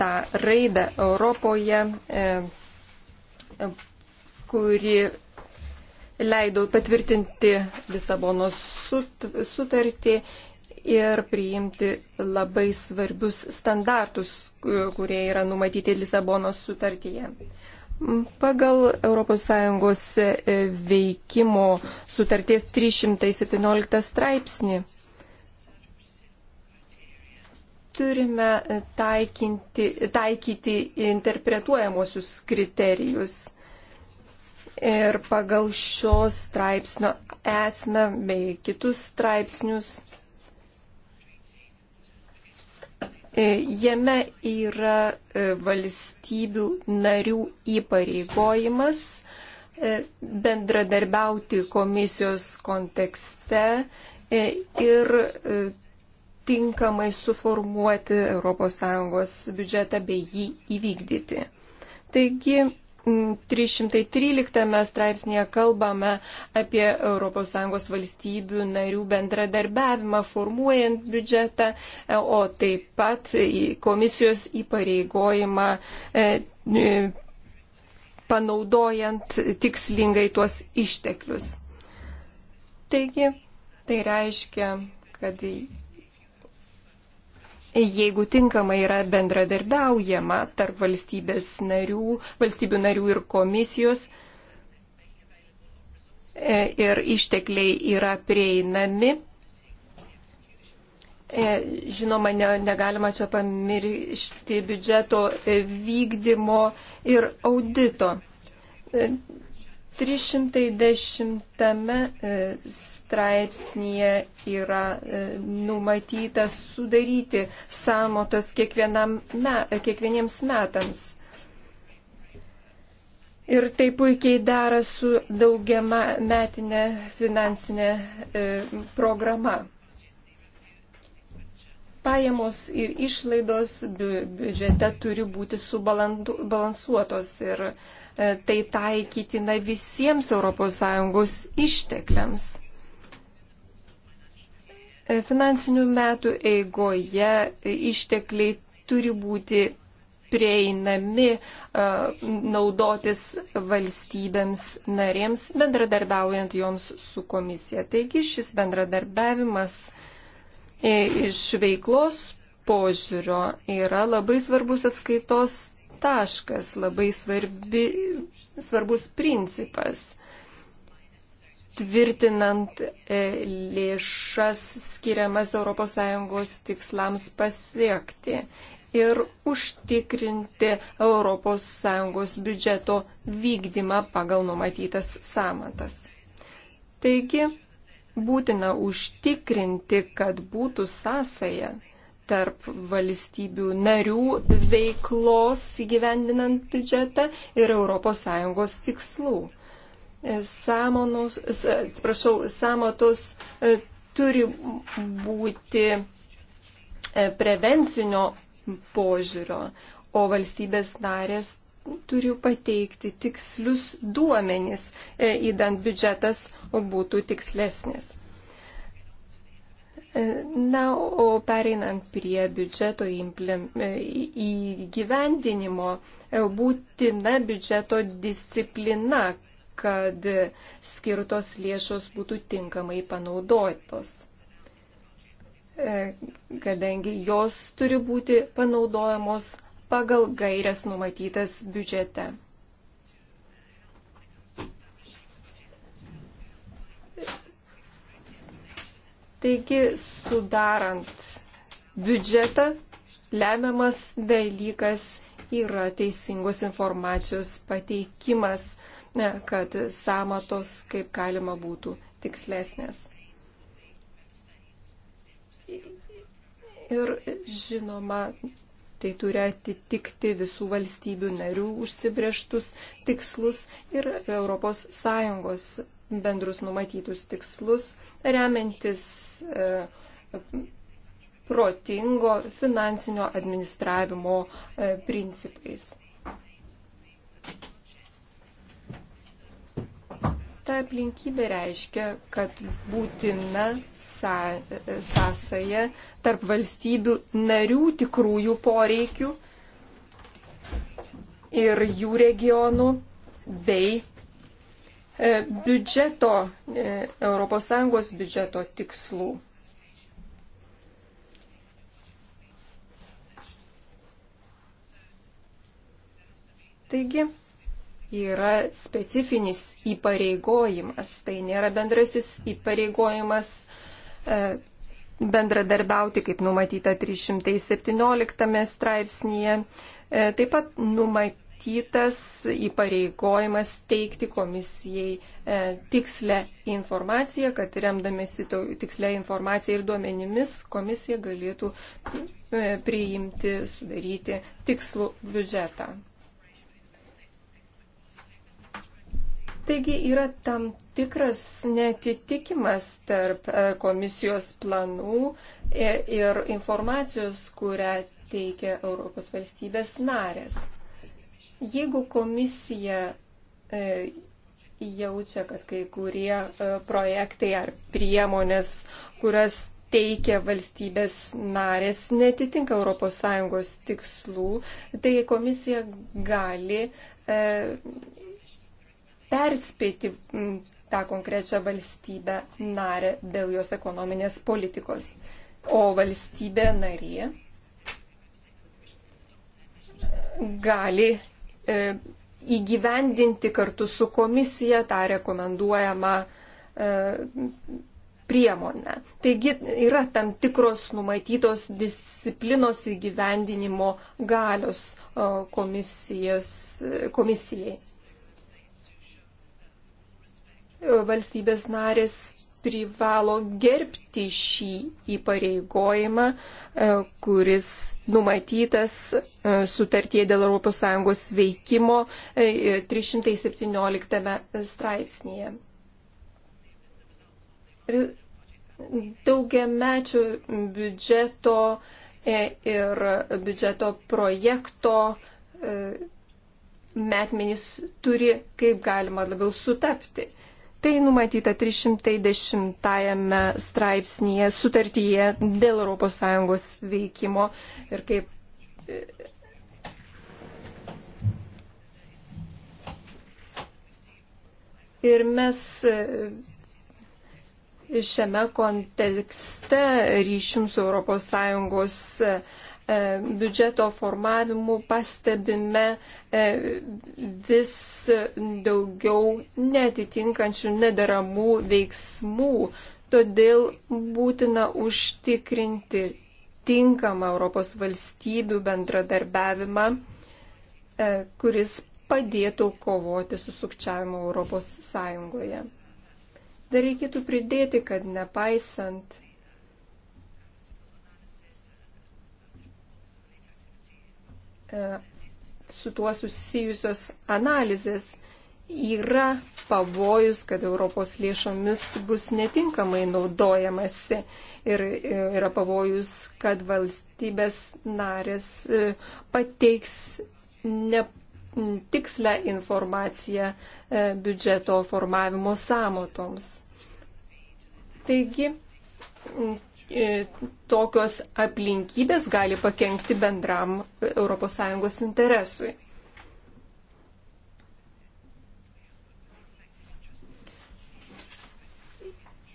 tą raidą Europoje, e, kuri leido patvirtinti Lisabonos sut, sutartį ir priimti labai svarbius standartus, kurie yra numatyti Lisabonos sutartyje. Pagal ES veikimo sutarties 317 straipsnį turime taikinti, taikyti interpretuojamosius kriterijus. Ir pagal šios straipsnio esmę bei kitus straipsnius E, jame yra e, valstybių narių įpareigojimas e, bendradarbiauti komisijos kontekste ir tinkamai suformuoti ES biudžetą bei jį įvykdyti. Taigi 313 straipsnėje kalbame apie ES valstybių narių bendradarbiavimą formuojant biudžetą, o taip pat komisijos įpareigojimą e, e, panaudojant tikslingai tuos išteklius. Taigi, tai reiškia, kad jeigu tinkamai yra bendradarbiaujama tarp valstybės narių, valstybių narių ir komisijos e, ir ištekliai yra prieinami. E, žinoma, ne, negalima čia pamiršti biudžeto vykdymo ir audito. E, 310 e, straipsnėje yra e, numatyta sudaryti samotos me, kiekvieniems metams. Ir tai puikiai dera su daugiama metinė finansinė e, programa. Pajamos ir išlaidos biudžete turi būti subalansuotos ir subalansuotos E, tai taikytina visiems ES ištekliams. E, finansinių metų eigoje e, ištekliai turi būti prieinami naudotis valstybėms narėms, bendradarbiaujant joms su komisija. Taigi šis bendradarbiavimas iš veiklos požiūrio yra labai svarbus atskaitos taškas, labai svarbi, svarbus principas tvirtinant e, lėšas skiriamas ES tikslams pasiekti ir užtikrinti ES biudžeto vykdymą pagal numatytas samatas. Taigi, būtina užtikrinti, kad būtų sąsaja tarp valstybių narių veiklos įgyvendinant biudžetą ir ES tikslų. E, Samonos, atsiprašau, samatos e, turi būti e, prevencinio požiūrio, o valstybės narės turiu pateikti tikslius duomenys, įdant biudžetas būtų tikslesnis. E, na, o pereinant prie biudžeto e, įgyvendinimo, e, būtina biudžeto disciplina, kad skirtos lėšos būtų tinkamai panaudotos, kadangi jos turi būti panaudojamos pagal gairias numatytas biudžete. Taigi, sudarant biudžetą, lemiamas dalykas yra teisingos informacijos pateikimas, ne, kad samatos kaip galima būtų tikslesnės. Ir žinoma, tai turi atitikti visų valstybių narių užsibrieštus tikslus ir ES bendrus numatytus tikslus, remiantis e, protingo finansinio administravimo e, principais. ta aplinkybė reiškia, kad būtina e, sąsaja tarp valstybių narių tikrųjų poreikių ir jų regionų bei E, biudžeto, ES biudžeto tikslų. Taigi yra specifinis įpareigojimas, tai nėra bendrasis įpareigojimas e, bendradarbiauti, kaip numatyta 317 straipsnėje. E, taip pat numatyta numatytas įpareigojimas teikti komisijai e, tikslę informaciją, kad remdamėsi tikslę informaciją ir duomenimis komisija galėtų e, priimti, sudaryti tikslų biudžetą. Taigi yra tam tikras netitikimas tarp e, komisijos planų ir informacijos, kurią teikia Europos valstybės narės. Jeigu komisija e, jaučia, kad kai kurie e, projektai ar priemonės, kurias teikia valstybės narės, netitinka ES tikslų, tai komisija gali e, perspėti tą konkrečią valstybę narę dėl jos ekonominės politikos. O valstybė narė gali E, įgyvendinti kartu su komisija tą rekomenduojamą e, priemonę. Taigi yra tam tikros numatytos disciplinos įgyvendinimo galios e, komisijai. Valstybės narės privalo gerbti šį įpareigojimą, e, kuris numatytas e, sutartie dėl ES veikimo 317 e, straipsnėje. Daugiamečio biudžeto ir biudžeto projekto metmenys turi kaip galima labiau sutapti. Tai numatyta 310 straipsnėje sutartyje dėl ES veikimo ir kaip Ir mes e, šiame kontekste ryšim su ES E, biudžeto formavimu pastebime e, vis daugiau netitinkančių nederamų veiksmų. Todėl būtina užtikrinti tinkamą Europos valstybių bendradarbiavimą, e, kuris padėtų kovoti su sukčiavimu Europos Sąjungoje. Dar reikėtų pridėti, kad nepaisant E, su tuo susijusios analizės yra pavojus, kad Europos lėšomis bus netinkamai naudojamasi ir e, yra pavojus, kad valstybės narės e, pateiks ne tikslę informaciją biudžeto formavimo samotoms. Taigi, E, tokios aplinkybės gali pakengti bendram ES interesui.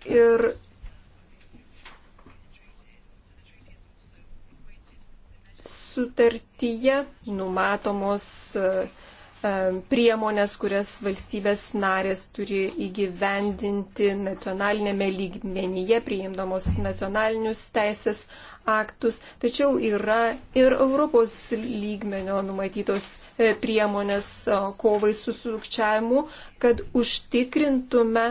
Ir sutartyje numatomos uh, E, priemonės, kurias valstybės narės turi įgyvendinti nacionalinėme lygmenyje, priimdamos nacionalinius teisės aktus, tačiau yra ir Europos lygmenio numatytos e, priemonės e, kovai su sukčiavimu, kad užtikrintume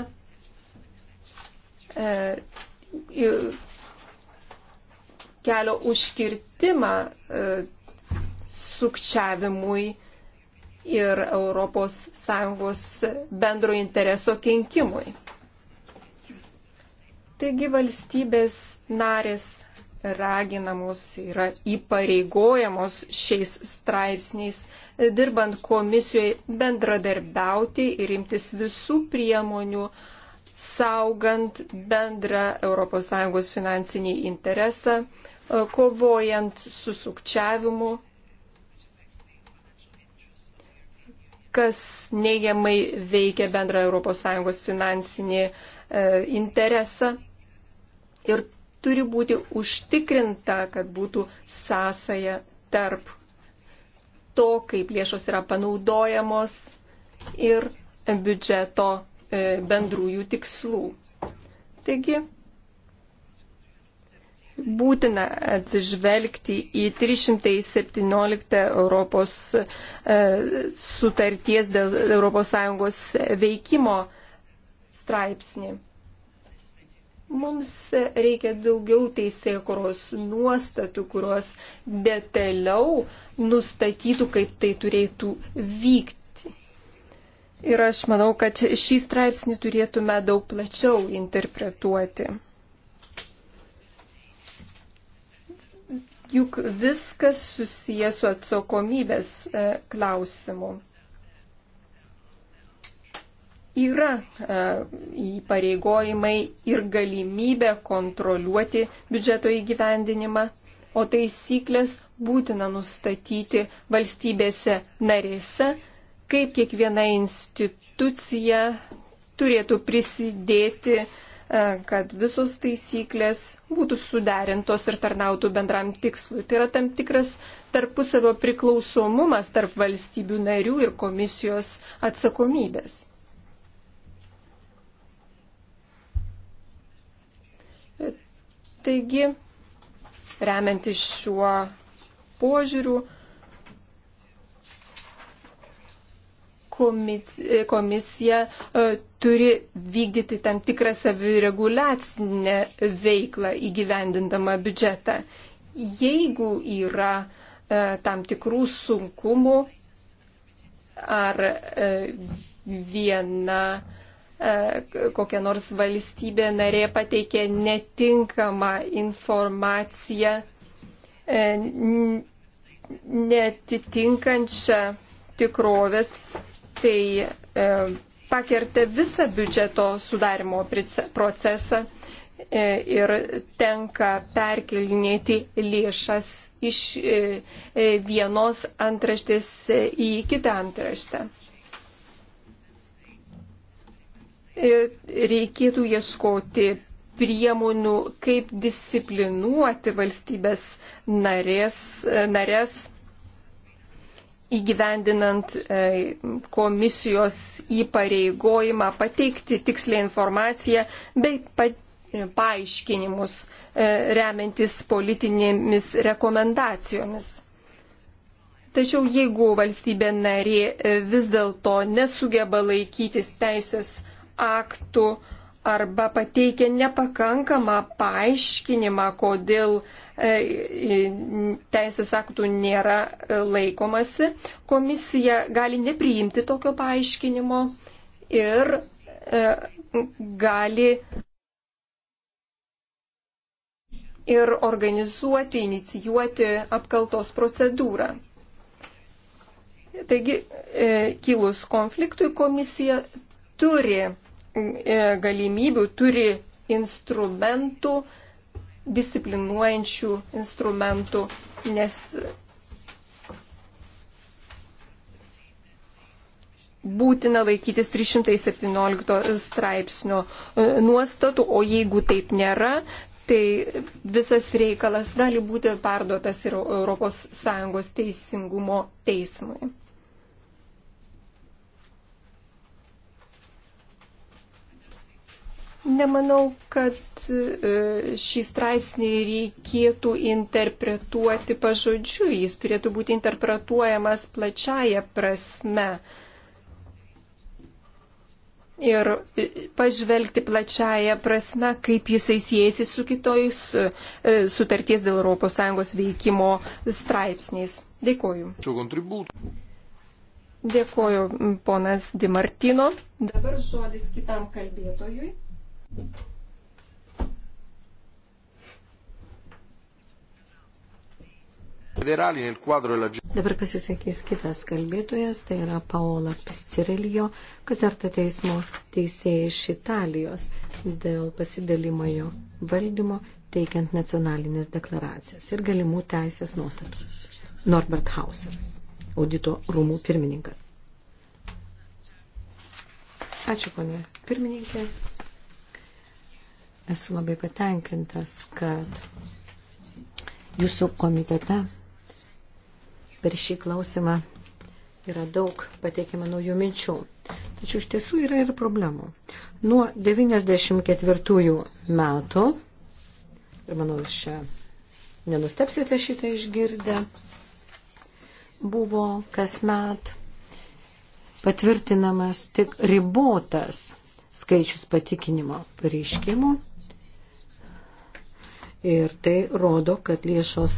kelio užkirtimą sukčiavimui ir ES bendro intereso kenkimui. Taigi valstybės narės raginamos yra įpareigojamos šiais straipsniais, dirbant komisijoje bendradarbiauti ir imtis visų priemonių, saugant bendrą ES finansinį interesą, kovojant su sukčiavimu kas neigiamai veikia bendrą ES finansinį e, interesą. Ir turi būti užtikrinta, kad būtų sąsaja tarp to, kaip lėšos yra panaudojamos ir biudžeto e, bendrųjų tikslų. Taigi, būtina atsižvelgti į 317 Europos e, sutarties dėl ES veikimo straipsnį. Mums reikia daugiau teisėkuros nuostatų, kurios detaliau nustatytų, kaip tai turėtų vykti. Ir aš manau, kad šį straipsnį turėtume daug plačiau interpretuoti. juk viskas susijęs su atsakomybės e, klausimu. Yra e, įpareigojimai ir galimybė kontroliuoti biudžeto įgyvendinimą, o taisyklės būtina nustatyti valstybėse narėse, kaip kiekviena institucija turėtų prisidėti uh, E, kad visos taisyklės būtų suderintos ir tarnautų bendram tikslui. Tai yra tam tikras tarpusavio priklausomumas tarp valstybių narių ir komisijos atsakomybės. E, taigi, remiantis šiuo požiūriu, komisija e, turi vykdyti tam tikrą savireguliacinę veiklą įgyvendindama biudžetą. Jeigu yra e, tam tikrų sunkumų ar e, viena kokia nors valstybė narė pateikė netinkamą informaciją, netitinkančią tikrovės kai e, pakerta visą biudžeto sudarimo procesą e, ir tenka perkelinėti lėšas iš e, e vienos antraštės e, į kitą antraštę. E, reikėtų ieškoti priemonių, kaip disciplinuoti valstybės narės, narės įgyvendinant e, komisijos įpareigojimą pateikti tikslę informaciją bei e, paaiškinimus e, remiantis politinėmis rekomendacijomis. Tačiau jeigu valstybė narė vis dėlto nesugeba laikytis teisės aktų, arba pateikia nepakankamą paaiškinimą, kodėl e, teisės aktų nėra e, laikomasi, komisija gali nepriimti tokio paaiškinimo ir e, gali ir organizuoti, inicijuoti apkaltos procedūrą. Taigi, kilus konfliktui, komisija turi E, galimybių, turi instrumentų, disciplinuojančių instrumentų, nes būtina laikytis 317 straipsnio e, nuostatų, o jeigu taip nėra, tai visas reikalas gali būti perduotas ir ES teisingumo teismui. Nemanau, kad e, šį straipsnį reikėtų interpretuoti pažodžiu, jis turėtų būti interpretuojamas plačiaja prasme. Ir e, pažvelgti plačiaja prasme, kaip jisai siejasi su kitojais e, sutarties dėl ES veikimo straipsniais. Dėkoju. Dėkoju, ponas Dimartino. Dabar žodis kitam kalbėtojui. Dabar pasisakys kitas kalbėtojas, tai yra Paola Piscirilio, kazarta teismo teisėja iš Italijos dėl pasidalimojo valdymo teikiant nacionalinės deklaracijas ir galimų teisės nuostatų. Norbert Hauseris, audito rūmų pirmininkas. Ačiū, ponė pirmininkė. Esu labai patenkintas, kad jūsų komitete per šį klausimą yra daug pateikiama naujų minčių. Tačiau iš tiesų yra ir problemų. Nuo 94 metų, ir manau, jūs čia nenustepsite šitą išgirdę, buvo kasmet patvirtinamas tik ribotas skaičius patikinimo pareiškimų ir tai rodo, kad lėšos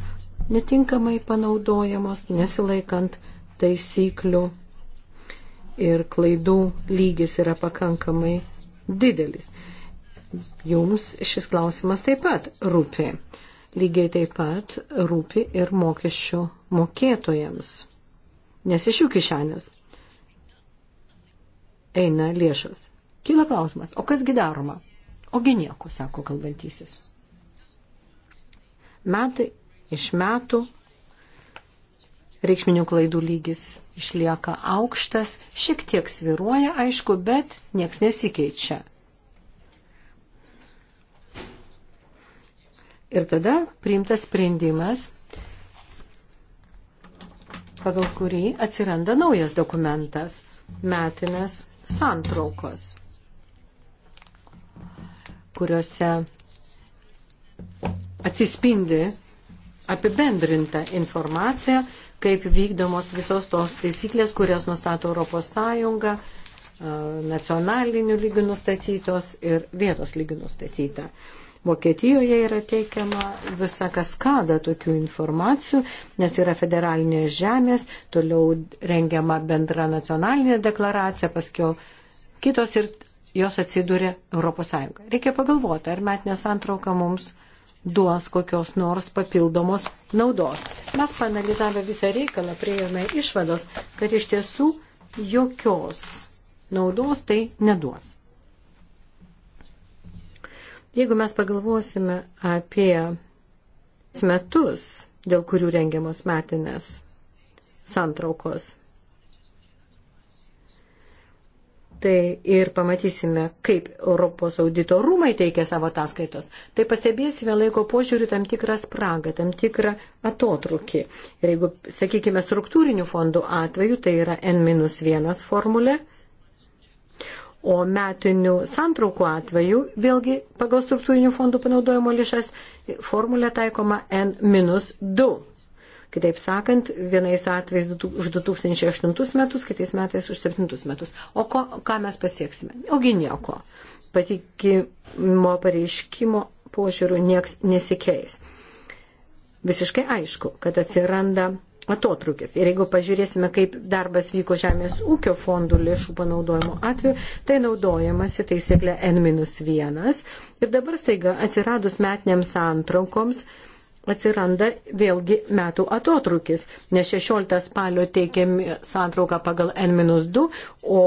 netinkamai panaudojamos, nesilaikant taisyklių ir klaidų lygis yra pakankamai didelis. Jums šis klausimas taip pat rūpi. Lygiai taip pat rūpi ir mokesčių mokėtojams, nes iš jų kišenės eina lėšos. Kyla klausimas, o kasgi daroma? Ogi nieko, sako kalbantysis. Metai iš metų reikšminių klaidų lygis išlieka aukštas, šiek tiek sviruoja, aišku, bet nieks nesikeičia. Ir tada priimtas sprendimas, pagal kurį atsiranda naujas dokumentas - metinės santraukos, kuriuose atsispindi apibendrinta informacija, kaip vykdomos visos tos taisyklės, kurias nustato Europos Sąjunga, nacionalinių lygių nustatytos ir vietos lygių nustatyta. Vokietijoje yra teikiama visa kaskada tokių informacijų, nes yra federalinės žemės, toliau rengiama bendra nacionalinė deklaracija, paskiau kitos ir jos atsidūrė Europos Sąjunga. Reikia pagalvoti, ar metinė santrauka mums duos kokios nors papildomos naudos. Mes panalizavę visą reikalą priejome išvados, kad iš tiesų jokios naudos tai neduos. Jeigu mes pagalvosime apie metus, dėl kurių rengiamos metinės santraukos, tai ir pamatysime, kaip Europos audito rūmai teikia savo ataskaitos, tai pastebėsime laiko požiūrių tam tikrą spragą, tam tikrą atotrukį. Ir jeigu, sakykime, struktūrinių fondų atveju, tai yra N-1 formulė, o metinių santraukų atveju, vėlgi pagal struktūrinių fondų panaudojimo lišas, formulė taikoma N-2 Kitaip sakant, vienais atvejais už 2008 metus, kitais metais už 2007 metus. O ko, ką mes pasieksime? Ogi nieko. Patikimo pareiškimo požiūrių nieks nesikeis. Visiškai aišku, kad atsiranda atotrukis. Ir jeigu pažiūrėsime, kaip darbas vyko Žemės ūkio fondų lėšų panaudojimo atveju, tai naudojamasi taisyklė N-1. Ir dabar staiga atsiradus metiniams antrankoms atsiranda vėlgi metų atotrukis, nes 16 spalio teikiam santrauką pagal N-2, o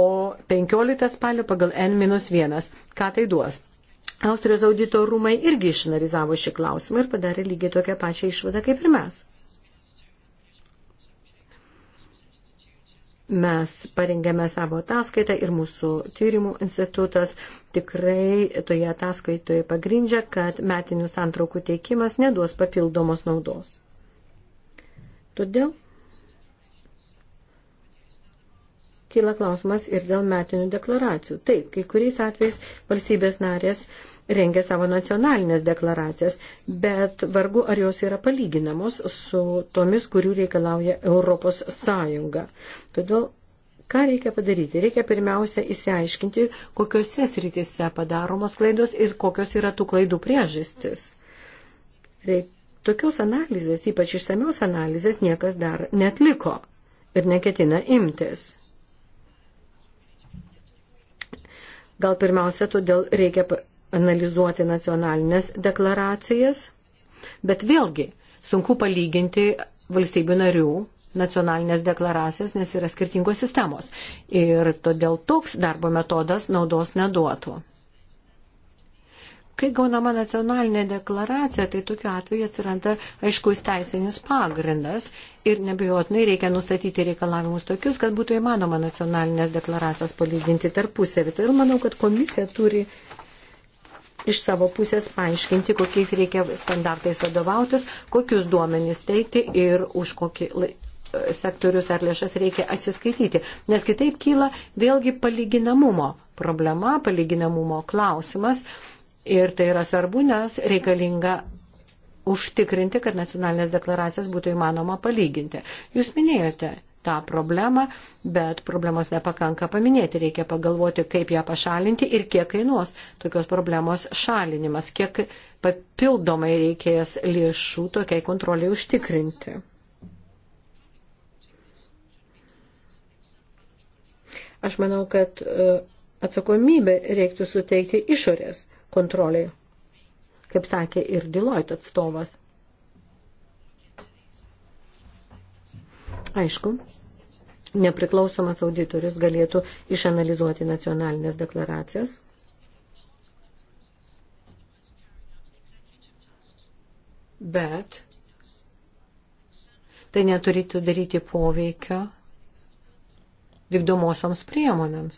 15 spalio pagal N-1. Ką tai duos? Austrijos audito rūmai irgi išanalizavo šį klausimą ir padarė lygiai tokią pačią išvadą kaip ir mes. Mes parengėme savo ataskaitą ir mūsų tyrimų institutas tikrai toje ataskaitoje pagrindžia, kad metinių santraukų teikimas neduos papildomos naudos. Todėl kyla klausimas ir dėl metinių deklaracijų. Taip, kai kuriais atvejais valstybės narės rengia savo nacionalinės deklaracijas, bet vargu ar jos yra palyginamos su tomis, kurių reikalauja Europos Sąjunga. Todėl Ką reikia padaryti? Reikia pirmiausia įsiaiškinti, kokiuose sritise padaromos klaidos ir kokios yra tų klaidų priežastis. Reik... Tai tokios analizės, ypač išsamios analizės, niekas dar netliko ir neketina imtis. Gal pirmiausia, todėl reikia analizuoti nacionalinės deklaracijas, bet vėlgi sunku palyginti valstybių narių nacionalinės deklaracijas, nes yra skirtingos sistemos. Ir todėl toks darbo metodas naudos neduotų. Kai gaunama nacionalinė deklaracija, tai tokiu atveju atsiranda aiškus teisinis pagrindas ir nebejotinai reikia nustatyti reikalavimus tokius, kad būtų įmanoma nacionalinės deklaracijos palyginti tarpusavį. Ir manau, kad komisija turi iš savo pusės paaiškinti, kokiais reikia standartais vadovautis, kokius duomenys teikti ir už kokį sektorius ar lėšas reikia atsiskaityti, nes kitaip kyla vėlgi palyginamumo problema, palyginamumo klausimas ir tai yra svarbu, nes reikalinga užtikrinti, kad nacionalinės deklaracijas būtų įmanoma palyginti. Jūs minėjote tą problemą, bet problemos nepakanka paminėti, reikia pagalvoti, kaip ją pašalinti ir kiek kainuos tokios problemos šalinimas, kiek papildomai reikės lėšų tokiai kontroliai užtikrinti. Aš manau, kad e, atsakomybę reiktų suteikti išorės kontroliai, kaip sakė ir Deloitte atstovas. Aišku, nepriklausomas auditorius galėtų išanalizuoti nacionalinės deklaracijas. Bet tai neturėtų daryti poveikio vykdomosioms priemonėms.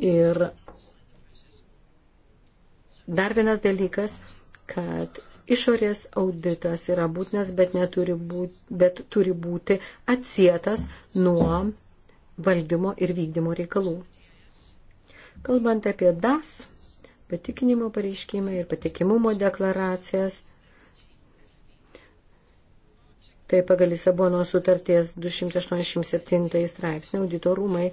Ir dar vienas dalykas, kad išorės auditas yra būtinas, bet, neturi būti, bet turi būti atsietas nuo valdymo ir vykdymo reikalų. Kalbant apie DAS, patikinimo pareiškimą ir patikimumo deklaracijas, Tai pagal Lisabono sutarties 287 straipsnį auditorumai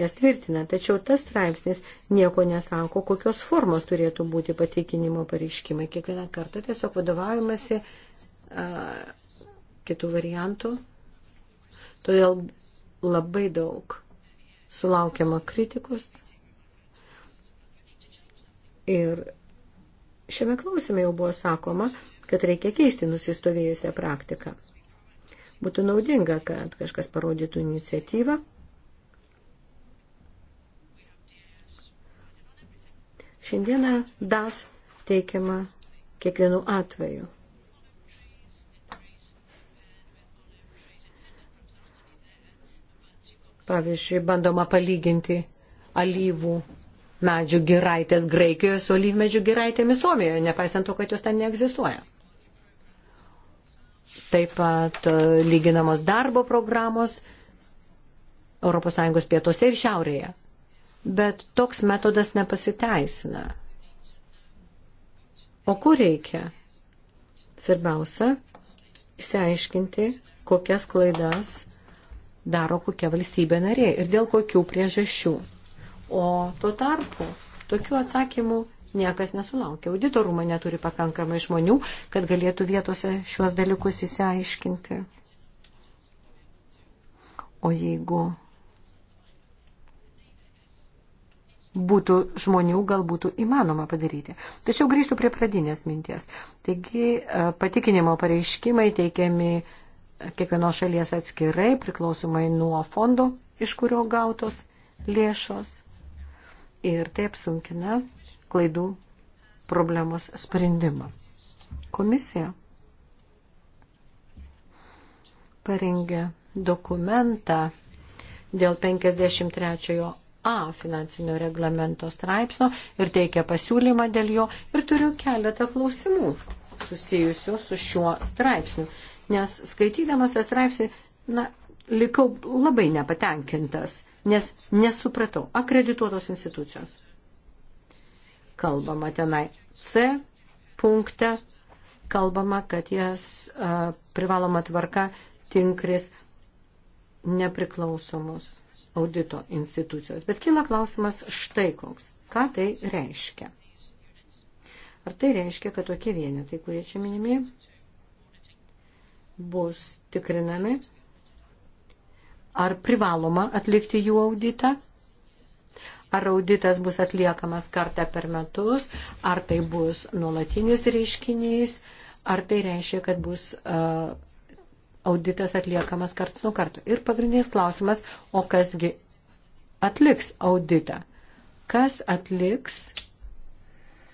jas tvirtina. Tačiau tas straipsnis nieko nesako, kokios formos turėtų būti patikinimo pareiškimai. Kiekvieną kartą tiesiog vadovaujamasi a, kitų variantų. Todėl labai daug sulaukiama kritikos. Ir šiame klausime jau buvo sakoma, kad reikia keisti nusistovėjusią praktiką būtų naudinga, kad kažkas parodytų iniciatyvą. Šiandieną DAS teikiama kiekvienu atveju. Pavyzdžiui, bandoma palyginti alyvų medžių giraitės Graikijoje su alyvmedžių giraitėmis Suomijoje, nepaisant to, kad jos ten neegzistuoja taip pat e, lyginamos darbo programos ES pietuose ir šiaurėje. Bet toks metodas nepasiteisina. O kur reikia? Svarbiausia, išsiaiškinti, kokias klaidas daro kokia valstybė narė ir dėl kokių priežasčių. O tuo tarpu tokių atsakymų niekas nesulaukia. Auditorumai neturi pakankamai žmonių, kad galėtų vietose šiuos dalykus įsiaiškinti. O jeigu būtų žmonių, gal būtų įmanoma padaryti. Tačiau grįžtų prie pradinės minties. Taigi e, patikinimo pareiškimai teikiami kiekvienos šalies atskirai, priklausomai nuo fondo, iš kurio gautos lėšos. Ir tai apsunkina klaidų problemos sprendimą. Komisija parengė dokumentą dėl 53 A finansinio reglamento straipsnio ir teikia pasiūlymą dėl jo ir turiu keletą klausimų susijusių su šiuo straipsniu, nes skaitydamas tą straipsnį, na, likau labai nepatenkintas, nes nesupratau akredituotos institucijos kalbama tenai. C punkte kalbama, kad jas a, privaloma tvarka tinkris nepriklausomos audito institucijos. Bet kyla klausimas štai koks. Ką tai reiškia? Ar tai reiškia, kad tokie vienetai, kurie čia minimi, bus tikrinami? Ar privaloma atlikti jų auditą? ar auditas bus atliekamas kartą per metus, ar tai bus nuolatinis reiškinys, ar tai reiškia, kad bus uh, auditas atliekamas karts nuo karto. Ir pagrindinis klausimas, o kasgi atliks auditą? Kas atliks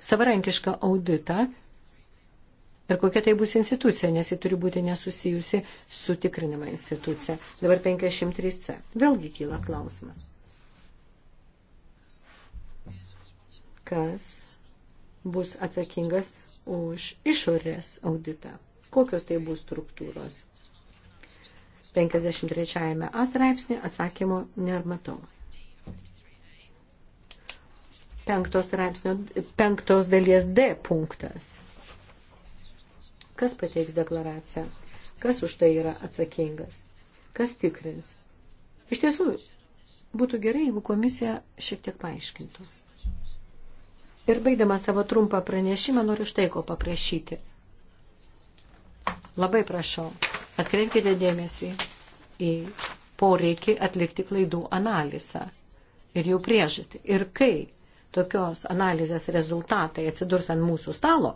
savarankišką auditą ir kokia tai bus institucija, nes ji turi būti nesusijusi su tikrinama institucija. Dabar 503C. Vėlgi kyla klausimas. kas bus atsakingas už išorės auditą. Kokios tai bus struktūros? 53 A straipsnį atsakymo nematau. Penktos, straipsnio, penktos dalies D punktas. Kas pateiks deklaraciją? Kas už tai yra atsakingas? Kas tikrins? Iš tiesų, būtų gerai, jeigu komisija šiek tiek paaiškintų. Ir baigdama savo trumpą pranešimą noriu štai ko paprašyti. Labai prašau, atkreipkite dėmesį į poreikį atlikti klaidų analizą ir jų priežastį. Ir kai tokios analizės rezultatai atsidurs ant mūsų stalo,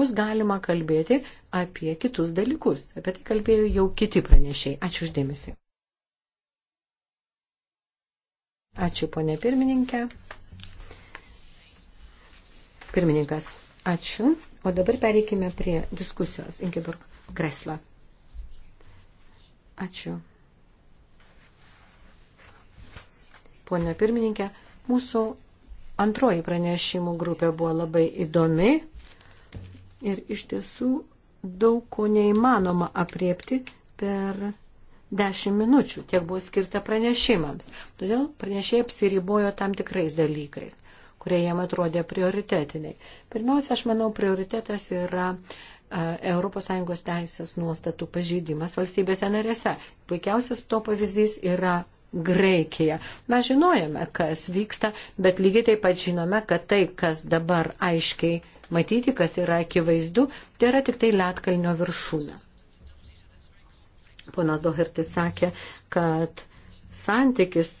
bus galima kalbėti apie kitus dalykus. Apie tai kalbėjo jau kiti pranešiai. Ačiū uždėmesi. Ačiū, ponė pirmininkė. Pirmininkas, ačiū. O dabar pereikime prie diskusijos. Ingeborg Gresla. Ačiū. Pone pirmininkė, mūsų antroji pranešimų grupė buvo labai įdomi ir iš tiesų daug ko neįmanoma apriepti per 10 minučių, tiek buvo skirta pranešimams. Todėl pranešėjai apsiribojo tam tikrais dalykais kurie jam atrodė prioritetiniai. Pirmiausia, aš manau, prioritetas yra ES teisės nuostatų pažeidimas valstybėse narėse. Puikiausias to pavyzdys yra Graikija. Mes žinojame, kas vyksta, bet lygiai taip pat žinome, kad tai, kas dabar aiškiai matyti, kas yra akivaizdu, tai yra tik tai Lietkalnio viršūnė. Ponas Dohertis sakė, kad santykis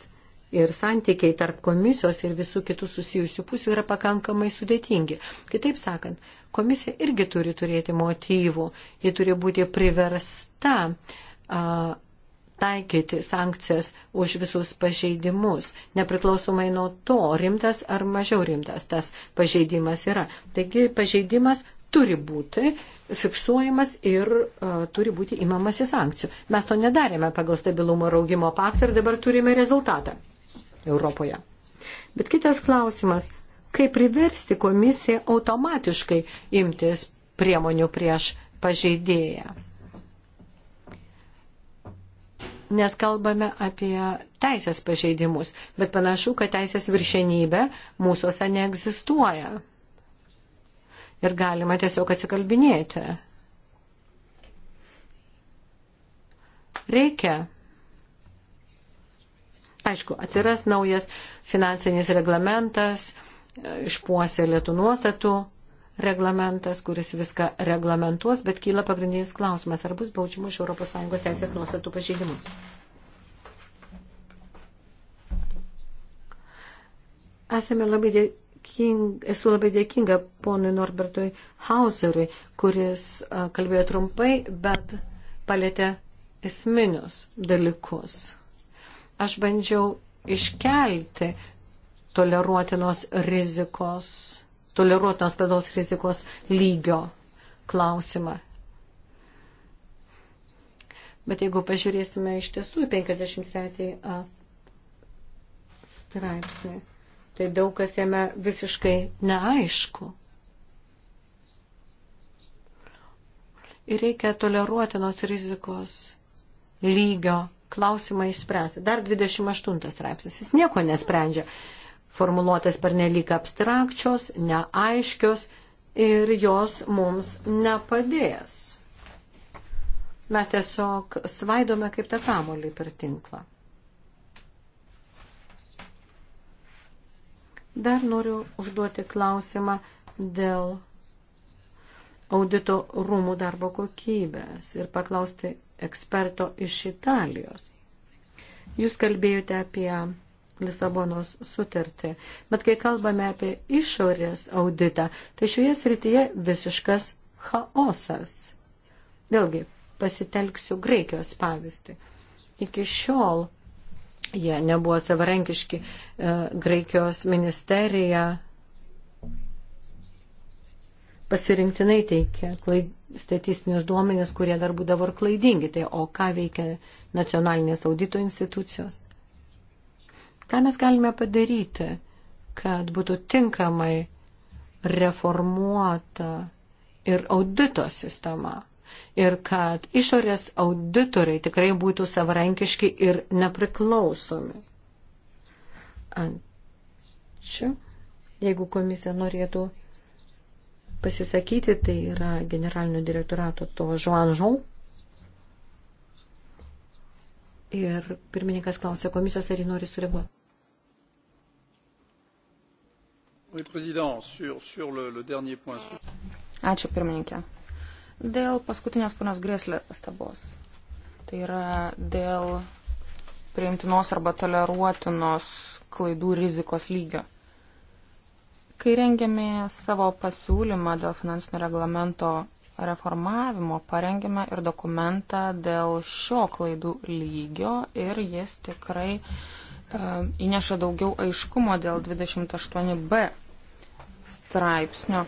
ir santykiai tarp komisijos ir visų kitų susijusių pusių yra pakankamai sudėtingi. Kitaip sakant, komisija irgi turi turėti motyvų, ji turi būti priversta a, taikyti sankcijas už visus pažeidimus, nepriklausomai nuo to, rimtas ar mažiau rimtas tas pažeidimas yra. Taigi pažeidimas turi būti fiksuojamas ir uh, turi būti imamasi sankcijų. Mes to nedarėme pagal stabilumo raugimo paktą ir dabar turime rezultatą. Europoje. Bet kitas klausimas, kaip priversti komisiją automatiškai imtis priemonių prieš pažeidėją. Nes kalbame apie teisės pažeidimus, bet panašu, kad teisės viršenybė mūsųse neegzistuoja. Ir galima tiesiog atsikalbinėti. Reikia Aišku, atsiras naujas finansinis reglamentas, e, išpuoselėtų nuostatų reglamentas, kuris viską reglamentuos, bet kyla pagrindinis klausimas, ar bus baudžiama iš ES teisės nuostatų pažeidimus. Esame labai dėking, esu labai dėkinga ponui Norbertui Hauserui, kuris e, kalbėjo trumpai, bet palėtė esminius dalykus. Aš bandžiau iškelti toleruotinos rizikos, toleruotinos klaidos rizikos lygio klausimą. Bet jeigu pažiūrėsime iš tiesų 53 straipsnį, tai daug kas jame visiškai neaišku. Ir reikia toleruotinos rizikos lygio klausimą išspręsti. Dar 28 straipsnis. Jis nieko nesprendžia. Formuluotės per nelik abstrakčios, neaiškios ir jos mums nepadės. Mes tiesiog svaidome kaip tą kamolį per tinklą. Dar noriu užduoti klausimą dėl audito rūmų darbo kokybės ir paklausti, eksperto iš Italijos. Jūs kalbėjote apie Lisabonos sutartį, bet kai kalbame apie išorės auditą, tai šioje srityje visiškas chaosas. Vėlgi, pasitelksiu Graikijos pavyzdį. Iki šiol jie nebuvo savarankiški, e, Graikijos ministerija pasirinktinai teikia klaid, statistinius duomenis, kurie dar būdavo ir klaidingi. Tai o ką veikia nacionalinės audito institucijos? Ką mes galime padaryti, kad būtų tinkamai reformuota ir audito sistema? ir kad išorės auditoriai tikrai būtų savarankiški ir nepriklausomi. Ačiū. Jeigu komisija norėtų pasisakyti, tai yra generalinio direktorato to Joan Jean. Ir pirmininkas klausė komisijos, ar jį nori sureaguoti. Ačiū pirmininkė. Dėl paskutinės ponios grėslės pastabos. Tai yra dėl priimtinos arba toleruotinos klaidų rizikos lygio. Kai rengėme savo pasiūlymą dėl finansinio reglamento reformavimo, parengėme ir dokumentą dėl šio klaidų lygio ir jis tikrai e, įneša daugiau aiškumo dėl 28b straipsnio.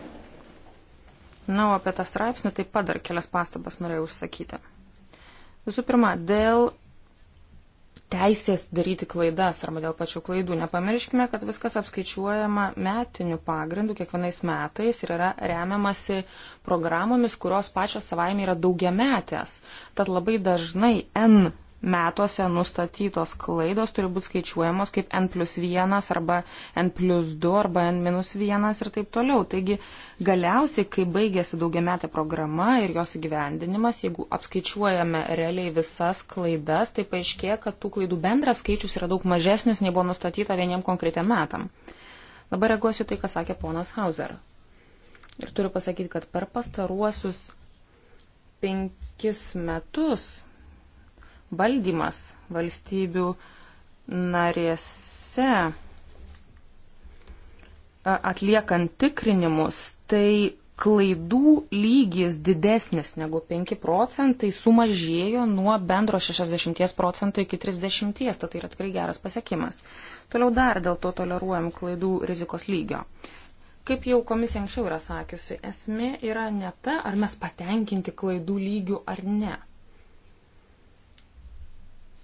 Na, o apie tą straipsnį taip pat dar kelias pastabas norėjau užsakyti. Visų pirma, dėl teisės daryti klaidas arba dėl pačių klaidų. Nepamirškime, kad viskas apskaičiuojama metiniu pagrindu kiekvienais metais ir yra remiamasi programomis, kurios pačios savaime yra daugiametės. Tad labai dažnai N metuose nustatytos klaidos turi būti skaičiuojamos kaip n plus 1 arba n plus 2 arba n minus 1 ir taip toliau. Taigi galiausiai, kai baigėsi daugiametė programa ir jos įgyvendinimas, jeigu apskaičiuojame realiai visas klaidas, tai paaiškėja, kad tų klaidų bendras skaičius yra daug mažesnis, nei buvo nustatyta vieniem konkretiem metam. Dabar reaguosiu tai, ką sakė ponas Hauser. Ir turiu pasakyti, kad per pastaruosius penkis metus valdymas valstybių narėse atliekant tikrinimus, tai klaidų lygis didesnis negu 5 procentai sumažėjo nuo bendro 60 procentų iki 30, tad tai yra tikrai geras pasiekimas. Toliau dar dėl to toleruojam klaidų rizikos lygio. Kaip jau komisija anksčiau yra sakiusi, esmė yra ne ta, ar mes patenkinti klaidų lygių ar ne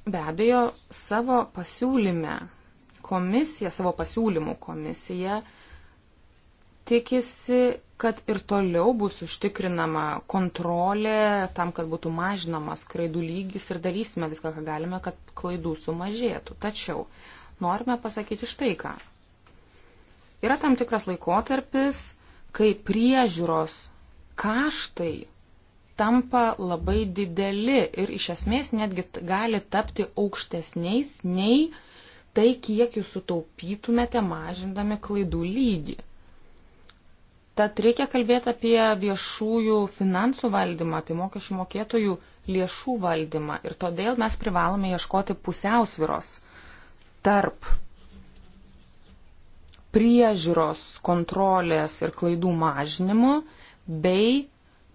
Be abejo, savo pasiūlyme komisija, savo pasiūlymų komisija tikisi, kad ir toliau bus užtikrinama kontrolė tam, kad būtų mažinamas klaidų lygis ir darysime viską, ką galime, kad klaidų sumažėtų. Tačiau norime pasakyti štai ką. Yra tam tikras laikotarpis, kai priežiūros kaštai tampa labai dideli ir iš esmės netgi gali tapti aukštesniais nei tai, kiek jūs sutaupytumėte mažindami klaidų lygį. Tad reikia kalbėti apie viešųjų finansų valdymą, apie mokesčių mokėtojų lėšų valdymą ir todėl mes privalome ieškoti pusiausviros tarp priežiūros, kontrolės ir klaidų mažinimo bei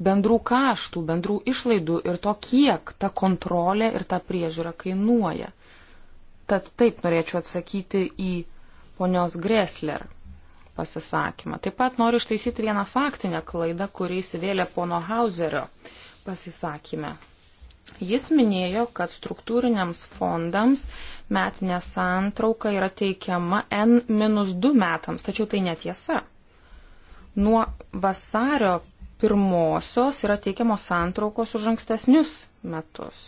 bendrų kaštų, bendrų išlaidų ir to, kiek ta kontrolė ir ta priežiūra kainuoja. Tad taip norėčiau atsakyti į ponios Gresler pasisakymą. Taip pat noriu ištaisyti vieną faktinę klaidą, kurį įsivėlė pono Hauserio pasisakymę. Jis minėjo, kad struktūriniams fondams metinė santrauka yra teikiama n-2 metams, tačiau tai netiesa. Nuo vasario pirmosios yra teikiamos santraukos už ankstesnius metus.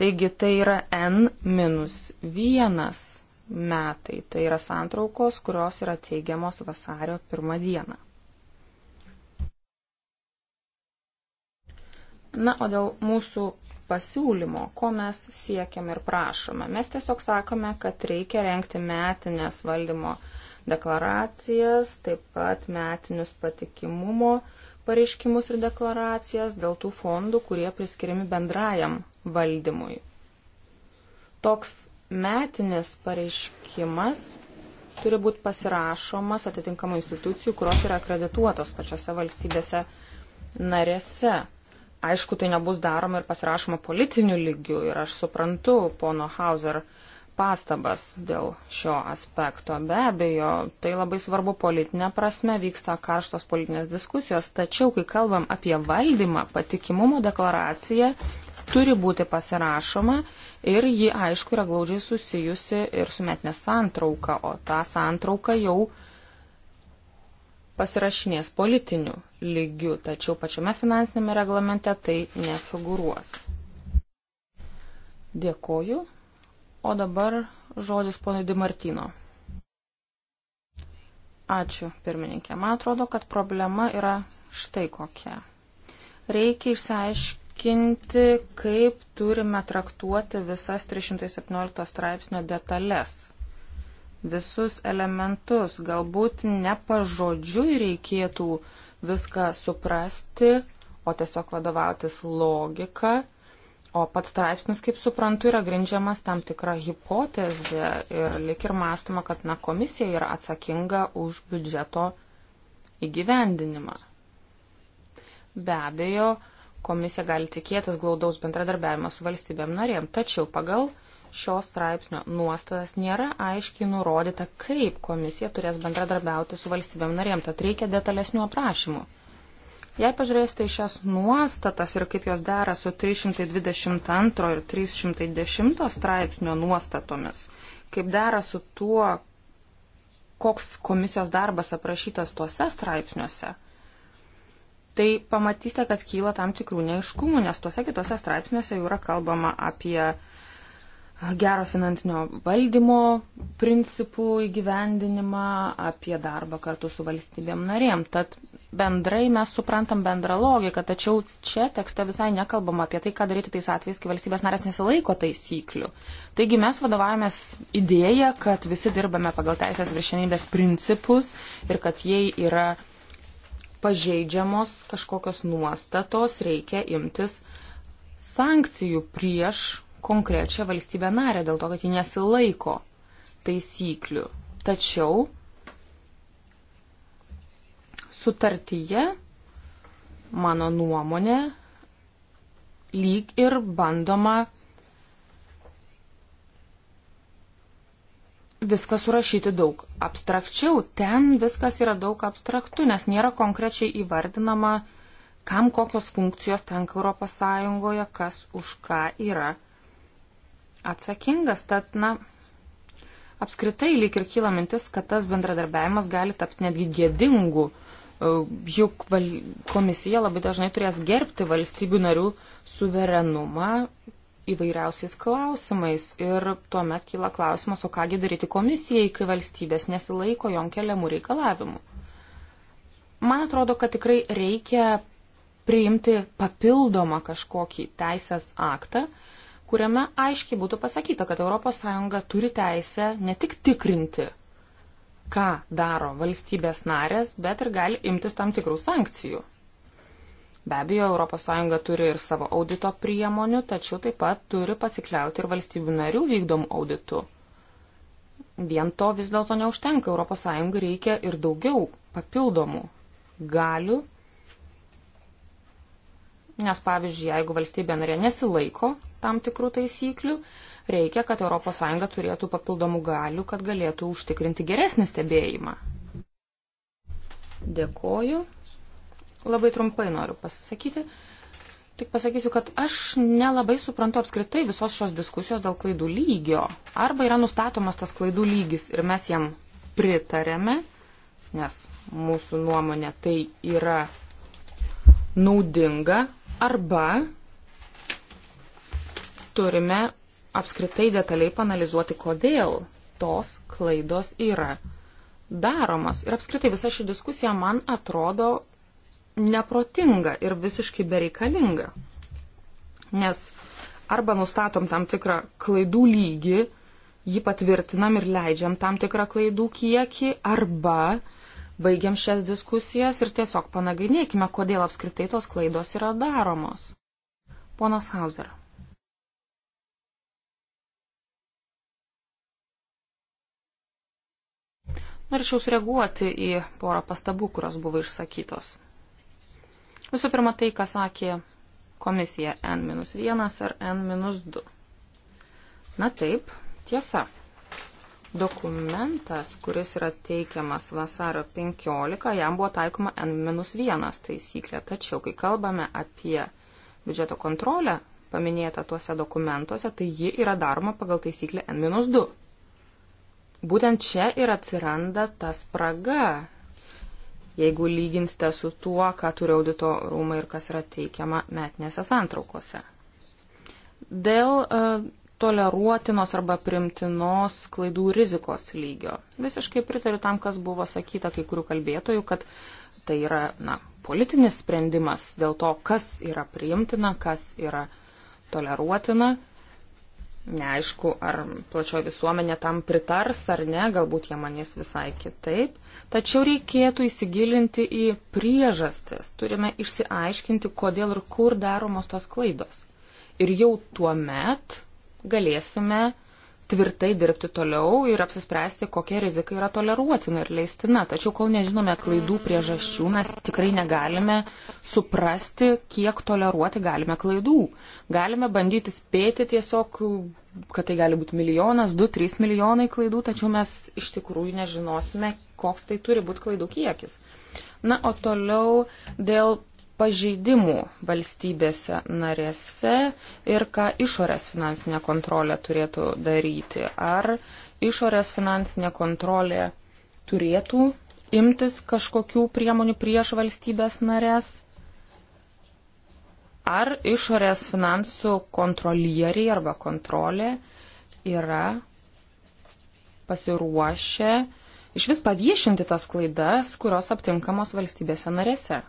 Taigi tai yra n minus vienas metai. Tai yra santraukos, kurios yra teigiamos vasario pirmą dieną. Na, o dėl mūsų pasiūlymo, ko mes siekiam ir prašome. Mes tiesiog sakome, kad reikia renkti metinės valdymo deklaracijas, taip pat metinius patikimumo pareiškimus ir deklaracijas dėl tų fondų, kurie priskiriami bendrajam valdymui. Toks metinis pareiškimas turi būti pasirašomas atitinkamų institucijų, kurios yra akredituotos pačiose valstybėse narėse. Aišku, tai nebus daroma ir pasirašoma politiniu lygiu ir aš suprantu pono Hauser uh, pastabas dėl šio aspekto. Be abejo, tai labai svarbu politinė prasme, vyksta karštos politinės diskusijos, tačiau kai kalbam apie valdymą, patikimumo deklaracija turi būti pasirašoma ir ji aišku yra glaudžiai susijusi ir su metinė santrauka, o tą santrauką jau pasirašinės politiniu lygiu, tačiau pačiame finansinėme reglamente tai nefiguruos. Dėkoju. O dabar žodis ponai Dimartino. Ačiū, pirmininkė. Man atrodo, kad problema yra štai kokia. Reikia išsiaiškinti, kaip turime traktuoti visas 317 straipsnio detalės. Visus elementus galbūt ne pažodžiui reikėtų viską suprasti, o tiesiog vadovautis logika O pats straipsnis, kaip suprantu, yra grindžiamas tam tikrą hipotezę ir lik ir mąstoma, kad na, komisija yra atsakinga už biudžeto įgyvendinimą. Be abejo, komisija gali tikėtis glaudaus bendradarbiavimo su valstybėm narėm, tačiau pagal šio straipsnio nuostatas nėra aiškiai nurodyta, kaip komisija turės bendradarbiauti su valstybėm narėm, tad reikia detalesnių aprašymų. Jei pažiūrėsite į šias nuostatas ir kaip jos dera su 322 ir 310 straipsnio nuostatomis, kaip dera su tuo, koks komisijos darbas aprašytas tuose straipsniuose, tai pamatysite, kad kyla tam tikrų neiškumų, nes tuose kitose straipsniuose jau yra kalbama apie uh, gero finansinio valdymo principų įgyvendinimą, apie darbą kartu su valstybėm narėm. Tad bendrai mes suprantam bendrą logiką, tačiau čia tekste visai nekalbam apie tai, ką daryti tais atvejais, kai valstybės narės nesilaiko taisyklių. Taigi mes vadovavomės idėją, kad visi dirbame pagal teisės viršenybės principus ir kad jei yra pažeidžiamos kažkokios nuostatos, reikia imtis sankcijų prieš konkrečią valstybę narę dėl to, kad ji nesilaiko taisyklių. Tačiau sutartyje, mano nuomonė, lyg ir bandoma viską surašyti daug abstrakčiau. Ten viskas yra daug abstraktų, nes nėra konkrečiai įvardinama, kam kokios funkcijos tenka ES, kas už ką yra atsakingas, tad, na, apskritai lyg ir kyla mintis, kad tas bendradarbiavimas gali tapti netgi gėdingu, e, juk komisija labai dažnai turės gerbti valstybių narių suverenumą įvairiausiais klausimais ir tuomet kyla klausimas, o kągi daryti komisijai, kai valstybės nesilaiko jom keliamų reikalavimų. Man atrodo, kad tikrai reikia priimti papildomą kažkokį teisės aktą, uh, kuriame aiškiai būtų pasakyta, kad ES turi teisę ne tik tikrinti, ką daro valstybės narės, bet ir gali imtis tam tikrų sankcijų. Be abejo, ES turi ir savo audito priemonių, tačiau taip pat turi pasikliauti ir valstybių narių vykdomų auditų. Vien to vis dėlto neužtenka, ES reikia ir daugiau papildomų galių, nes pavyzdžiui, jeigu valstybė narė nesilaiko tam tikrų taisyklių, reikia, kad ES turėtų papildomų galių, kad galėtų užtikrinti geresnį stebėjimą. Dėkoju. Labai trumpai noriu pasisakyti. Tik pasakysiu, kad aš nelabai suprantu apskritai visos šios diskusijos dėl klaidų lygio. Arba yra nustatomas tas klaidų lygis ir mes jam pritarėme, nes mūsų nuomonė tai yra naudinga, arba turime apskritai detaliai panalizuoti, kodėl tos klaidos yra daromos. Ir apskritai visa ši diskusija man atrodo neprotinga ir visiškai bereikalinga. Nes arba nustatom tam tikrą klaidų lygį, jį patvirtinam ir leidžiam tam tikrą klaidų kiekį, arba baigiam šias diskusijas ir tiesiog panagrinėkime, kodėl apskritai tos klaidos yra daromos. Ponas Hauser. Norėčiau sureaguoti į porą pastabų, kurios buvo išsakytos. Visų pirma, tai, ką sakė komisija N-1 ar N-2. Na taip, tiesa. Dokumentas, kuris yra teikiamas vasario 15, jam buvo taikoma N-1 taisyklė. Tačiau, kai kalbame apie biudžeto kontrolę paminėtą tuose dokumentuose, tai ji yra daroma pagal taisyklę N-2. Būtent čia ir atsiranda ta spraga, jeigu lyginsite su tuo, ką turi audito rūmai ir kas yra teikiama metinėse santraukose. Dėl e, toleruotinos arba primtinos klaidų rizikos lygio. Visiškai pritariu tam, kas buvo sakyta kai kurių kalbėtojų, kad tai yra na, politinis sprendimas dėl to, kas yra priimtina, kas yra toleruotina Neaišku, ar plačioji visuomenė tam pritars ar ne, galbūt jie manys visai kitaip. Tačiau reikėtų įsigilinti į priežastis. Turime išsiaiškinti, kodėl ir kur daromos tos klaidos. Ir jau tuo met galėsime uh, tvirtai dirbti toliau ir apsispręsti, kokia rizika yra toleruotina ir leistina. Tačiau kol nežinome klaidų priežasčių, mes tikrai negalime suprasti, kiek toleruoti galime klaidų. Galime bandyti spėti tiesiog, kad tai gali būti milijonas, du, trys milijonai klaidų, tačiau mes iš tikrųjų nežinosime, koks tai turi būti klaidų kiekis. Na, o toliau dėl pažeidimų valstybėse narėse ir ką išorės finansinė kontrolė turėtų daryti. Ar išorės finansinė kontrolė turėtų imtis kažkokių priemonių prieš valstybės narės? Ar išorės finansų kontrolieriai arba kontrolė yra pasiruošę iš vis paviešinti tas klaidas, kurios aptinkamos valstybėse narėse?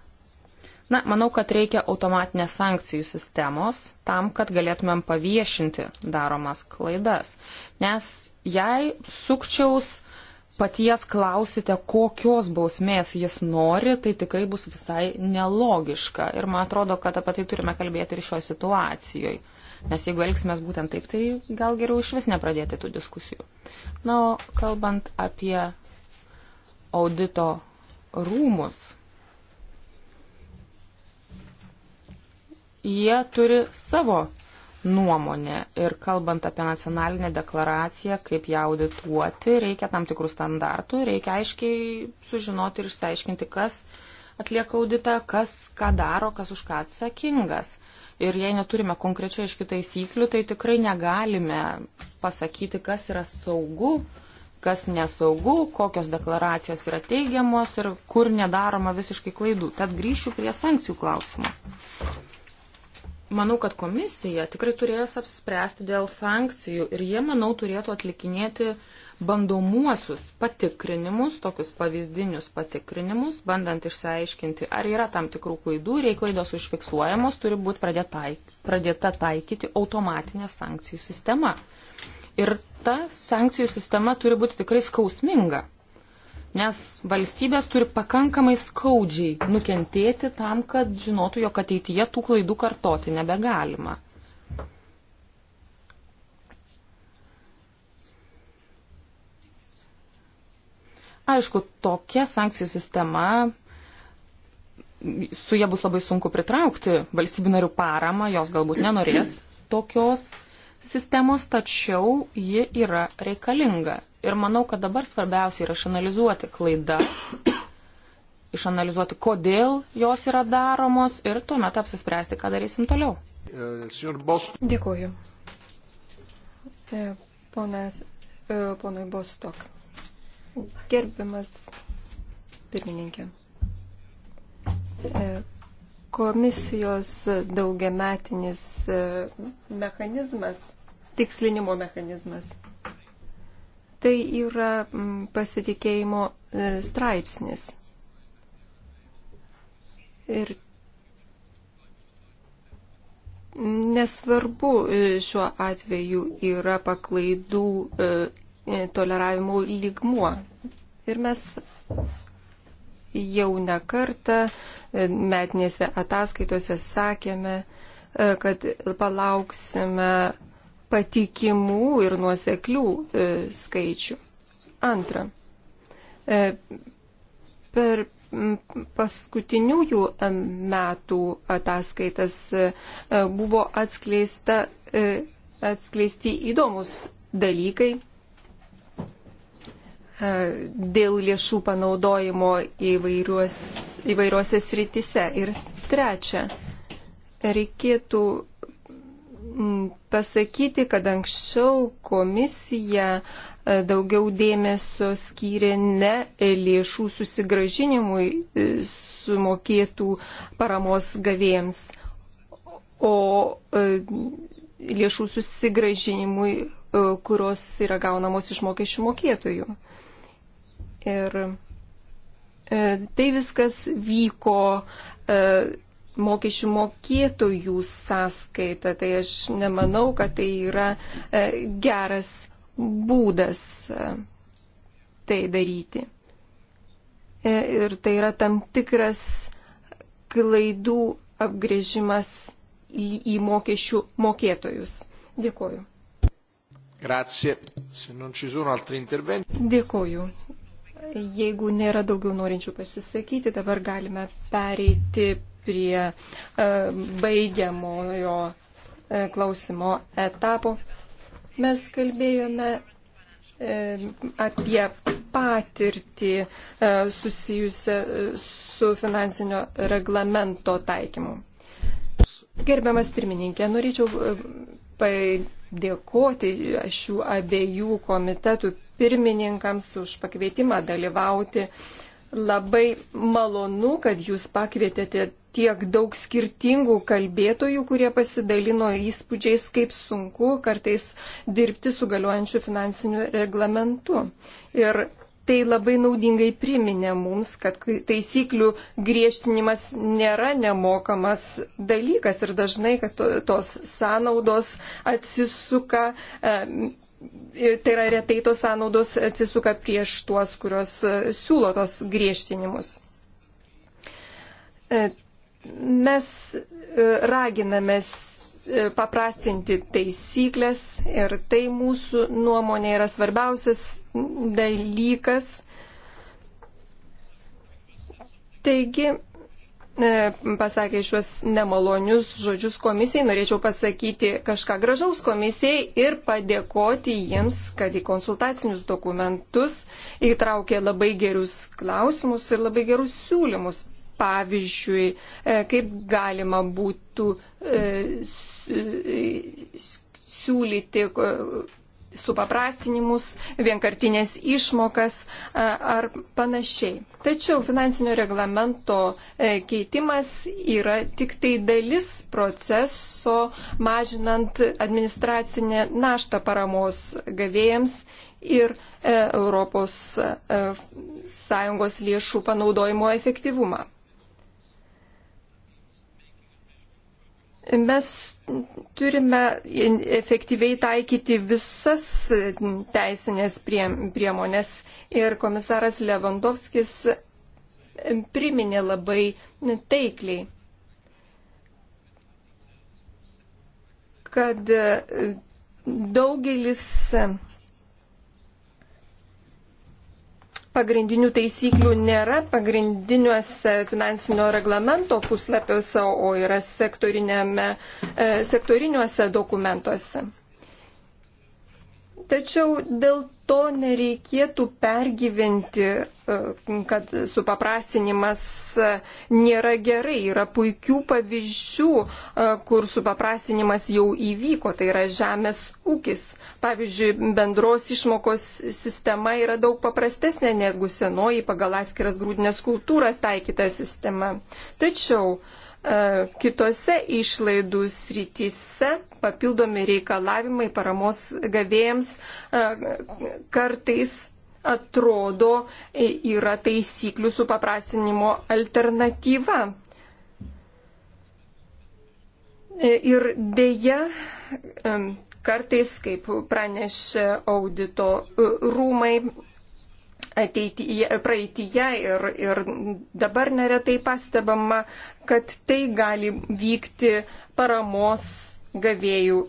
Na, manau, kad reikia automatinės sankcijų sistemos tam, kad galėtumėm paviešinti daromas klaidas. Nes jei sukčiaus paties klausite, kokios bausmės jis nori, tai tikrai bus visai nelogiška. Ir man atrodo, kad apie tai turime kalbėti ir šioje situacijoje. Nes jeigu elgsimės būtent taip, tai gal geriau iš vis nepradėti tų diskusijų. Na, o kalbant apie audito rūmus jie turi savo nuomonę ir kalbant apie nacionalinę deklaraciją, kaip ją audituoti, reikia tam tikrų standartų, reikia aiškiai sužinoti ir išsiaiškinti, kas atlieka auditą, kas ką daro, kas už ką atsakingas. Ir jei neturime konkrečiai iškių taisyklių, tai tikrai negalime pasakyti, kas yra saugu, kas nesaugu, kokios deklaracijos yra teigiamos ir kur nedaroma visiškai klaidų. Tad grįšiu prie sankcijų klausimo manau, kad komisija tikrai turės apsispręsti dėl sankcijų ir jie, manau, turėtų atlikinėti bandomuosius patikrinimus, tokius pavyzdinius patikrinimus, bandant išsiaiškinti, ar yra tam tikrų klaidų ir jei klaidos užfiksuojamos, turi būti pradėta taikyti automatinė sankcijų sistema. Ir ta sankcijų sistema turi būti tikrai skausminga. Nes valstybės turi pakankamai skaudžiai nukentėti tam, kad žinotų, jog ateityje tų klaidų kartoti nebegalima. Aišku, tokia sankcijų sistema, su jie bus labai sunku pritraukti valstybių narių paramą, jos galbūt nenorės tokios sistemos, tačiau ji yra reikalinga Ir manau, kad dabar svarbiausia yra išanalizuoti klaidas, išanalizuoti, kodėl jos yra daromos ir tuomet apsispręsti, ką darysim toliau. Dėkuoju. E, ponas, e, ponui Bostok. Gerbiamas pirmininkė. E, komisijos daugiametinis mechanizmas, tikslinimo mechanizmas Tai yra pasitikėjimo e, straipsnis. Ir nesvarbu e, šiuo atveju yra paklaidų e, toleravimo lygmuo. Ir mes jau nekartą metinėse ataskaitose sakėme, kad palauksime patikimų ir nuoseklių e, skaičių. Antra, e, per paskutiniųjų e, metų ataskaitas e, e, buvo atskleista, e, atskleisti įdomus dalykai e, dėl lėšų panaudojimo įvairiuos, įvairiuose sritise. Ir trečia, reikėtų pasakyti, kad anksčiau komisija e, daugiau dėmesio skyrė ne lėšų susigražinimui e, sumokėtų paramos gavėjams, o e, lėšų susigražinimui, kurios yra gaunamos iš mokesčių mokėtojų. Ir tai viskas vyko mokesčių mokėtojų sąskaita. Tai aš nemanau, kad tai yra e, geras būdas e, tai daryti. E, ir tai yra tam tikras klaidų apgrėžimas į, į mokesčių mokėtojus. Dėkoju. Grazie. Se non ci sono altri interventi. Dėkoju. Jeigu nėra daugiau norinčių pasisakyti, dabar galime pereiti prie e, baigiamojo e, klausimo etapo. Mes kalbėjome e, apie patirtį susijusią su finansinio reglamento taikymu. Gerbiamas pirmininkė, norėčiau padėkoti šių abiejų komitetų pirmininkams už pakvietimą dalyvauti uh, Labai malonu, kad jūs pakvietėte tiek daug skirtingų kalbėtojų, kurie pasidalino įspūdžiais, kaip sunku kartais dirbti su galiojančiu finansiniu reglamentu. Ir tai labai naudingai priminė mums, kad taisyklių griežtinimas nėra nemokamas dalykas ir dažnai, kad tos sąnaudos atsisuka. E, tai yra retai tos sąnaudos atsisuka prieš tuos, kurios e, siūlo tos griežtinimus. E, mes e, raginamės paprastinti taisyklės ir tai mūsų nuomonė yra svarbiausias dalykas. Taigi, E, pasakė šiuos nemalonius žodžius komisijai, norėčiau pasakyti kažką gražaus komisijai ir padėkoti jiems, kad į konsultacinius dokumentus įtraukė labai gerus klausimus ir labai gerus siūlymus. Pavyzdžiui, e, kaip galima būtų e, siūlyti supaprastinimus, vienkartinės išmokas ar panašiai. Tačiau finansinio reglamento e, keitimas yra tik tai dalis proceso mažinant administracinę naštą paramos gavėjams ir e, Europos e, Sąjungos lėšų panaudojimo efektyvumą. Mes turime efektyviai taikyti visas teisinės priemonės ir komisaras Levandovskis priminė labai taikliai, kad daugelis pagrindinių taisyklių nėra pagrindiniuose finansinio reglamento puslapiuose, o yra e, sektoriniuose dokumentuose. Tačiau dėl to nereikėtų pergyventi kad supaprastinimas nėra gerai. Yra puikių pavyzdžių, e, kur supaprastinimas jau įvyko, tai yra žemės ūkis. Pavyzdžiui, bendros išmokos sistema yra daug paprastesnė negu senoji pagal atskiras grūdinės kultūras taikyta sistema. Tačiau e, kitose išlaidų srityse papildomi reikalavimai paramos gavėjams e, kartais atrodo e, yra taisyklių supaprastinimo alternatyva. E, ir dėja, kartais, kaip pranešė audito e, rūmai, ateityje, praeitįje ir, ir dabar neretai pastebama, kad tai gali vykti paramos gavėjų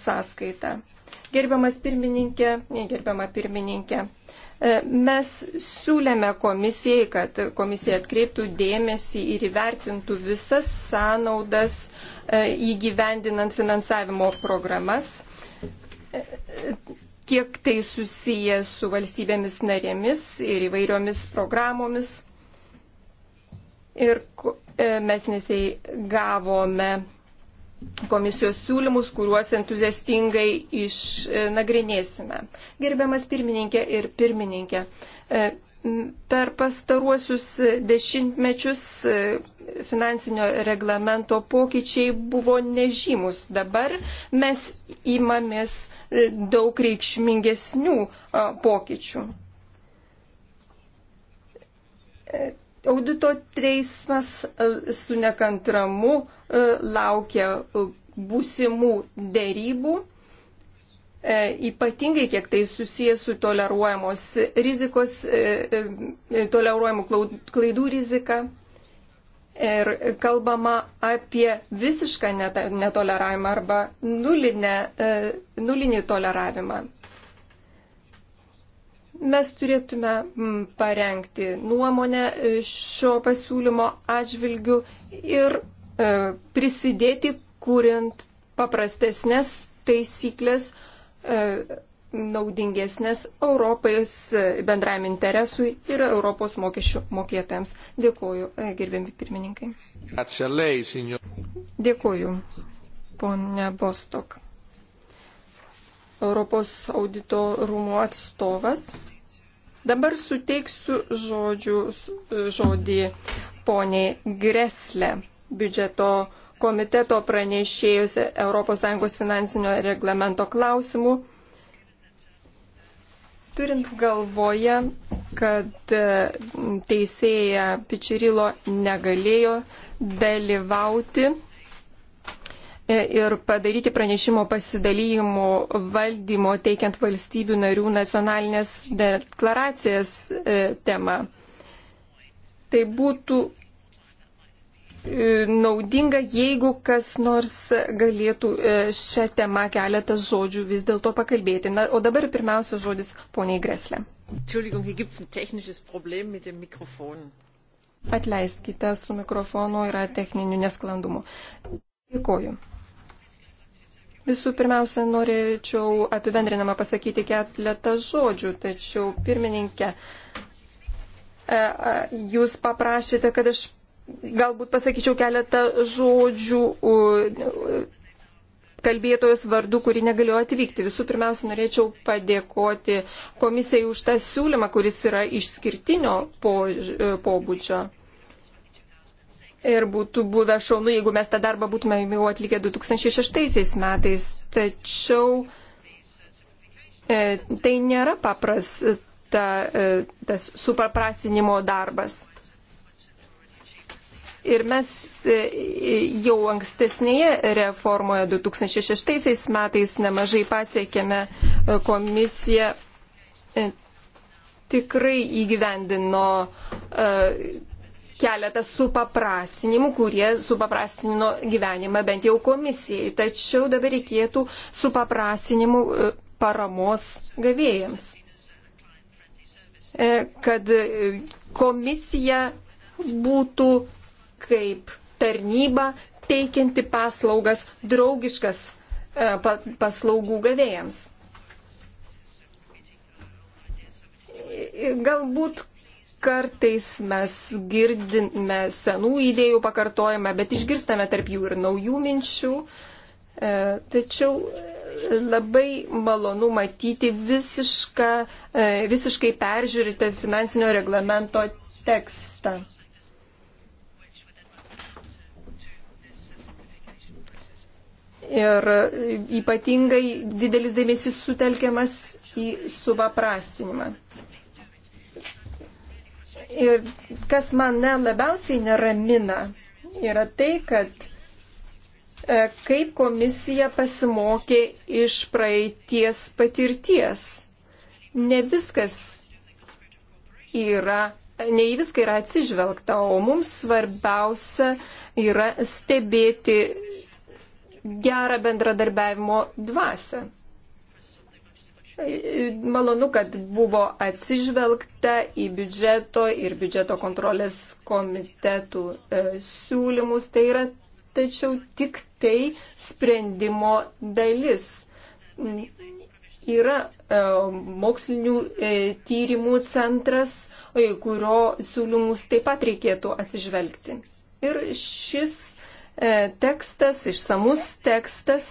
sąskaita. Gerbiamas pirmininkė, gerbiama pirmininkė, E, mes siūlėme komisijai, kad komisija atkreiptų dėmesį ir įvertintų visas sąnaudas e, įgyvendinant finansavimo programas, e, kiek tai susiję su valstybėmis narėmis ir įvairiomis programomis. Ir mes nesiai gavome komisijos siūlymus, kuriuos entuziastingai išnagrinėsime. Gerbiamas pirmininkė ir pirmininkė, e, per pastaruosius dešimtmečius e, finansinio reglamento pokyčiai buvo nežymus. Dabar mes įmamės e, daug reikšmingesnių pokyčių. Audito teismas su nekantramu E, laukia e, būsimų dėrybų, e, ypatingai kiek tai susijęs su toleruojamos rizikos, toleruojamų klaidų rizika. Ir kalbama apie visišką netoleravimą arba nulinę, nulinį toleravimą mes turėtume parengti nuomonę šio pasiūlymo atžvilgių ir E, prisidėti, kuriant paprastesnės taisyklės, e, naudingesnės Europais bendram interesui ir Europos mokesčių mokėtojams. Dėkuoju, e, gerbiami pirmininkai. Dėkuoju, ponė Bostok. Europos audito rūmų atstovas. Dabar suteiksiu žodžius, žodį poniai Greslė biudžeto komiteto pranešėjus ES finansinio reglamento klausimų, turint galvoje, kad e, teisėja Pičirilo negalėjo dalyvauti e, ir padaryti pranešimo pasidalymo valdymo teikiant valstybių narių nacionalinės deklaracijas e, temą. Tai būtų E, naudinga, jeigu kas nors galėtų e, šią temą keletą žodžių vis dėlto pakalbėti. Na, o dabar pirmiausia žodis poniai Greslė. Atleiskite, su mikrofonu yra techninių nesklandumų. Dėkoju. Visų pirmiausia, norėčiau apibendrinamą pasakyti keletą žodžių, tačiau pirmininkė, e, jūs paprašėte, kad aš galbūt pasakyčiau keletą žodžių kalbėtojos vardu, kuri negalėjo atvykti. Visų pirmiausia, norėčiau padėkoti komisijai už tą siūlymą, kuris yra išskirtinio e, pobūdžio. Ir būtų buvę šaunu, jeigu mes tą darbą būtume jau atlikę 2006 metais. Tačiau e, tai nėra paprasta e, tas supaprastinimo darbas. Ir mes e, e, jau ankstesnėje reformoje 2006 metais nemažai pasiekėme e, komisiją tikrai įgyvendino keletą supaprastinimų, kurie supaprastino gyvenimą bent jau komisijai. Tačiau dabar reikėtų supaprastinimų paramos gavėjams. Kad komisija būtų kaip tarnyba teikianti paslaugas draugiškas e, paslaugų gavėjams. Galbūt kartais mes girdime senų idėjų pakartojimą, bet išgirstame tarp jų ir naujų minčių. E, tačiau labai malonu matyti visišką, e, visiškai peržiūrėtą finansinio reglamento tekstą. ir ypatingai didelis dėmesys sutelkiamas į supaprastinimą. Ir kas mane labiausiai neramina, yra tai, kad e, kaip komisija pasimokė iš praeities patirties. Ne viskas yra, ne į viską yra atsižvelgta, o mums svarbiausia yra stebėti gerą bendradarbiavimo dvasę. Malonu, kad buvo atsižvelgta į biudžeto ir biudžeto kontrolės komitetų e, siūlymus. Tai yra tačiau tik tai sprendimo dalis yra e, mokslinių e, tyrimų centras, e, kurio siūlymus taip pat reikėtų atsižvelgti. Ir šis E, tekstas, išsamus tekstas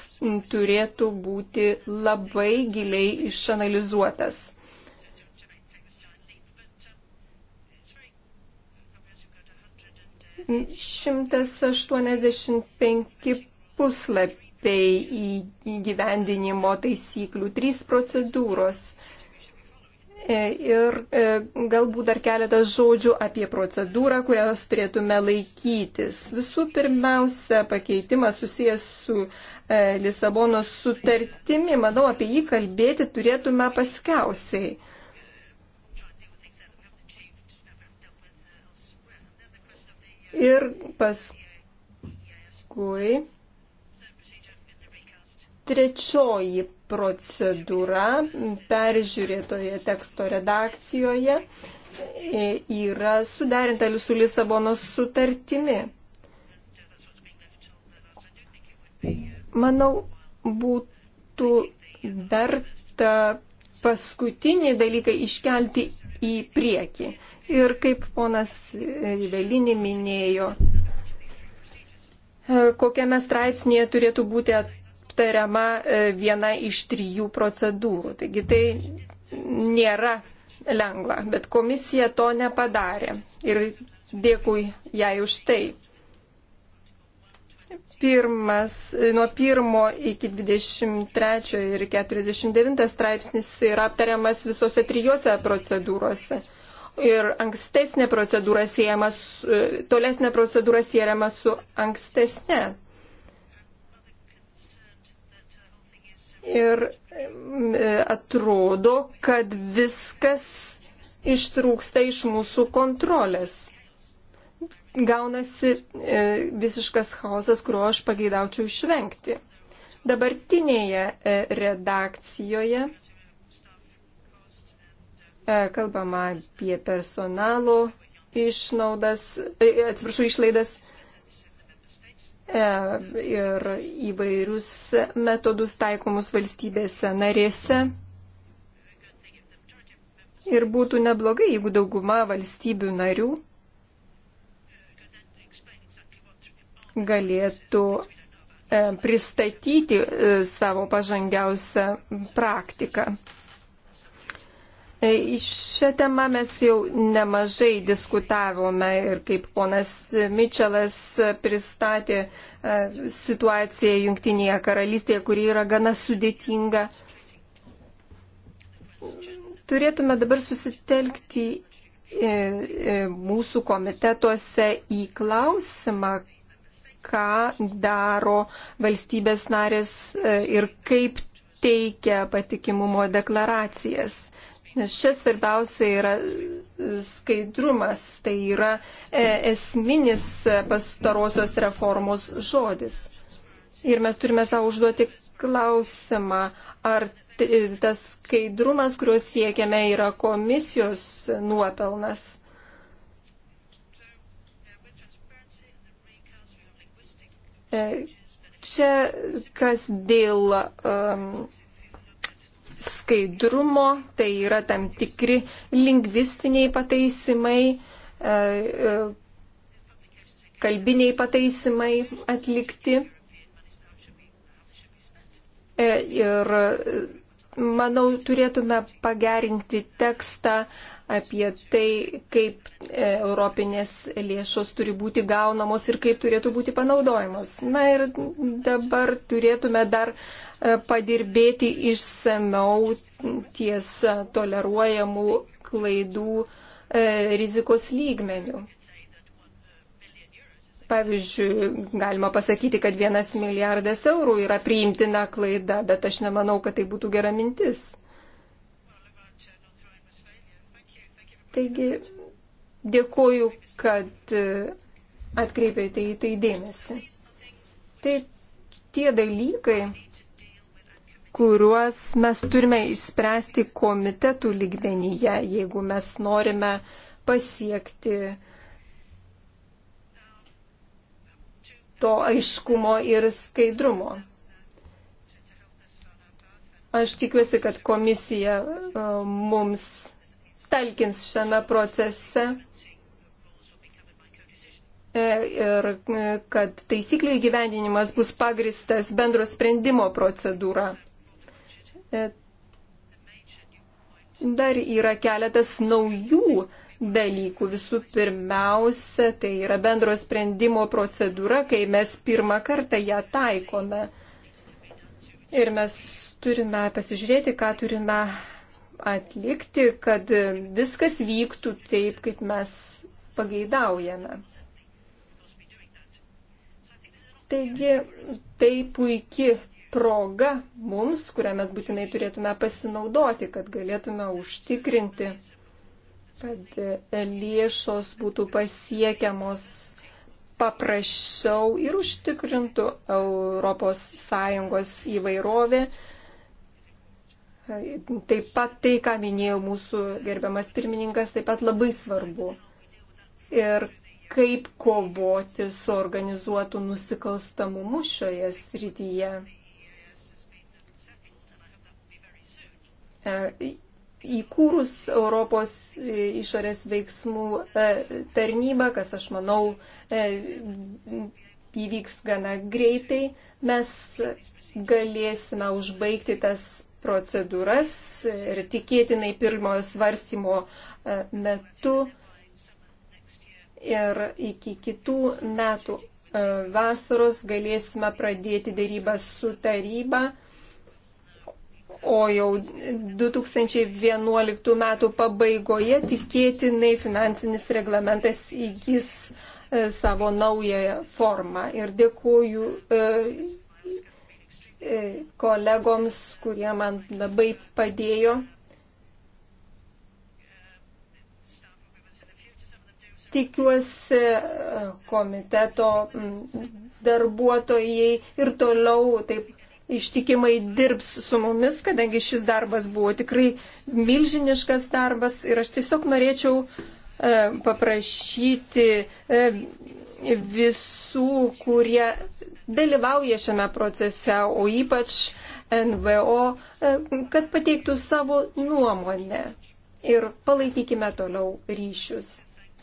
turėtų būti labai giliai išanalizuotas. Šimtas aštuoniasdešimt penki puslapiai įgyvendinimo taisyklių, trys procedūros E, ir e, galbūt dar keletas žodžių apie procedūrą, kurios turėtume laikytis. Visų pirmiausia, pakeitimas susijęs su e, Lisabonos sutartimi, manau, apie jį kalbėti turėtume paskiausiai. Ir paskui trečioji procedūra peržiūrėtoje teksto redakcijoje yra suderinta su Lisabonos sutartimi. Manau, būtų verta paskutinį dalyką iškelti į priekį. Ir kaip ponas Velinį minėjo, e, kokiame straipsnėje turėtų būti at aptariama e, viena iš trijų procedūrų. Taigi tai nėra lengva, bet komisija to nepadarė ir dėkui jai už tai. Pirmas, nuo 1 iki 23 ir 49 straipsnis yra aptariamas visose trijose procedūrose ir ankstesnė procedūra siejama, tolesnė procedūra siejama su ankstesnė. ir e, atrodo, kad viskas ištrūksta iš mūsų kontrolės. Gaunasi e, visiškas chaosas, kurio aš pageidaučiau išvengti. Dabartinėje e, redakcijoje kalbama apie personalo išnaudas, atsiprašau, išlaidas E, ir įvairius metodus taikomus valstybėse narėse. Ir būtų neblogai, jeigu dauguma valstybių narių galėtų e, pristatyti e, savo pažangiausią praktiką. E, šią temą mes jau nemažai diskutavome ir kaip ponas Mičelas pristatė e, situaciją Junktinėje karalystėje, kuri yra gana sudėtinga. Turėtume dabar susitelkti e, mūsų komitetuose į klausimą, ką daro valstybės narės ir kaip teikia patikimumo deklaracijas nes čia svarbiausia yra e, skaidrumas, tai yra e, esminis pastarosios reformos žodis. Ir mes turime savo užduoti klausimą, ar e, tas skaidrumas, kuriuo siekiame, yra komisijos nuopelnas. Čia kas dėl um, skaidrumo, tai yra tam tikri lingvistiniai pataisimai, e, e, kalbiniai pataisimai atlikti. E, ir manau, turėtume pagerinti tekstą apie tai, kaip e, europinės lėšos turi būti gaunamos ir kaip turėtų būti panaudojamos. Na ir dabar turėtume dar e, padirbėti išsameu ties toleruojamų klaidų e, rizikos lygmenių. Pavyzdžiui, galima pasakyti, kad vienas milijardas eurų yra priimtina klaida, bet aš nemanau, kad tai būtų gera mintis. Taigi dėkoju, kad e, atkreipėte į tai dėmesį. Tai tie dalykai, kuriuos mes turime išspręsti komitetų lygmenyje, jeigu mes norime pasiekti to aiškumo ir skaidrumo. Aš tikiuosi, kad komisija e, mums talkins šiame procese e, ir e, kad taisyklių įgyvendinimas bus pagristas bendro sprendimo procedūra. E, dar yra keletas naujų dalykų. Visų pirmiausia, tai yra bendro sprendimo procedūra, kai mes pirmą kartą ją taikome. Ir mes turime pasižiūrėti, ką turime atlikti, kad viskas vyktų taip, kaip mes pageidaujame. Taigi tai puikia proga mums, kurią mes būtinai turėtume pasinaudoti, kad galėtume užtikrinti, kad lėšos būtų pasiekiamos paprasčiau ir užtikrintų ES įvairovė Taip pat tai, ką minėjo mūsų gerbiamas pirmininkas, taip pat labai svarbu. Ir kaip kovoti su organizuotu nusikalstamumu šioje srityje. E, įkūrus Europos išorės veiksmų e, tarnybą, kas aš manau e, įvyks gana greitai, mes galėsime užbaigti tas procedūras ir tikėtinai pirmojo svarstymo e, metu ir iki kitų metų e, vasaros galėsime pradėti dėrybą su taryba, o jau 2011 metų pabaigoje tikėtinai finansinis reglamentas įgis e, savo naują formą. Ir dėkuoju E, kolegoms, kurie man labai padėjo. Tikiuosi e, komiteto darbuotojai ir toliau taip ištikimai dirbs su mumis, kadangi šis darbas buvo tikrai milžiniškas darbas ir aš tiesiog norėčiau e, paprašyti visų, kurie dalyvauja šiame procese, o ypač NVO, e, kad pateiktų savo nuomonę ir palaikykime toliau ryšius.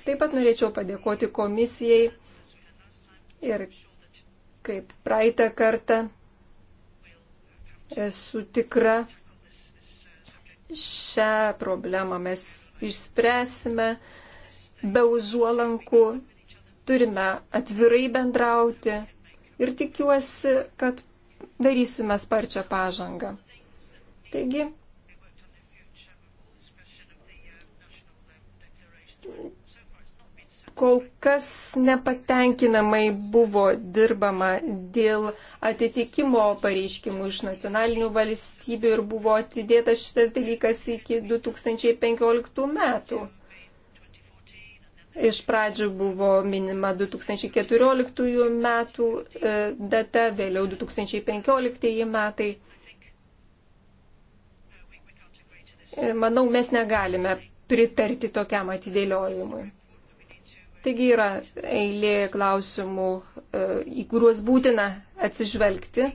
Taip pat norėčiau padėkoti komisijai ir kaip praeitą kartą esu tikra, šią problemą mes išspręsime be užuolankų turime atvirai bendrauti ir tikiuosi, kad darysime sparčią pažangą. Taigi, kol kas nepatenkinamai buvo dirbama dėl atitikimo pareiškimų iš nacionalinių valstybių ir buvo atidėtas šitas dalykas iki 2015 metų. Iš pradžių buvo minima 2014 metų e, data, vėliau 2015 metai. Manau, mes negalime pritarti tokiam atidėliojimui. Taigi yra eilė klausimų, e, į kuriuos būtina atsižvelgti,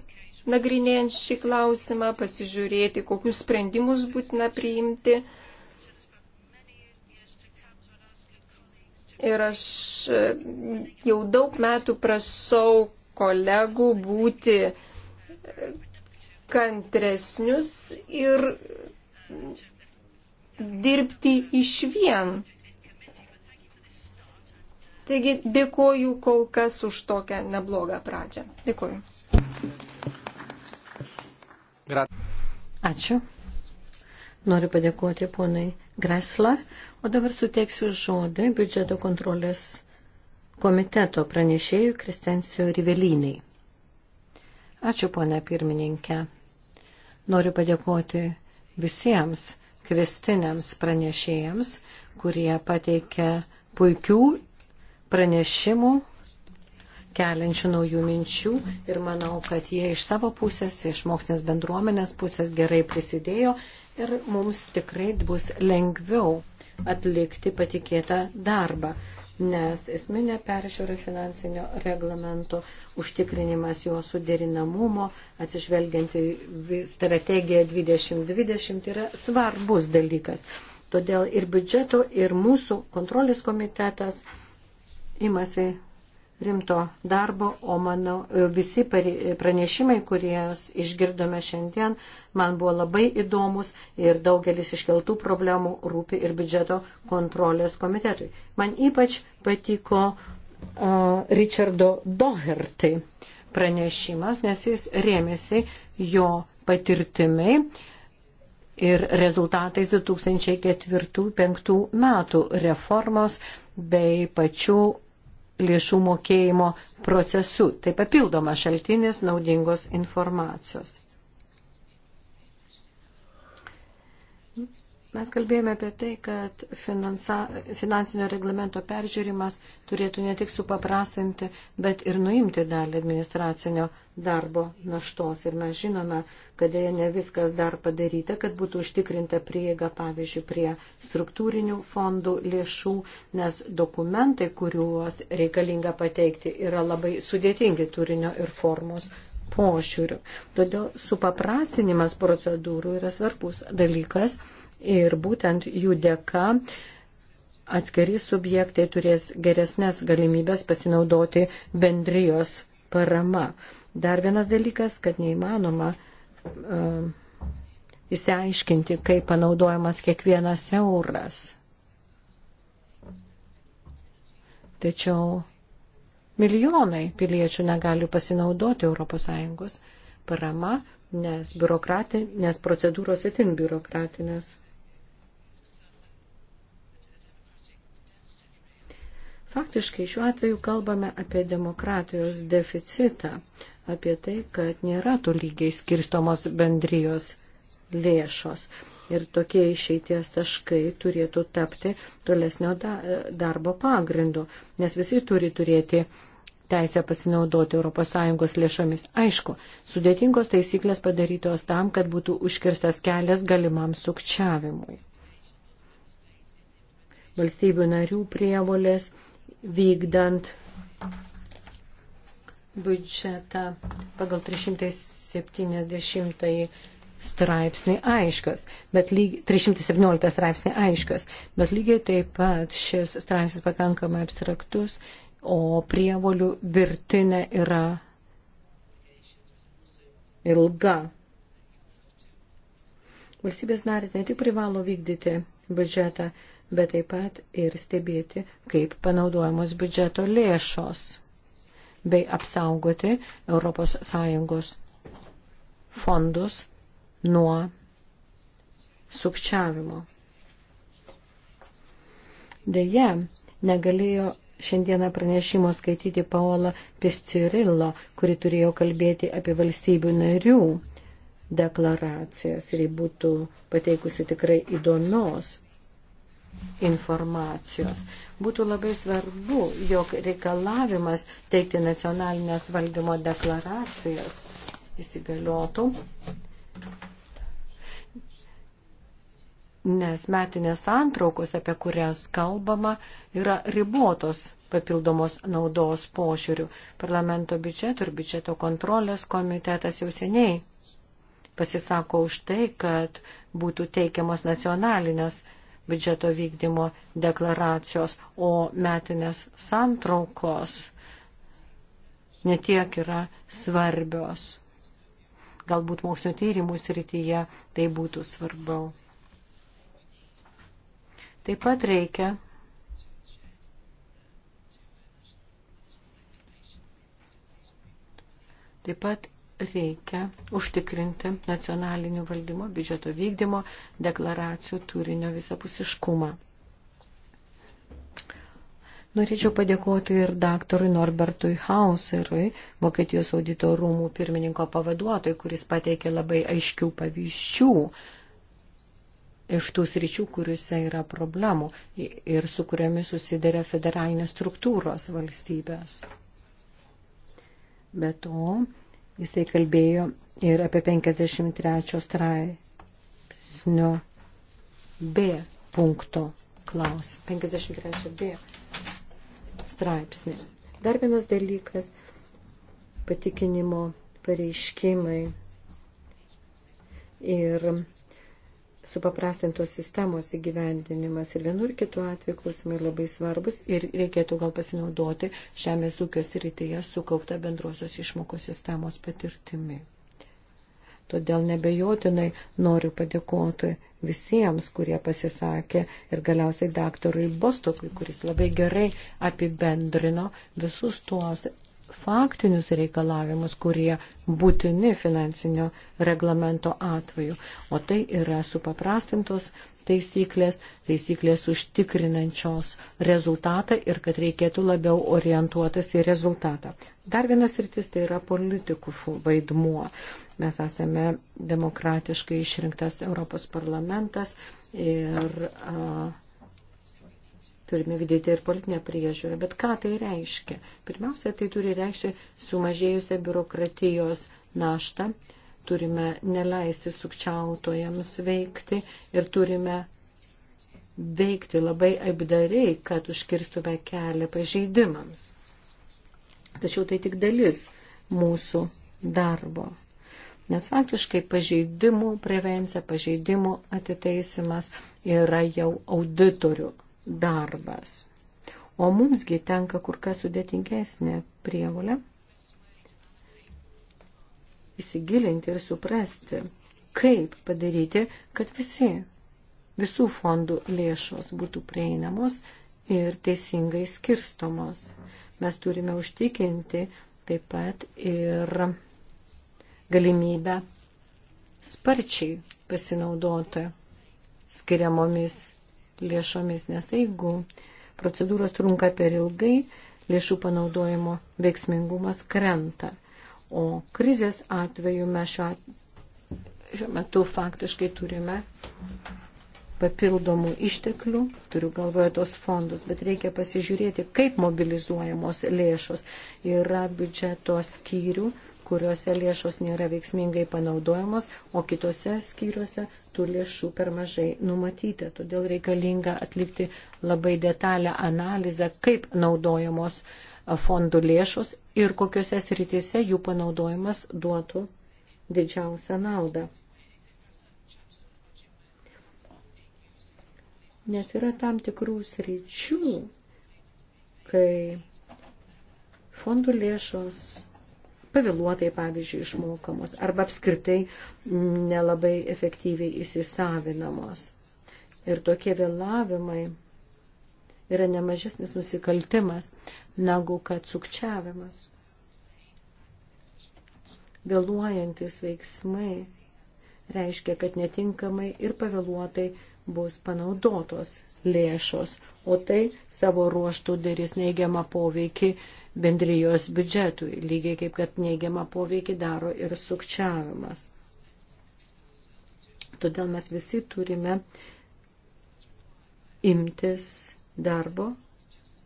nagrinėjant šį klausimą, pasižiūrėti, kokius sprendimus būtina priimti Ir aš e, jau daug metų prašau kolegų būti e, kantresnius ir dirbti iš vien. Taigi dėkoju kol kas už tokią neblogą pradžią. Dėkoju. Ačiū. Noriu padėkoti ponai Gresler O dabar suteiksiu žodį biudžeto kontrolės komiteto pranešėjų Kristensijo Rivelinai. Ačiū, ponia pirmininkė. Noriu padėkoti visiems kvestiniams pranešėjams, kurie pateikė puikių pranešimų keliančių naujų minčių ir manau, kad jie iš savo pusės, iš mokslinės bendruomenės pusės gerai prisidėjo ir mums tikrai bus lengviau atlikti patikėtą darbą, nes esminė peržiūra finansinio reglamento užtikrinimas jo suderinamumo, atsižvelgiant į strategiją 2020, yra svarbus dalykas. Todėl ir biudžeto, ir mūsų kontrolės komitetas imasi rimto darbo, o mano e, visi pranešimai, kuriuos išgirdome šiandien, man buvo labai įdomus ir daugelis iškeltų problemų rūpi ir biudžeto kontrolės komitetui. Man ypač patiko uh, Richardo Doherty pranešimas, nes jis rėmėsi jo patirtimi ir rezultatais 2004-2005 metų reformos bei pačių lėšų mokėjimo procesu. Tai papildomas šaltinis naudingos informacijos. Mes kalbėjome apie tai, kad finansa, finansinio reglamento peržiūrimas turėtų ne tik supaprastinti, bet ir nuimti dalį administracinio darbo naštos. Ir mes žinome, kad jie ne viskas dar padaryta, kad būtų užtikrinta prieiga, pavyzdžiui, prie struktūrinių fondų lėšų, nes dokumentai, kuriuos reikalinga pateikti, yra labai sudėtingi turinio ir formos pošiūrių. Todėl supaprastinimas procedūrų yra svarbus dalykas ir būtent jų dėka atskiri subjektai turės geresnės galimybės pasinaudoti bendrijos parama. Dar vienas dalykas, kad neįmanoma uh, Um, įsiaiškinti, kaip panaudojamas kiekvienas euras. Tačiau milijonai piliečių negali pasinaudoti ES parama, nes, nes procedūros itin biurokratinės. Faktiškai šiuo atveju kalbame apie demokratijos deficitą, apie tai, kad nėra tolygiai skirstomos bendrijos lėšos. Ir tokie išeities taškai turėtų tapti tolesnio darbo pagrindu, nes visi turi turėti teisę pasinaudoti ES lėšomis. Aišku, sudėtingos taisyklės padarytos tam, kad būtų užkirstas kelias galimam sukčiavimui. Valstybių narių prievolės vykdant biudžetą pagal 370 straipsnį aiškas, bet lyg, 317 straipsnį aiškas, bet lygiai taip pat šis straipsnis pakankamai abstraktus, o prievolių virtinė yra ilga. Valstybės narės ne tik privalo vykdyti biudžetą, bet taip pat ir stebėti, kaip panaudojamos biudžeto lėšos bei apsaugoti ES fondus nuo sukčiavimo. Deja, negalėjo šiandieną pranešimo skaityti Paola Piscirillo, kuri turėjo kalbėti apie valstybių narių deklaracijas ir jį būtų pateikusi tikrai įdomios informacijos. Būtų labai svarbu, jog reikalavimas teikti nacionalinės valdymo deklaracijas įsigaliotų, nes metinės antraukos, apie kurias kalbama, yra ribotos papildomos naudos pošiūrių. Parlamento biudžeto ir biudžeto kontrolės komitetas jau seniai pasisako už tai, kad būtų teikiamos nacionalinės biudžeto vykdymo deklaracijos, o metinės santraukos netiek yra svarbios. Galbūt mokslinio tyrimų srityje tai būtų svarbiau. Taip pat reikia taip pat reikia užtikrinti nacionalinių valdymo, biudžeto vykdymo, deklaracijų turinio visapusiškumą. Norėčiau padėkoti ir daktarui Norbertui Hauserui, Vokietijos audito rūmų pirmininko pavaduotojui, kuris pateikė labai aiškių pavyzdžių iš tų sričių, kuriuose yra problemų ir su kuriamis susidarė federalinės struktūros valstybės. Be to, Jisai kalbėjo ir apie 53 straipsnio B punkto klaus. 53 B straipsnį. Dar vienas dalykas - patikinimo pareiškimai ir supaprastintos sistemos įgyvendinimas ir vienur kitu atveju klausimai labai svarbus ir reikėtų gal pasinaudoti žemės ūkio srityje sukauptą bendrosios išmokos sistemos patirtimi. Todėl nebejotinai noriu padėkoti visiems, kurie pasisakė ir galiausiai daktarui Bostokui, kuris labai gerai apibendrino visus tuos faktinius reikalavimus, kurie būtini finansinio reglamento atveju. O tai yra supaprastintos taisyklės, taisyklės užtikrinančios rezultatą ir kad reikėtų labiau orientuotas į rezultatą. Dar vienas rytis tai yra politikų vaidmuo. Mes esame demokratiškai išrinktas Europos parlamentas ir a, turime vykdyti ir politinę priežiūrą. Bet ką tai reiškia? Pirmiausia, tai turi reikšti sumažėjusią biurokratijos naštą, turime neleisti sukčiautojams veikti ir turime veikti labai apdariai, kad užkirstume kelią pažeidimams. Tačiau tai tik dalis mūsų darbo. Nes faktiškai pažeidimų prevencija, pažeidimų atiteisimas yra jau auditorių darbas. O mumsgi tenka kur kas sudėtingesnė prievolė įsigilinti ir suprasti, kaip padaryti, kad visi, visų fondų lėšos būtų prieinamos ir teisingai skirstomos. Mes turime užtikinti taip pat ir galimybę sparčiai pasinaudoti skiriamomis lėšomis, nes jeigu procedūros trunka per ilgai, lėšų panaudojimo veiksmingumas krenta. O krizės atveju mes šiuo, šiuo metu faktiškai turime papildomų išteklių, turiu galvoje tos fondus, bet reikia pasižiūrėti, kaip mobilizuojamos lėšos. Yra biudžeto skyrių, kuriuose lėšos nėra veiksmingai panaudojamos, o kitose skyriuose tų lėšų per mažai numatyta. Todėl reikalinga atlikti labai detalę analizę, kaip naudojamos fondų lėšos ir kokiuose srityse jų panaudojimas duotų didžiausią naudą. Nes yra tam tikrų sričių, kai fondų lėšos pavėluotai, pavyzdžiui, išmokamos arba apskritai nelabai efektyviai įsisavinamos. Ir tokie vėlavimai yra nemažesnis nusikaltimas negu kad sukčiavimas. Vėluojantis veiksmai reiškia, kad netinkamai ir pavėluotai bus panaudotos lėšos, o tai savo ruoštų darys neigiamą poveikį bendrijos biudžetui, lygiai kaip kad neigiamą poveikį daro ir sukčiavimas. Todėl mes visi turime imtis darbo,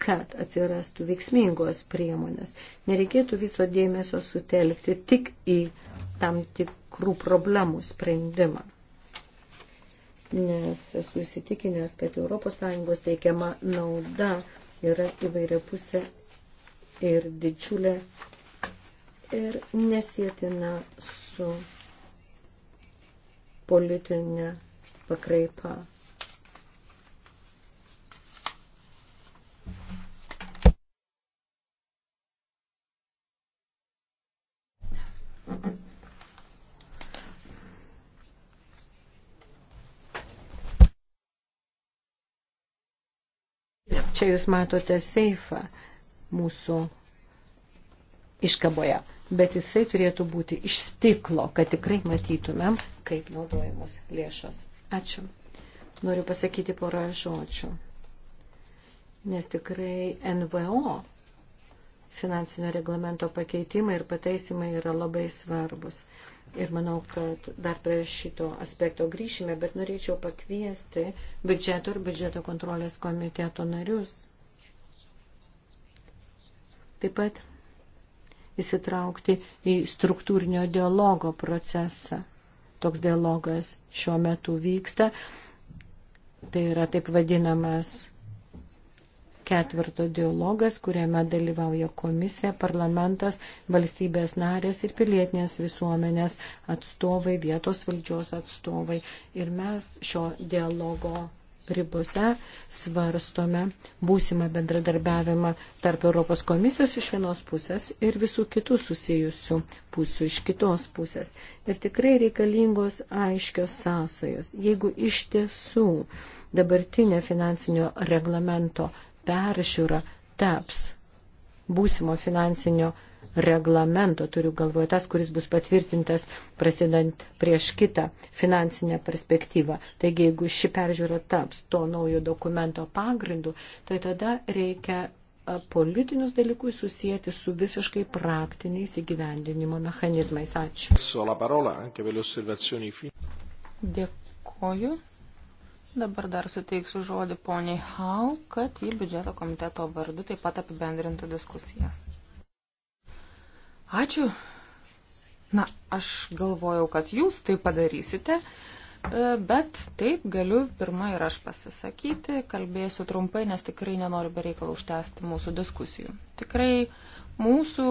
kad atsirastų veiksmingos priemonės. Nereikėtų viso dėmesio sutelkti tik į tam tikrų problemų sprendimą. Nes esu įsitikinęs, kad ES teikiama nauda yra įvairia pusė ir didžiulė ir nesėtina su politinė pakraipa. Čia jūs matote seifą mūsų iškaboje, bet jisai turėtų būti iš stiklo, kad tikrai matytumėm, kaip naudojamos lėšos. Ačiū. Noriu pasakyti porą žodžių, nes tikrai NVO finansinio reglamento pakeitimai ir pataisimai yra labai svarbus. Ir manau, kad dar prie šito aspekto grįšime, bet norėčiau pakviesti biudžeto ir biudžeto kontrolės komiteto narius Taip pat įsitraukti į struktūrinio dialogo procesą. Toks dialogas šiuo metu vyksta. Tai yra taip vadinamas ketvirto dialogas, kuriame dalyvauja komisija, parlamentas, valstybės narės ir pilietinės visuomenės atstovai, vietos valdžios atstovai. Ir mes šio dialogo ribose svarstome būsimą bendradarbiavimą tarp Europos komisijos iš vienos pusės ir visų kitų susijusių pusių iš kitos pusės. Ir tikrai reikalingos aiškios sąsajos. Jeigu iš tiesų dabartinė finansinio reglamento peržiūra taps būsimo finansinio reglamento, turiu galvoje tas, kuris bus patvirtintas prasidant prieš kitą finansinę perspektyvą. Taigi, jeigu ši peržiūra taps to naujo dokumento pagrindu, tai tada reikia politinius dalykus susijęti su visiškai praktiniais įgyvendinimo mechanizmais. Ačiū. Dėkoju. Dabar dar suteiksiu žodį poniai Hau, kad į biudžeto komiteto vardu taip pat apibendrintų diskusijas. Ačiū. Na, aš galvojau, kad jūs tai padarysite, e, bet taip galiu pirmą ir aš pasisakyti. Kalbėsiu trumpai, nes tikrai nenoriu bereikalų užtęsti mūsų diskusijų. Tikrai mūsų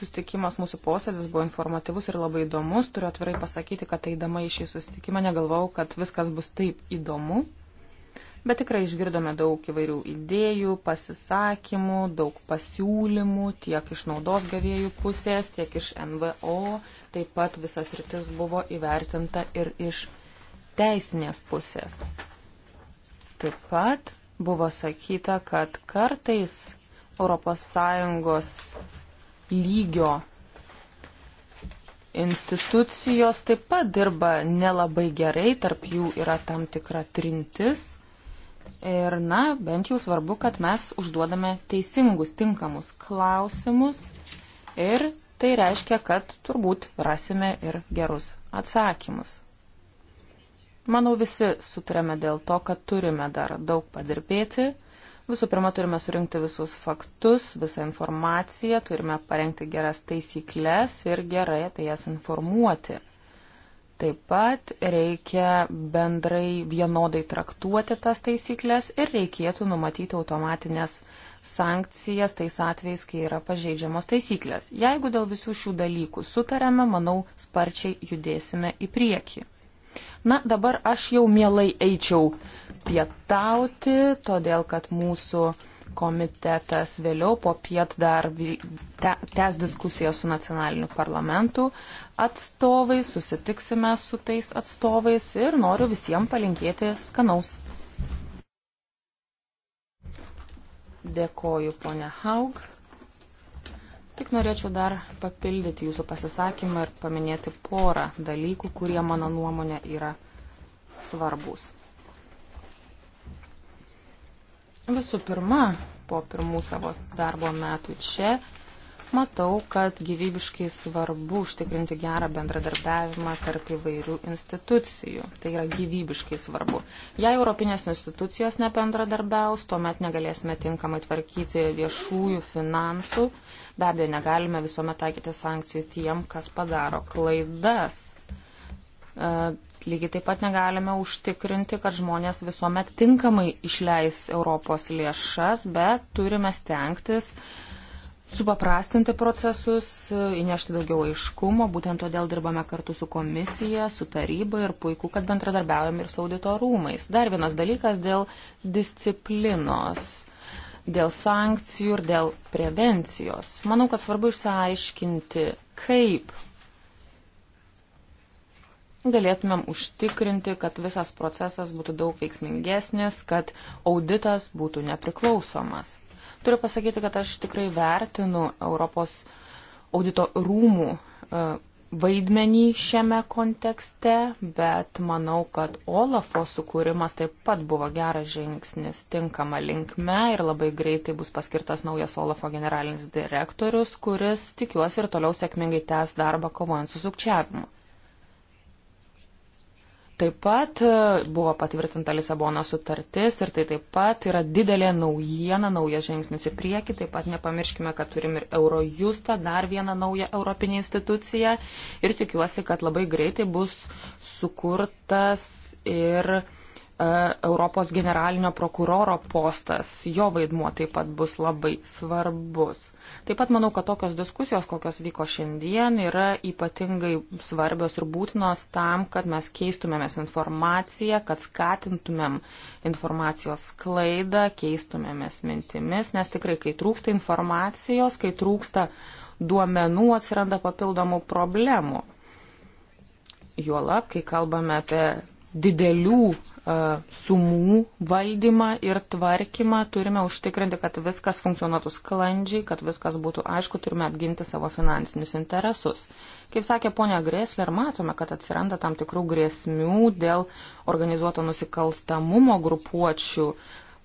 susitikimas, mūsų posėdis buvo informatyvus ir labai įdomus. Turiu atvirai pasakyti, kad eidama į šį susitikimą negalvau, kad viskas bus taip įdomu bet tikrai išgirdome daug įvairių idėjų, pasisakymų, daug pasiūlymų tiek iš naudos gavėjų pusės, tiek iš NVO, taip pat visas rytis buvo įvertinta ir iš teisinės pusės. Taip pat buvo sakyta, kad kartais ES lygio institucijos taip pat dirba nelabai gerai, tarp jų yra tam tikra trintis Ir, na, bent jau svarbu, kad mes užduodame teisingus, tinkamus klausimus ir tai reiškia, kad turbūt rasime ir gerus atsakymus. Manau, visi sutarėme dėl to, kad turime dar daug padirbėti. Visų pirma, turime surinkti visus faktus, visą informaciją, turime parengti geras taisyklės ir gerai apie jas informuoti. Taip pat reikia bendrai vienodai traktuoti tas taisyklės ir reikėtų numatyti automatinės sankcijas tais atvejais, kai yra pažeidžiamos taisyklės. Jeigu dėl visų šių dalykų sutarėme, manau, sparčiai judėsime į priekį. Na, dabar aš jau mielai eičiau pietauti, todėl kad mūsų komitetas vėliau po piet dar tęs te, diskusiją su nacionaliniu parlamentu atstovais, susitiksime su tais atstovais ir noriu visiems palinkėti skanaus. Dėkoju, ponia Haug. Tik norėčiau dar papildyti jūsų pasisakymą ir paminėti porą dalykų, kurie mano nuomonė yra svarbus. Visų pirma, po pirmų savo darbo metų čia matau, kad gyvybiškai svarbu užtikrinti gerą bendradarbiavimą tarp įvairių institucijų. Tai yra gyvybiškai svarbu. Jei Europinės institucijos nebendradarbiaus, tuomet negalėsime tinkamai tvarkyti viešųjų finansų. Be abejo, negalime visuomet taikyti sankcijų tiem, kas padaro klaidas. E, lygiai taip pat negalime užtikrinti, kad žmonės visuomet tinkamai išleis Europos lėšas, bet turime stengtis uh, supaprastinti procesus, įnešti daugiau aiškumo, būtent todėl dirbame kartu su komisija, su taryba ir puiku, kad bendradarbiaujam ir su audito rūmais. Dar vienas dalykas dėl disciplinos, dėl sankcijų ir dėl prevencijos. Manau, kad svarbu išsiaiškinti, kaip galėtumėm užtikrinti, kad visas procesas būtų daug veiksmingesnis, kad auditas būtų nepriklausomas. Turiu pasakyti, kad aš tikrai vertinu Europos audito rūmų e, vaidmenį šiame kontekste, bet manau, kad Olafo sukūrimas taip pat buvo geras žingsnis tinkama linkme ir labai greitai bus paskirtas naujas Olafo generalinis direktorius, kuris tikiuosi ir toliau sėkmingai tęs darbą kovojant su sukčiavimu. Taip pat e, buvo patvirtinta Lisabono sutartis ir tai taip pat yra didelė naujiena, naujas žingsnis į priekį. Taip pat nepamirškime, kad turim ir Eurojustą, dar vieną naują Europinį instituciją ir tikiuosi, kad labai greitai bus sukurtas ir E, Europos generalinio prokuroro postas, jo vaidmuo taip pat bus labai svarbus. Taip pat manau, kad tokios diskusijos, kokios vyko šiandien, yra ypatingai svarbios ir būtinos tam, kad mes keistumėmės informaciją, kad skatintumėm informacijos sklaidą, keistumėmės mintimis, nes tikrai, kai trūksta informacijos, kai trūksta duomenų, atsiranda papildomų problemų. Juolab, kai kalbame apie didelių E, sumų valdymą ir tvarkymą, turime užtikrinti, kad viskas funkcionuotų sklandžiai, kad viskas būtų aišku, turime apginti savo finansinius interesus. Kaip sakė ponia Grėsler, matome, kad atsiranda tam tikrų grėsmių dėl organizuoto nusikalstamumo grupuočių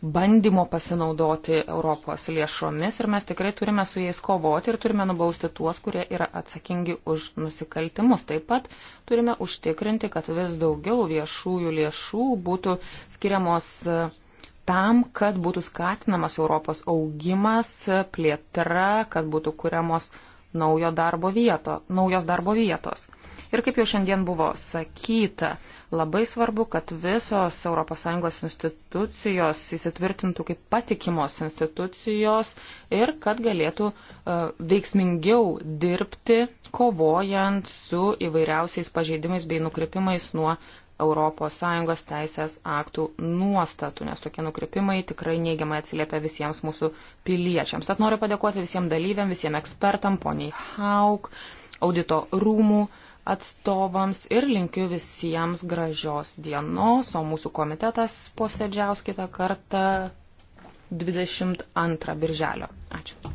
bandymo pasinaudoti Europos lėšomis ir mes tikrai turime su jais kovoti ir turime nubausti tuos, kurie yra atsakingi už nusikaltimus. Taip pat turime užtikrinti, kad vis daugiau viešųjų lėšų būtų skiriamos e, tam, kad būtų skatinamas Europos augimas, plėtra, kad būtų kuriamos naujo darbo vieto, naujos darbo vietos. Ir kaip jau šiandien buvo sakyta, labai svarbu, kad visos ES institucijos įsitvirtintų kaip patikimos institucijos ir kad galėtų e, veiksmingiau dirbti, kovojant su įvairiausiais pažeidimais bei nukreipimais nuo ES teisės aktų nuostatų, nes tokie nukrypimai tikrai neigiamai atsiliepia visiems mūsų piliečiams. Tad noriu padėkoti visiems dalyviam, visiems ekspertam, poniai Hauk, audito rūmų atstovams ir linkiu visiems gražios dienos, o mūsų komitetas posėdžiaus kitą kartą 22 birželio. Ačiū.